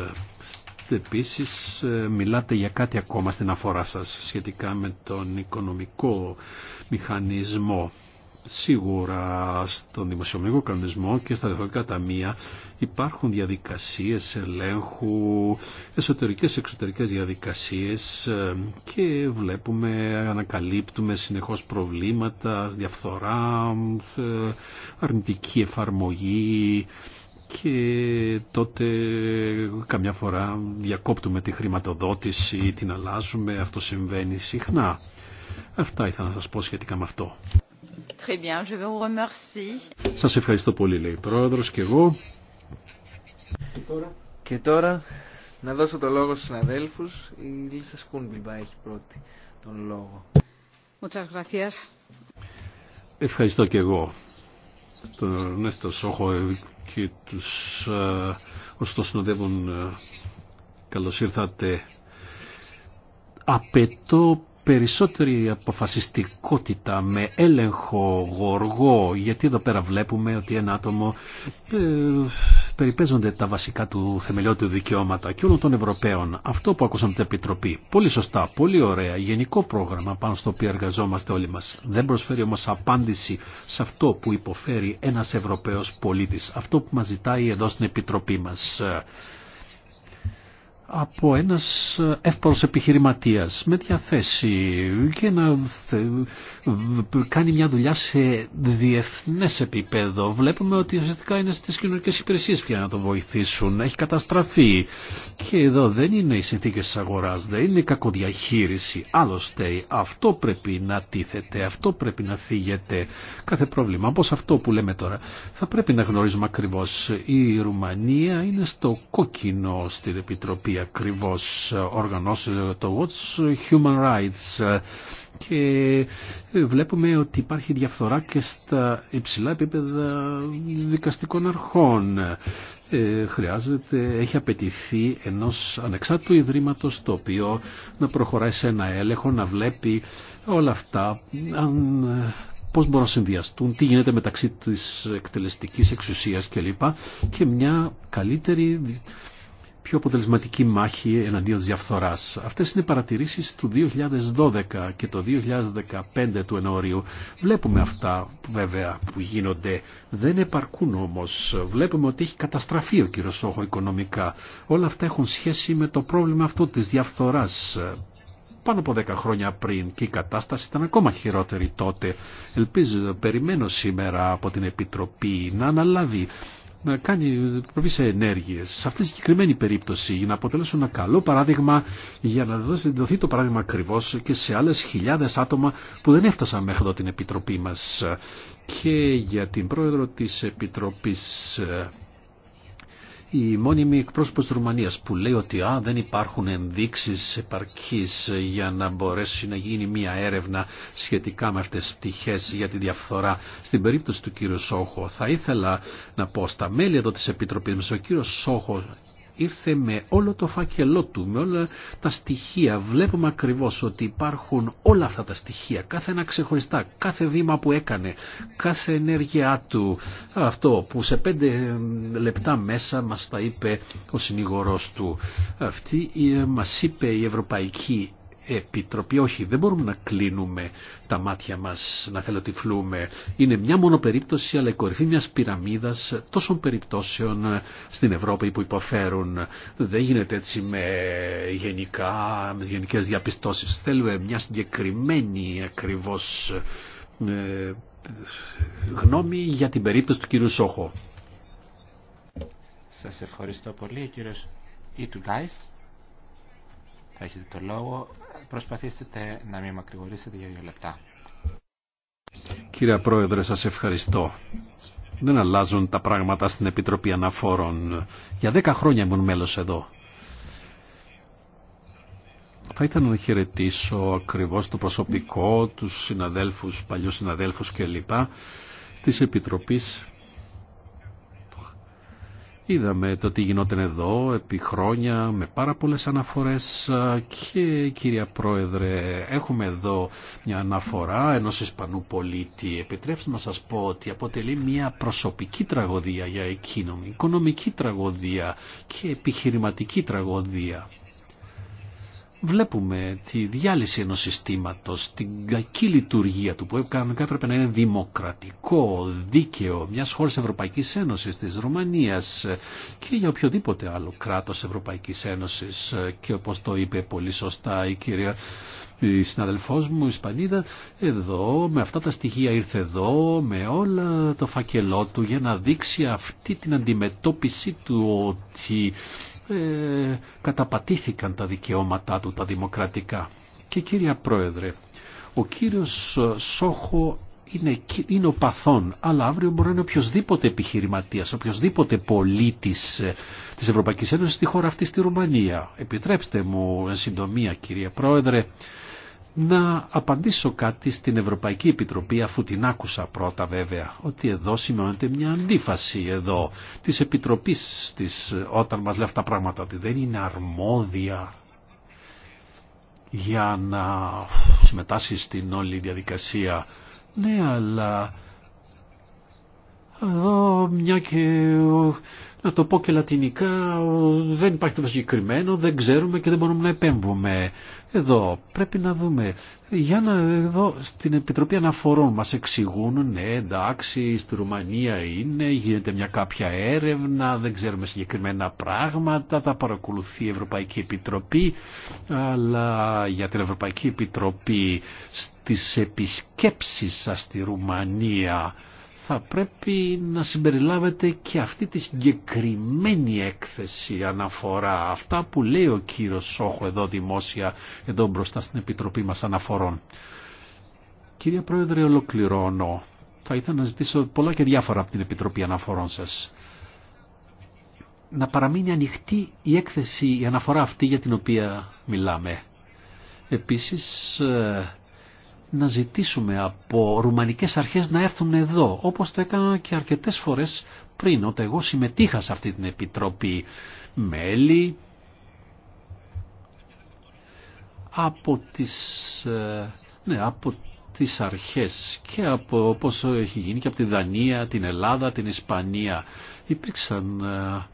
Επίσης μιλάτε για κάτι ακόμα στην αφορά σας σχετικά με τον οικονομικό μηχανισμό Σίγουρα στον δημοσιονομικό κανονισμό και στα διαφορετικά ταμεία υπάρχουν διαδικασίες ελέγχου, εσωτερικές εξωτερικές διαδικασίες ε, και βλέπουμε, ανακαλύπτουμε συνεχώς προβλήματα, διαφθορά, ε, αρνητική εφαρμογή και τότε καμιά φορά διακόπτουμε τη χρηματοδότηση, την αλλάζουμε, αυτό συμβαίνει συχνά. Αυτά ήθελα να σας πω σχετικά με αυτό. Très bien, je vous remercie. Σας ευχαριστώ πολύ, λέει πρόεδρος και εγώ. Και τώρα, και τώρα να δώσω το λόγο στους συναδέλφους. Η Λίσσα Σκούνμπιλμπα έχει πρώτη τον λόγο. Muchas gracias. Ευχαριστώ και εγώ τον Νέστο Σόχο και τους ε, όσους το συνοδεύουν ε, καλώς ήρθατε απαιτώ περισσότερη αποφασιστικότητα με έλεγχο γοργό γιατί εδώ πέρα βλέπουμε ότι ένα άτομο ε, περιπέζονται τα βασικά του θεμελιώδη δικαιώματα και όλων των Ευρωπαίων. Αυτό που ακούσαμε την Επιτροπή. Πολύ σωστά, πολύ ωραία, γενικό πρόγραμμα πάνω στο οποίο εργαζόμαστε όλοι μας. Δεν προσφέρει όμως απάντηση σε αυτό που υποφέρει ένας Ευρωπαίος πολίτης. Αυτό που μας ζητάει εδώ στην Επιτροπή μας από ένας εύπορος επιχειρηματίας με διαθέσει και να κάνει μια δουλειά σε διεθνές επίπεδο. Βλέπουμε ότι ουσιαστικά είναι στις κοινωνικές υπηρεσίες πια να το βοηθήσουν, έχει καταστραφεί και εδώ δεν είναι οι συνθήκες της αγοράς, δεν είναι η κακοδιαχείριση. Άλλωστε αυτό πρέπει να τίθεται, αυτό πρέπει να θίγεται κάθε πρόβλημα. Όπως αυτό που λέμε τώρα θα πρέπει να γνωρίζουμε ακριβώς η Ρουμανία είναι στο κόκκινο στην Επιτροπή Ακριβώ ακριβώς όργανος ε, το What's Human Rights ε, και βλέπουμε ότι υπάρχει διαφθορά και στα υψηλά επίπεδα δικαστικών αρχών. Ε, χρειάζεται, έχει απαιτηθεί ενός ανεξάρτητου ιδρύματος το οποίο να προχωράει σε ένα έλεγχο, να βλέπει όλα αυτά, αν πώς μπορούν να συνδυαστούν, τι γίνεται μεταξύ της εκτελεστικής εξουσίας κλπ. Και, και μια καλύτερη πιο αποτελεσματική μάχη εναντίον της διαφθοράς. Αυτές είναι οι παρατηρήσεις του 2012 και το 2015 του Ενωρίου. Βλέπουμε αυτά βέβαια που γίνονται. Δεν επαρκούν όμως. Βλέπουμε ότι έχει καταστραφεί ο κύριος Σόχο οικονομικά. Όλα αυτά έχουν σχέση με το πρόβλημα αυτό της διαφθοράς πάνω από 10 χρόνια πριν και η κατάσταση ήταν ακόμα χειρότερη τότε. Ελπίζω, περιμένω σήμερα από την Επιτροπή να αναλάβει να κάνει προβεί σε ενέργειες σε αυτή τη συγκεκριμένη περίπτωση για να αποτελέσουν ένα καλό παράδειγμα για να δοθεί το παράδειγμα ακριβώ και σε άλλες χιλιάδες άτομα που δεν έφτασαν μέχρι εδώ την Επιτροπή μας και για την Πρόεδρο της Επιτροπής ε, η μόνιμη εκπρόσωπος της Ρουμανίας που λέει ότι α, δεν υπάρχουν ενδείξεις επαρκής για να μπορέσει να γίνει μια έρευνα σχετικά με αυτές τις πτυχές για τη διαφθορά στην περίπτωση του κύριου Σόχο. Θα ήθελα να πω στα μέλη εδώ της Επιτροπής μας, ο κύριος Σόχο ήρθε με όλο το φάκελό του, με όλα τα στοιχεία. Βλέπουμε ακριβώς ότι υπάρχουν όλα αυτά τα στοιχεία, κάθε ένα ξεχωριστά, κάθε βήμα που έκανε, κάθε ενέργειά του. Αυτό που σε πέντε λεπτά μέσα μας τα είπε ο συνηγορός του. Αυτή ε, μας είπε η Ευρωπαϊκή Επιτροπή. Όχι, δεν μπορούμε να κλείνουμε τα μάτια μας, να θελοτυφλούμε. Είναι μια μόνο περίπτωση, αλλά η κορυφή μιας πυραμίδας τόσων περιπτώσεων στην Ευρώπη που υποφέρουν. Δεν γίνεται έτσι με γενικά, με γενικές διαπιστώσεις. Θέλουμε μια συγκεκριμένη ακριβώς ε, γνώμη για την περίπτωση του κυρίου Σόχο. Σας ευχαριστώ πολύ, κύριος Ιτουγκάης. Θα έχετε το λόγο. Προσπαθήστε να μην μακρηγορήσετε για δύο λεπτά. Κύριε Πρόεδρε, σας ευχαριστώ. Δεν αλλάζουν τα πράγματα στην Επιτροπή Αναφόρων. Για δέκα χρόνια ήμουν μέλος εδώ. Θα ήθελα να χαιρετήσω ακριβώς το προσωπικό, τους συναδέλφους, παλιούς συναδέλφους κλπ. της Επιτροπής Είδαμε το τι γινόταν εδώ επί χρόνια με πάρα πολλές αναφορές και κυρία Πρόεδρε έχουμε εδώ μια αναφορά ενός Ισπανού πολίτη. Επιτρέψτε να σας πω ότι αποτελεί μια προσωπική τραγωδία για εκείνον, οικονομική τραγωδία και επιχειρηματική τραγωδία βλέπουμε τη διάλυση ενός συστήματος, την κακή λειτουργία του που κανονικά έπρεπε να είναι δημοκρατικό, δίκαιο μιας χώρας Ευρωπαϊκής Ένωσης, της Ρουμανίας και για οποιοδήποτε άλλο κράτος Ευρωπαϊκής Ένωσης και όπως το είπε πολύ σωστά η κυρία η συναδελφός μου, η Ισπανίδα, εδώ, με αυτά τα στοιχεία ήρθε εδώ, με όλα το φακελό του για να δείξει αυτή την αντιμετώπιση του ότι ε, καταπατήθηκαν τα δικαιώματά του τα δημοκρατικά. Και κύρια Πρόεδρε, ο κύριος ε, Σόχο είναι, ο παθών, αλλά αύριο μπορεί να είναι οποιοδήποτε επιχειρηματίας, οποιοδήποτε πολίτης ε, της Ευρωπαϊκής Ένωσης στη χώρα αυτή στη Ρουμανία. Επιτρέψτε μου εν συντομία κύριε Πρόεδρε να απαντήσω κάτι στην Ευρωπαϊκή Επιτροπή αφού την άκουσα πρώτα βέβαια ότι εδώ σημαίνεται μια αντίφαση εδώ της Επιτροπής της όταν μας λέει αυτά τα πράγματα ότι δεν είναι αρμόδια για να συμμετάσχει στην όλη διαδικασία ναι αλλά εδώ μια και να το πω και λατινικά, δεν υπάρχει το συγκεκριμένο, δεν ξέρουμε και δεν μπορούμε να επέμβουμε. Εδώ πρέπει να δούμε. Για να εδώ στην Επιτροπή Αναφορών μας εξηγούν, ναι εντάξει, στη Ρουμανία είναι, γίνεται μια κάποια έρευνα, δεν ξέρουμε συγκεκριμένα πράγματα, θα παρακολουθεί η Ευρωπαϊκή Επιτροπή, αλλά για την Ευρωπαϊκή Επιτροπή στις επισκέψεις σας στη Ρουμανία θα πρέπει να συμπεριλάβετε και αυτή τη συγκεκριμένη έκθεση αναφορά. Αυτά που λέει ο κύριος Σόχο εδώ δημόσια, εδώ μπροστά στην Επιτροπή μας Αναφορών. Κυρία Πρόεδρε, ολοκληρώνω. Θα ήθελα να ζητήσω πολλά και διάφορα από την Επιτροπή Αναφορών σας. Να παραμείνει ανοιχτή η έκθεση, η αναφορά αυτή για την οποία μιλάμε. Επίσης, ε, να ζητήσουμε από ρουμανικές αρχές να έρθουν εδώ, όπως το έκανα και αρκετές φορές πριν, όταν εγώ συμμετείχα σε αυτή την επιτροπή μέλη από τις, ε, ναι, από τις αρχές και από όπως έχει γίνει και από τη Δανία, την Ελλάδα, την Ισπανία. Υπήρξαν ε,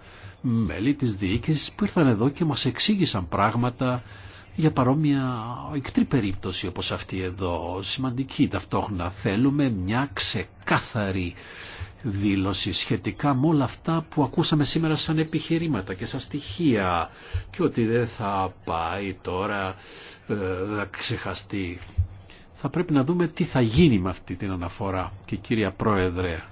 μέλη της διοίκησης που ήρθαν εδώ και μας εξήγησαν πράγματα για παρόμοια εκτρή περίπτωση όπως αυτή εδώ. Σημαντική ταυτόχρονα θέλουμε μια ξεκάθαρη δήλωση σχετικά με όλα αυτά που ακούσαμε σήμερα σαν επιχειρήματα και σαν στοιχεία και ότι δεν θα πάει τώρα, ε, ξεχαστεί. Θα πρέπει να δούμε τι θα γίνει με αυτή την αναφορά. Και κύρια Πρόεδρε,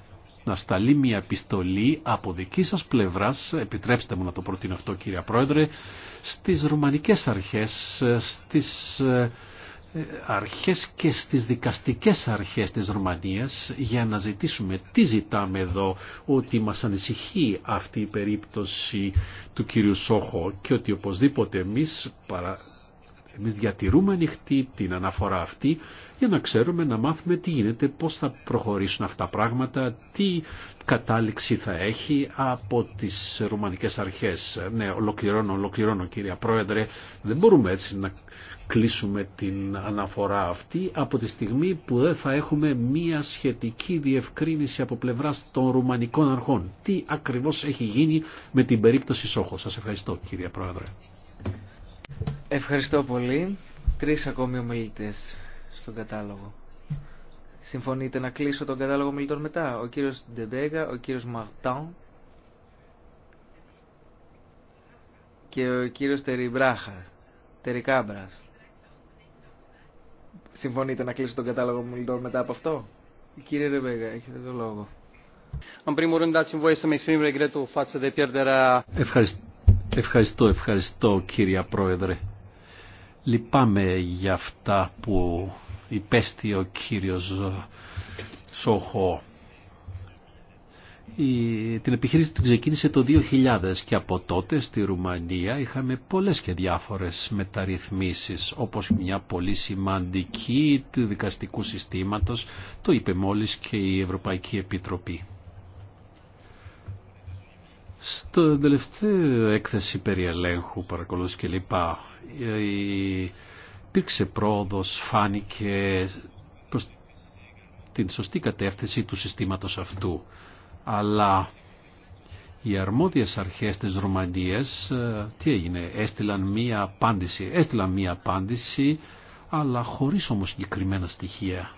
να σταλεί μια επιστολή από δική σας πλευράς, επιτρέψτε μου να το προτείνω αυτό κύρια Πρόεδρε, στις ρουμανικές αρχές, ε, στις ε, ε, αρχές και στις δικαστικές αρχές της Ρουμανίας για να ζητήσουμε τι ζητάμε εδώ ότι μας ανησυχεί αυτή η περίπτωση του κυρίου Σόχο και ότι οπωσδήποτε εμείς παρα, εμείς διατηρούμε ανοιχτή την αναφορά αυτή για να ξέρουμε, να μάθουμε τι γίνεται, πώς θα προχωρήσουν αυτά τα πράγματα, τι κατάληξη θα έχει από τις ρουμανικές αρχές. Ναι, ολοκληρώνω, ολοκληρώνω κύριε Πρόεδρε. Δεν μπορούμε έτσι να κλείσουμε την αναφορά αυτή από τη στιγμή που δεν θα έχουμε μία σχετική διευκρίνηση από πλευράς των ρουμανικών αρχών. Τι ακριβώς έχει γίνει με την περίπτωση Σόχο. Σας ευχαριστώ κύριε Πρόεδρε. Ευχαριστώ πολύ. Τρεις ακόμη ομιλητές στον κατάλογο. Συμφωνείτε να κλείσω τον κατάλογο ομιλητών μετά. Ο κύριος Ντεμπέγα, ο κύριος Μαρτάν και ο κύριος Τεριμπράχα, Τερικάμπρας. Συμφωνείτε να κλείσω τον κατάλογο ομιλητών μετά από αυτό. Κύριε Ντεμπέγα, έχετε το λόγο. Ευχαριστώ. Ευχαριστώ, ευχαριστώ κύριε Πρόεδρε. Λυπάμαι για αυτά που υπέστη ο κύριος Σόχο. Η, την επιχείρηση του ξεκίνησε το 2000 και από τότε στη Ρουμανία είχαμε πολλές και διάφορες μεταρρυθμίσεις όπως μια πολύ σημαντική του δικαστικού συστήματος, το είπε μόλις και η Ευρωπαϊκή Επιτροπή στο τελευταίο έκθεση περί ελέγχου, παρακολούθηση λοιπά, Υπήρξε πρόοδος, φάνηκε προς την σωστή κατεύθυνση του συστήματος αυτού. Αλλά οι αρμόδιες αρχές της Ρουμανίας ε, τι έγινε, έστειλαν μία απάντηση, έστειλαν μία απάντηση αλλά χωρίς όμως συγκεκριμένα στοιχεία.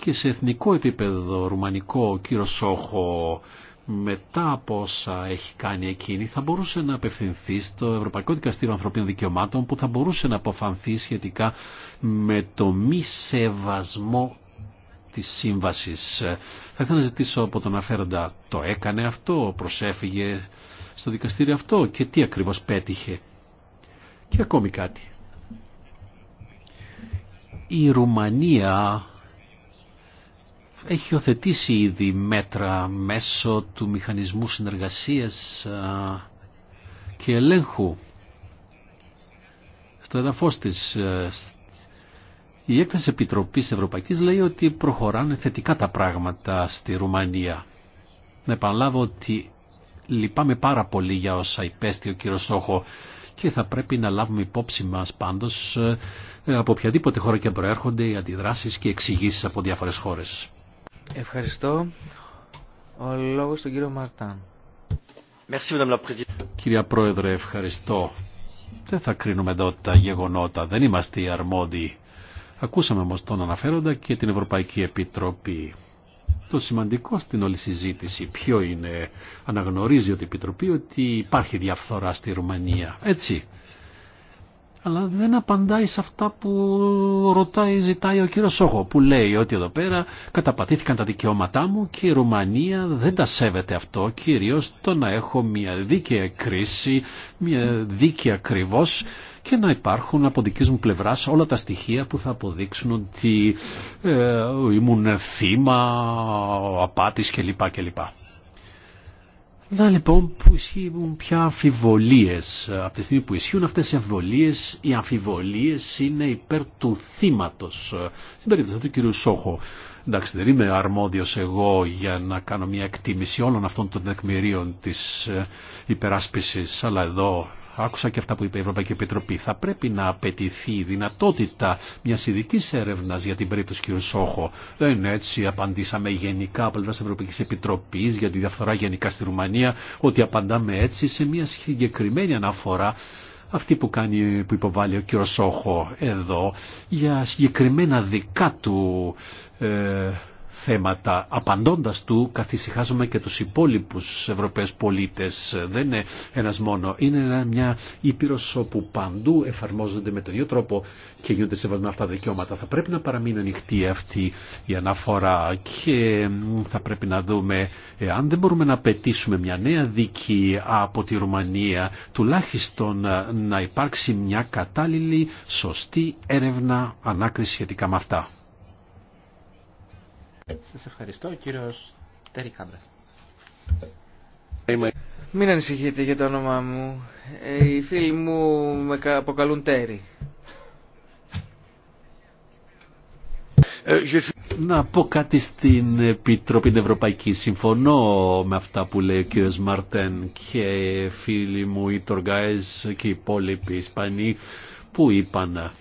και σε εθνικό επίπεδο ρουμανικό ο Σόχο μετά από όσα έχει κάνει εκείνη θα μπορούσε να απευθυνθεί στο Ευρωπαϊκό Δικαστήριο Ανθρωπίνων Δικαιωμάτων που θα μπορούσε να αποφανθεί σχετικά με το μη σεβασμό της σύμβασης. Θα ήθελα να ζητήσω από τον Αφέροντα το έκανε αυτό, προσέφυγε στο δικαστήριο αυτό και τι ακριβώς πέτυχε. Και ακόμη κάτι. Η Ρουμανία έχει οθετήσει ήδη μέτρα μέσω του μηχανισμού συνεργασίας και ελέγχου στο εδαφός της. Η έκθεση Επιτροπής Ευρωπαϊκής λέει ότι προχωράνε θετικά τα πράγματα στη Ρουμανία. Να επαναλάβω ότι λυπάμαι πάρα πολύ για όσα υπέστη ο κύριος Στόχο και θα πρέπει να λάβουμε υπόψη μας πάντως ε, από οποιαδήποτε χώρα και προέρχονται οι αντιδράσεις και εξηγήσει από διάφορες χώρες. Ευχαριστώ. Ο λόγο στον κύριο Μαρτάν. Κυρία Πρόεδρε, ευχαριστώ. Δεν θα κρίνουμε εδώ τα γεγονότα. Δεν είμαστε οι αρμόδιοι. Ακούσαμε όμω τον αναφέροντα και την Ευρωπαϊκή Επιτροπή. Το σημαντικό στην όλη συζήτηση ποιο είναι, αναγνωρίζει ότι η Επιτροπή ότι υπάρχει διαφθορά στη Ρουμανία. Έτσι, αλλά δεν απαντάει σε αυτά που ρωτάει, ζητάει ο κύριος Σόχο που λέει ότι εδώ πέρα καταπατήθηκαν τα δικαιώματά μου και η Ρουμανία δεν τα σέβεται αυτό κυρίως το να έχω μια δίκαιη κρίση, μια δίκαια ακριβώ και να υπάρχουν από δική μου πλευρά όλα τα στοιχεία που θα αποδείξουν ότι ε, ήμουν θύμα απάτης κλπ. κλπ. Να λοιπόν που ισχύουν πια αμφιβολίες. Από τη στιγμή που ισχύουν αυτές οι αμφιβολίες, οι αμφιβολίες είναι υπέρ του θύματος. Στην περίπτωση του κυρίου Σόχο, εντάξει δεν είμαι αρμόδιος εγώ για να κάνω μια εκτίμηση όλων αυτών των τεκμηρίων της ε, υπεράσπισης, αλλά εδώ Άκουσα και αυτά που είπε η Ευρωπαϊκή Επιτροπή. Θα πρέπει να απαιτηθεί η δυνατότητα μια ειδική έρευνα για την περίπτωση κ. Σόχο. Δεν είναι έτσι. Απαντήσαμε γενικά από πλευρά Ευρωπαϊκή Επιτροπή για τη διαφθορά γενικά στη Ρουμανία ότι απαντάμε έτσι σε μια συγκεκριμένη αναφορά αυτή που, κάνει, που υποβάλλει ο κ. Σόχο εδώ για συγκεκριμένα δικά του ε, θέματα. Απαντώντας του καθησυχάζουμε και τους υπόλοιπους Ευρωπαίους πολίτες. Δεν είναι ένας μόνο. Είναι μια ήπειρος όπου παντού εφαρμόζονται με τον ίδιο τρόπο και γίνονται σεβασμένα αυτά τα δικαιώματα. Θα πρέπει να παραμείνει ανοιχτή αυτή η αναφορά και θα πρέπει να δούμε ε, αν δεν μπορούμε να πετήσουμε μια νέα δίκη από τη Ρουμανία τουλάχιστον ε, να υπάρξει μια κατάλληλη σωστή έρευνα ανάκριση σχετικά με αυτά. Σας ευχαριστώ, κύριος Τέρι Κάμπρας. Μην ανησυχείτε για το όνομά μου. Ε, οι φίλοι μου με αποκαλούν Τέρι. Να πω κάτι στην Επιτροπή Ευρωπαϊκή. Συμφωνώ με αυτά που λέει ο κύριος Μαρτέν και φίλοι μου οι Τοργάες και οι υπόλοιποι Ισπανοί που είπαν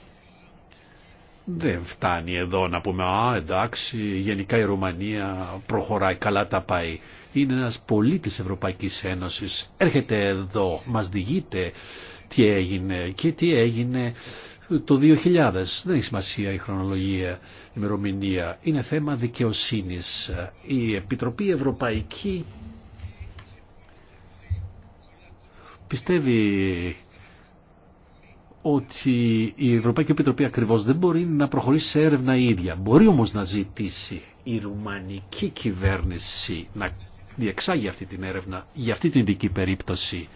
δεν φτάνει εδώ να πούμε «Α, εντάξει, γενικά η Ρουμανία προχωράει, καλά τα πάει». Είναι ένας πολίτης Ευρωπαϊκής Ένωσης, έρχεται εδώ, μας διηγείται τι έγινε και τι έγινε το 2000. Δεν έχει σημασία η χρονολογία, η ημερομηνία. Είναι θέμα δικαιοσύνης. Η Επιτροπή Ευρωπαϊκή πιστεύει ότι η Ευρωπαϊκή Επιτροπή ακριβώς δεν μπορεί να προχωρήσει σε έρευνα η ίδια. Μπορεί όμως να ζητήσει η ρουμανική κυβέρνηση να διεξάγει αυτή την έρευνα για αυτή την ειδική περίπτωση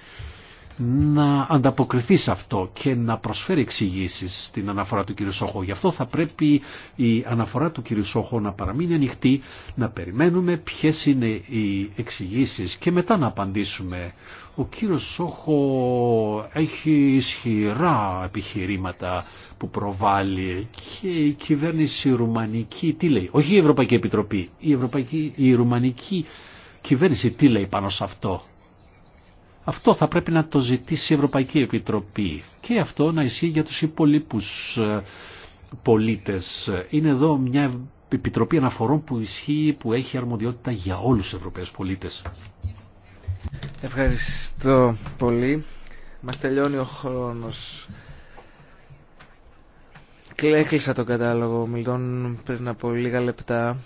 να ανταποκριθεί σε αυτό και να προσφέρει εξηγήσει στην αναφορά του κ. Σόχο. Γι' αυτό θα πρέπει η αναφορά του κ. Σόχο να παραμείνει ανοιχτή, να περιμένουμε ποιε είναι οι εξηγήσει και μετά να απαντήσουμε. Ο κ. Σόχο έχει ισχυρά επιχειρήματα που προβάλλει και η κυβέρνηση ρουμανική τι λέει, όχι η Ευρωπαϊκή Επιτροπή, η, Ευρωπαϊκή, η ρουμανική κυβέρνηση τι λέει πάνω σε αυτό. Αυτό θα πρέπει να το ζητήσει η Ευρωπαϊκή Επιτροπή και αυτό να ισχύει για τους υπολείπους ε, πολίτες. Είναι εδώ μια επιτροπή αναφορών που ισχύει, που έχει αρμοδιότητα για όλους τους Ευρωπαίους πολίτες. Ευχαριστώ πολύ. Μας τελειώνει ο χρόνος. Έκλεισα τον κατάλογο μιλών πριν από λίγα λεπτά.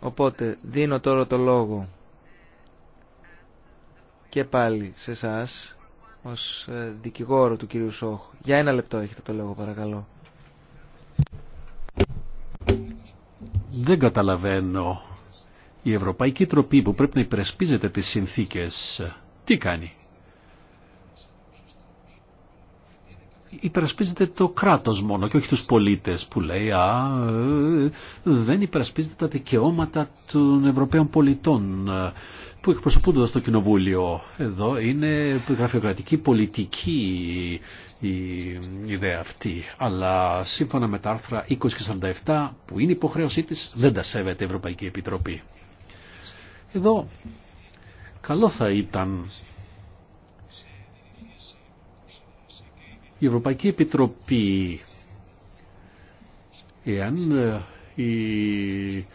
Οπότε δίνω τώρα το λόγο και πάλι σε εσά ως ε, δικηγόρο του κυρίου Σόχ. Για ένα λεπτό έχετε το λόγο παρακαλώ. Δεν καταλαβαίνω. Η Ευρωπαϊκή Τροπή που πρέπει να υπερασπίζεται τις συνθήκες, τι κάνει. υπερασπίζεται το κράτος μόνο και όχι τους πολίτες που λέει ε, δεν υπερασπίζεται τα δικαιώματα των Ευρωπαίων πολιτών που εκπροσωπούνται στο Κοινοβούλιο. Εδώ είναι γραφειοκρατική πολιτική η ιδέα αυτή. Αλλά σύμφωνα με τα άρθρα 20 και 47 που είναι υποχρέωσή της δεν τα σέβεται η Ευρωπαϊκή Επιτροπή. Εδώ καλό θα ήταν η Ευρωπαϊκή Επιτροπή εάν ε, η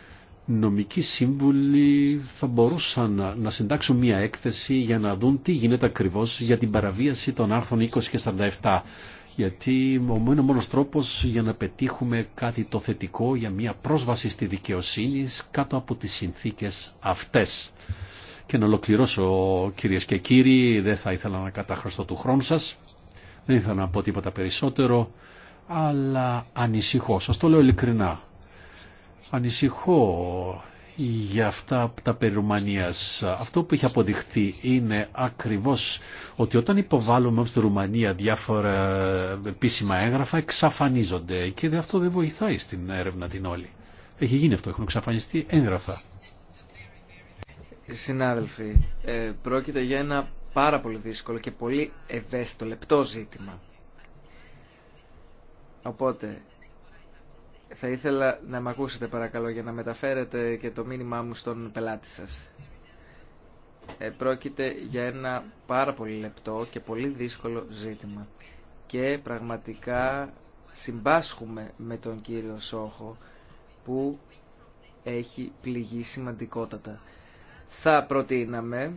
νομικοί σύμβουλοι θα μπορούσαν να συντάξουν μία έκθεση για να δουν τι γίνεται ακριβώς για την παραβίαση των άρθρων 20 και 47. Γιατί ο μόνο μόνος τρόπος για να πετύχουμε κάτι το θετικό για μία πρόσβαση στη δικαιοσύνη κάτω από τις συνθήκες αυτές. Και να ολοκληρώσω κυρίες και κύριοι, δεν θα ήθελα να καταχρωστώ του χρόνου σας, δεν ήθελα να πω τίποτα περισσότερο, αλλά ανησυχώ, σας το λέω ειλικρινά, ανησυχώ για αυτά τα Ρουμανίας. Αυτό που έχει αποδειχθεί είναι ακριβώς ότι όταν υποβάλλουμε στη Ρουμανία διάφορα επίσημα έγγραφα εξαφανίζονται και αυτό δεν βοηθάει στην έρευνα την όλη. Έχει γίνει αυτό, έχουν εξαφανιστεί έγγραφα. Συνάδελφοι, ε, πρόκειται για ένα πάρα πολύ δύσκολο και πολύ ευαίσθητο λεπτό ζήτημα. Οπότε θα ήθελα να με ακούσετε παρακαλώ για να μεταφέρετε και το μήνυμά μου στον πελάτη σας. Ε, πρόκειται για ένα πάρα πολύ λεπτό και πολύ δύσκολο ζήτημα. Και πραγματικά συμπάσχουμε με τον κύριο Σόχο που έχει πληγεί σημαντικότατα. Θα προτείναμε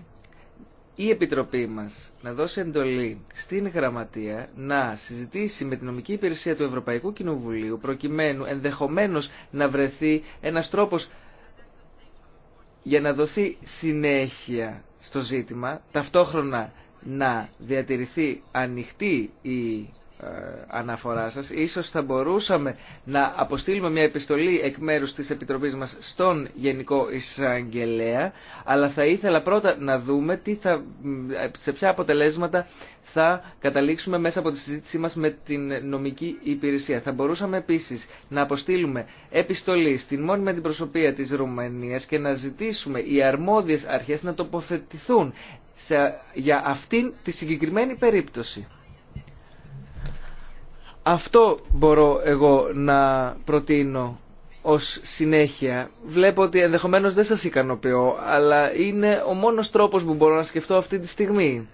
η Επιτροπή μας να δώσει εντολή στην Γραμματεία να συζητήσει με την νομική υπηρεσία του Ευρωπαϊκού Κοινοβουλίου προκειμένου ενδεχομένως να βρεθεί ένας τρόπος για να δοθεί συνέχεια στο ζήτημα, ταυτόχρονα να διατηρηθεί ανοιχτή η ε, αναφορά σας. Ίσως θα μπορούσαμε να αποστείλουμε μια επιστολή εκ μέρους της Επιτροπής μας στον Γενικό Εισαγγελέα, αλλά θα ήθελα πρώτα να δούμε τι θα, σε ποια αποτελέσματα θα καταλήξουμε μέσα από τη συζήτησή μας με την νομική υπηρεσία. Θα μπορούσαμε επίσης να αποστείλουμε επιστολή στην μόνιμη αντιπροσωπεία της Ρουμανίας και να ζητήσουμε οι αρμόδιες αρχές να τοποθετηθούν για αυτήν τη συγκεκριμένη περίπτωση. Αυτό μπορώ εγώ να προτείνω ως συνέχεια. Βλέπω ότι ενδεχομένως δεν σας ικανοποιώ, αλλά είναι ο μόνος τρόπος που μπορώ να σκεφτώ αυτή τη στιγμή.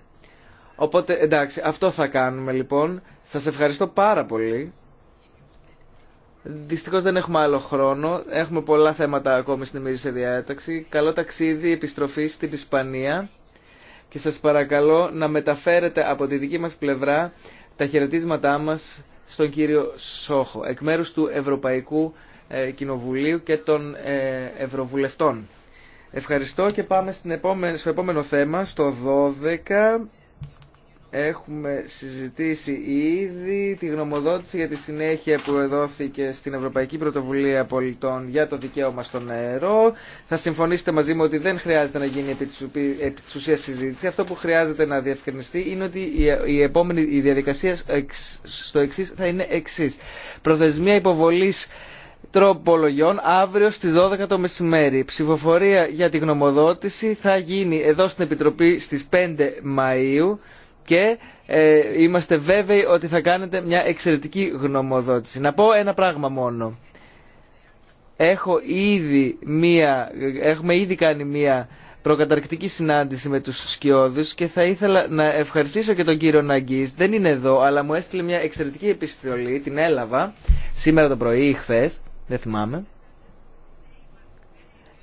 Οπότε, εντάξει, αυτό θα κάνουμε λοιπόν. Σας ευχαριστώ πάρα πολύ. Δυστυχώς δεν έχουμε άλλο χρόνο. Έχουμε πολλά θέματα ακόμη στην σε διάταξη. Καλό ταξίδι, επιστροφή στην Ισπανία. Και σας παρακαλώ να μεταφέρετε από τη δική μας πλευρά τα χαιρετίσματά μας στον κύριο Σόχο, εκ μέρους του Ευρωπαϊκού ε, Κοινοβουλίου και των ε, Ευρωβουλευτών. Ευχαριστώ και πάμε στην στο επόμενο θέμα, στο 12 Έχουμε συζητήσει ήδη τη γνωμοδότηση για τη συνέχεια που εδόθηκε στην Ευρωπαϊκή Πρωτοβουλία Πολιτών για το δικαίωμα στο νερό. Θα συμφωνήσετε μαζί μου ότι δεν χρειάζεται να γίνει επί τη ουσία συζήτηση. Αυτό που χρειάζεται να διευκρινιστεί είναι ότι η επόμενη η διαδικασία στο εξή θα είναι εξή. Προθεσμία υποβολής τροπολογιών αύριο στις 12 το μεσημέρι. Ψηφοφορία για τη γνωμοδότηση θα γίνει εδώ στην Επιτροπή στις 5 Μαΐου και ε, είμαστε βέβαιοι ότι θα κάνετε μια εξαιρετική γνωμοδότηση. Να πω ένα πράγμα μόνο. Έχω ήδη μία, έχουμε ήδη κάνει μία προκαταρκτική συνάντηση με τους σκιώδους και θα ήθελα να ευχαριστήσω και τον κύριο Ναγκής. Δεν είναι εδώ, αλλά μου έστειλε μια εξαιρετική επιστολή, την έλαβα σήμερα το πρωί ή χθες, δεν θυμάμαι.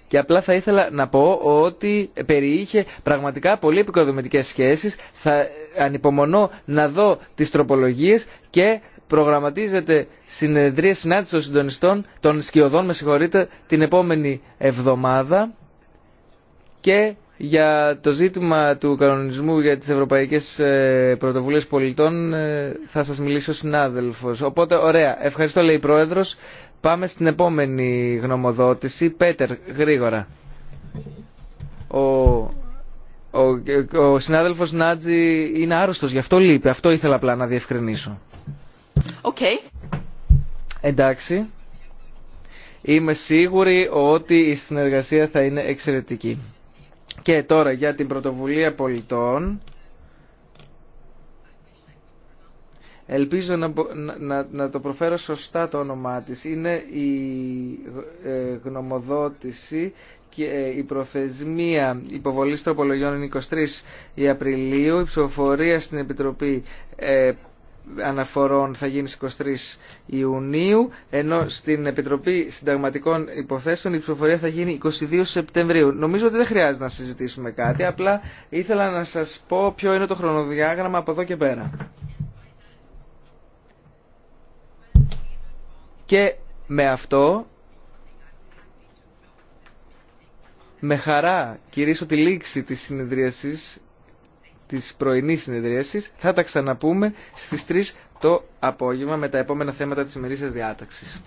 Και απλά θα ήθελα να πω ότι περιείχε πραγματικά πολύ επικοδομητικές σχέσεις. Θα ανυπομονώ να δω τις τροπολογίες και προγραμματίζεται συνεδρία συνάντηση των συντονιστών των σκιωδών, με συγχωρείτε, την επόμενη εβδομάδα και για το ζήτημα του κανονισμού για τις ευρωπαϊκές ε, πρωτοβουλίες πολιτών ε, θα σας μιλήσει ο συνάδελφος. Οπότε, ωραία. Ευχαριστώ, λέει η Πρόεδρος. Πάμε στην επόμενη γνωμοδότηση. Πέτερ, γρήγορα. Ο, ο, ο συνάδελφος Νάτζη είναι άρρωστος, γι' αυτό λείπει. Αυτό ήθελα απλά να διευκρινίσω. Okay. Εντάξει. Είμαι σίγουρη ότι η συνεργασία θα είναι εξαιρετική. Και τώρα για την πρωτοβουλία πολιτών Ελπίζω να, να, να το προφέρω σωστά το όνομά της. Είναι η ε, γνωμοδότηση και ε, η προθεσμία υποβολής τροπολογιών είναι 23 Απριλίου. Η ψηφοφορία στην Επιτροπή ε, αναφορών θα γίνει στις 23 Ιουνίου, ενώ στην Επιτροπή Συνταγματικών Υποθέσεων η ψηφοφορία θα γίνει 22 Σεπτεμβρίου. Νομίζω ότι δεν χρειάζεται να συζητήσουμε κάτι, απλά ήθελα να σας πω ποιο είναι το χρονοδιάγραμμα από εδώ και πέρα. Και με αυτό με χαρά κηρύσω τη λήξη της συνεδρίασης, της πρωινής συνεδρίασης. Θα τα ξαναπούμε στις 3 το απόγευμα με τα επόμενα θέματα της ημερήσιας διάταξης.